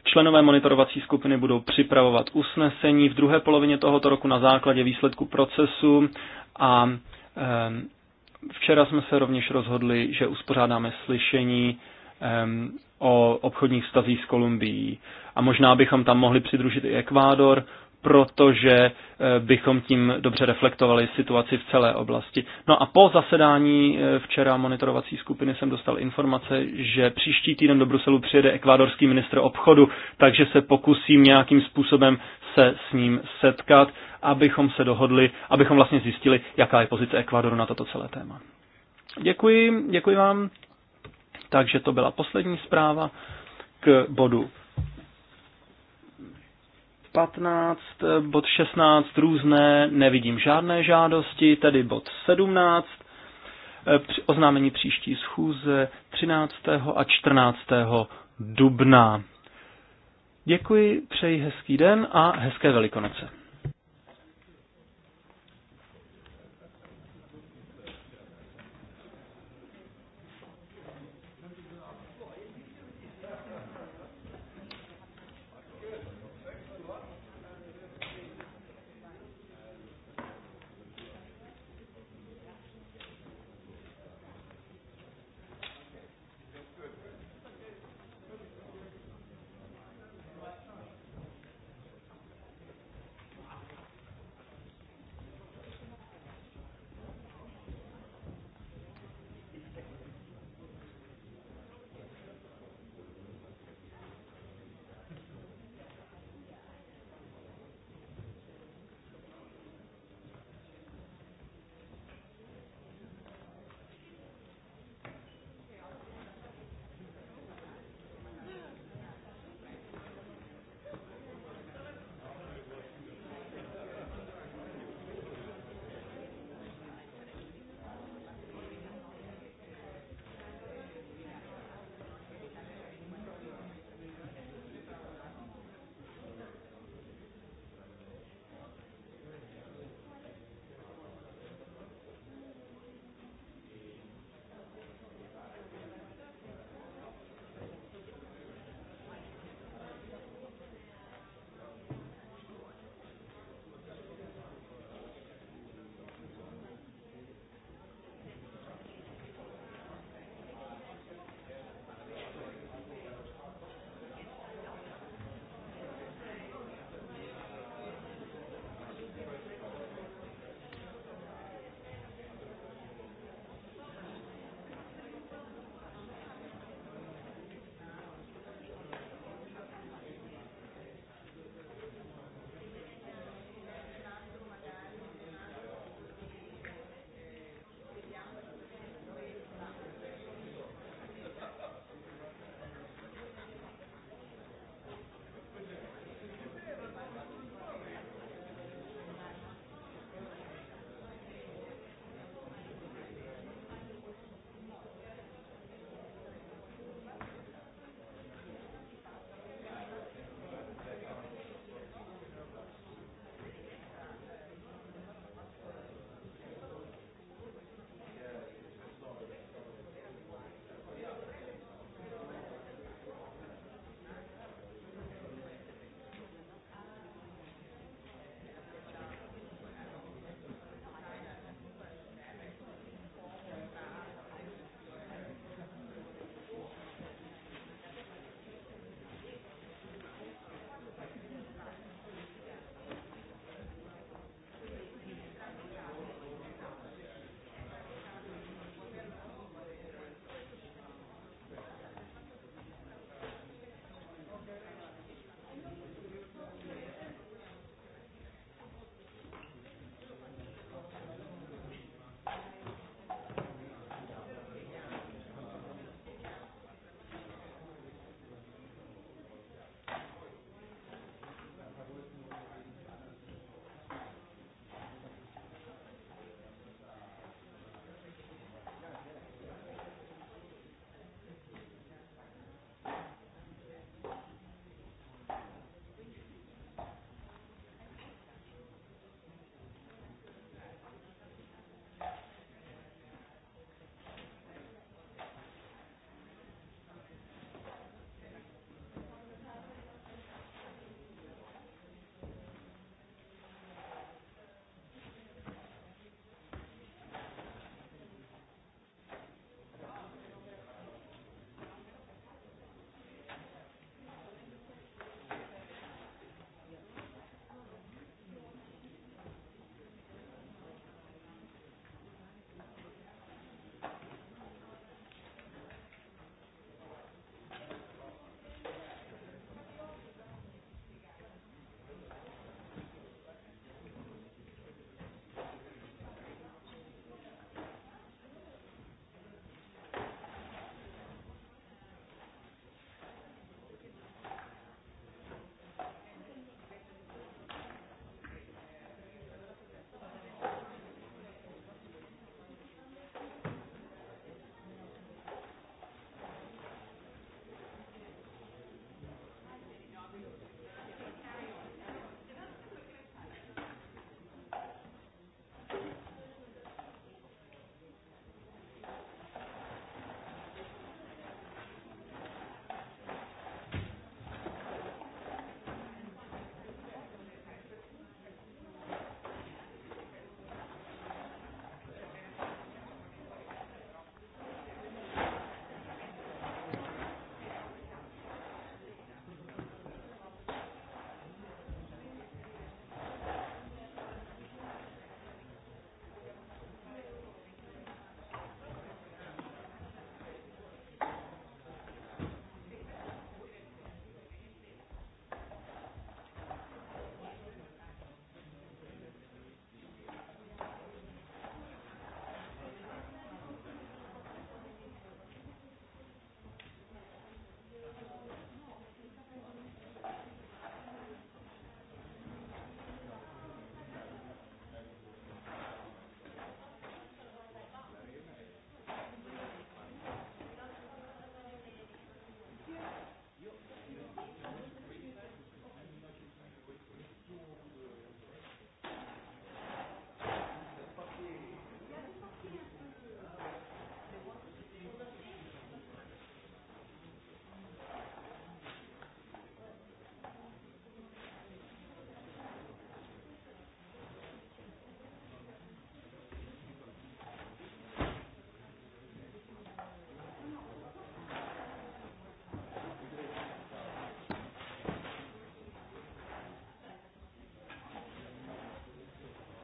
Členové monitorovací skupiny budou připravovat usnesení v druhé polovině tohoto roku na základě výsledku procesu a včera jsme se rovněž rozhodli, že uspořádáme slyšení o obchodních vztazích s Kolumbií. A možná bychom tam mohli přidružit i Ekvádor, protože eh, bychom tím dobře reflektovali situaci v celé oblasti. No a po zasedání eh, včera monitorovací skupiny jsem dostal informace, že příští týden do Bruselu přijede ekvádorský ministr obchodu, takže se pokusím nějakým způsobem se s ním setkat, abychom se dohodli, abychom vlastně zjistili, jaká je pozice Ekvádoru na toto celé téma. Děkuji, děkuji vám. Takže to byla poslední zpráva k bodu 15, bod 16 různé, nevidím žádné žádosti, tedy bod 17, eh, oznámení příští schůze 13. a 14. dubna. Děkuji, přeji hezký den a hezké velikonoce.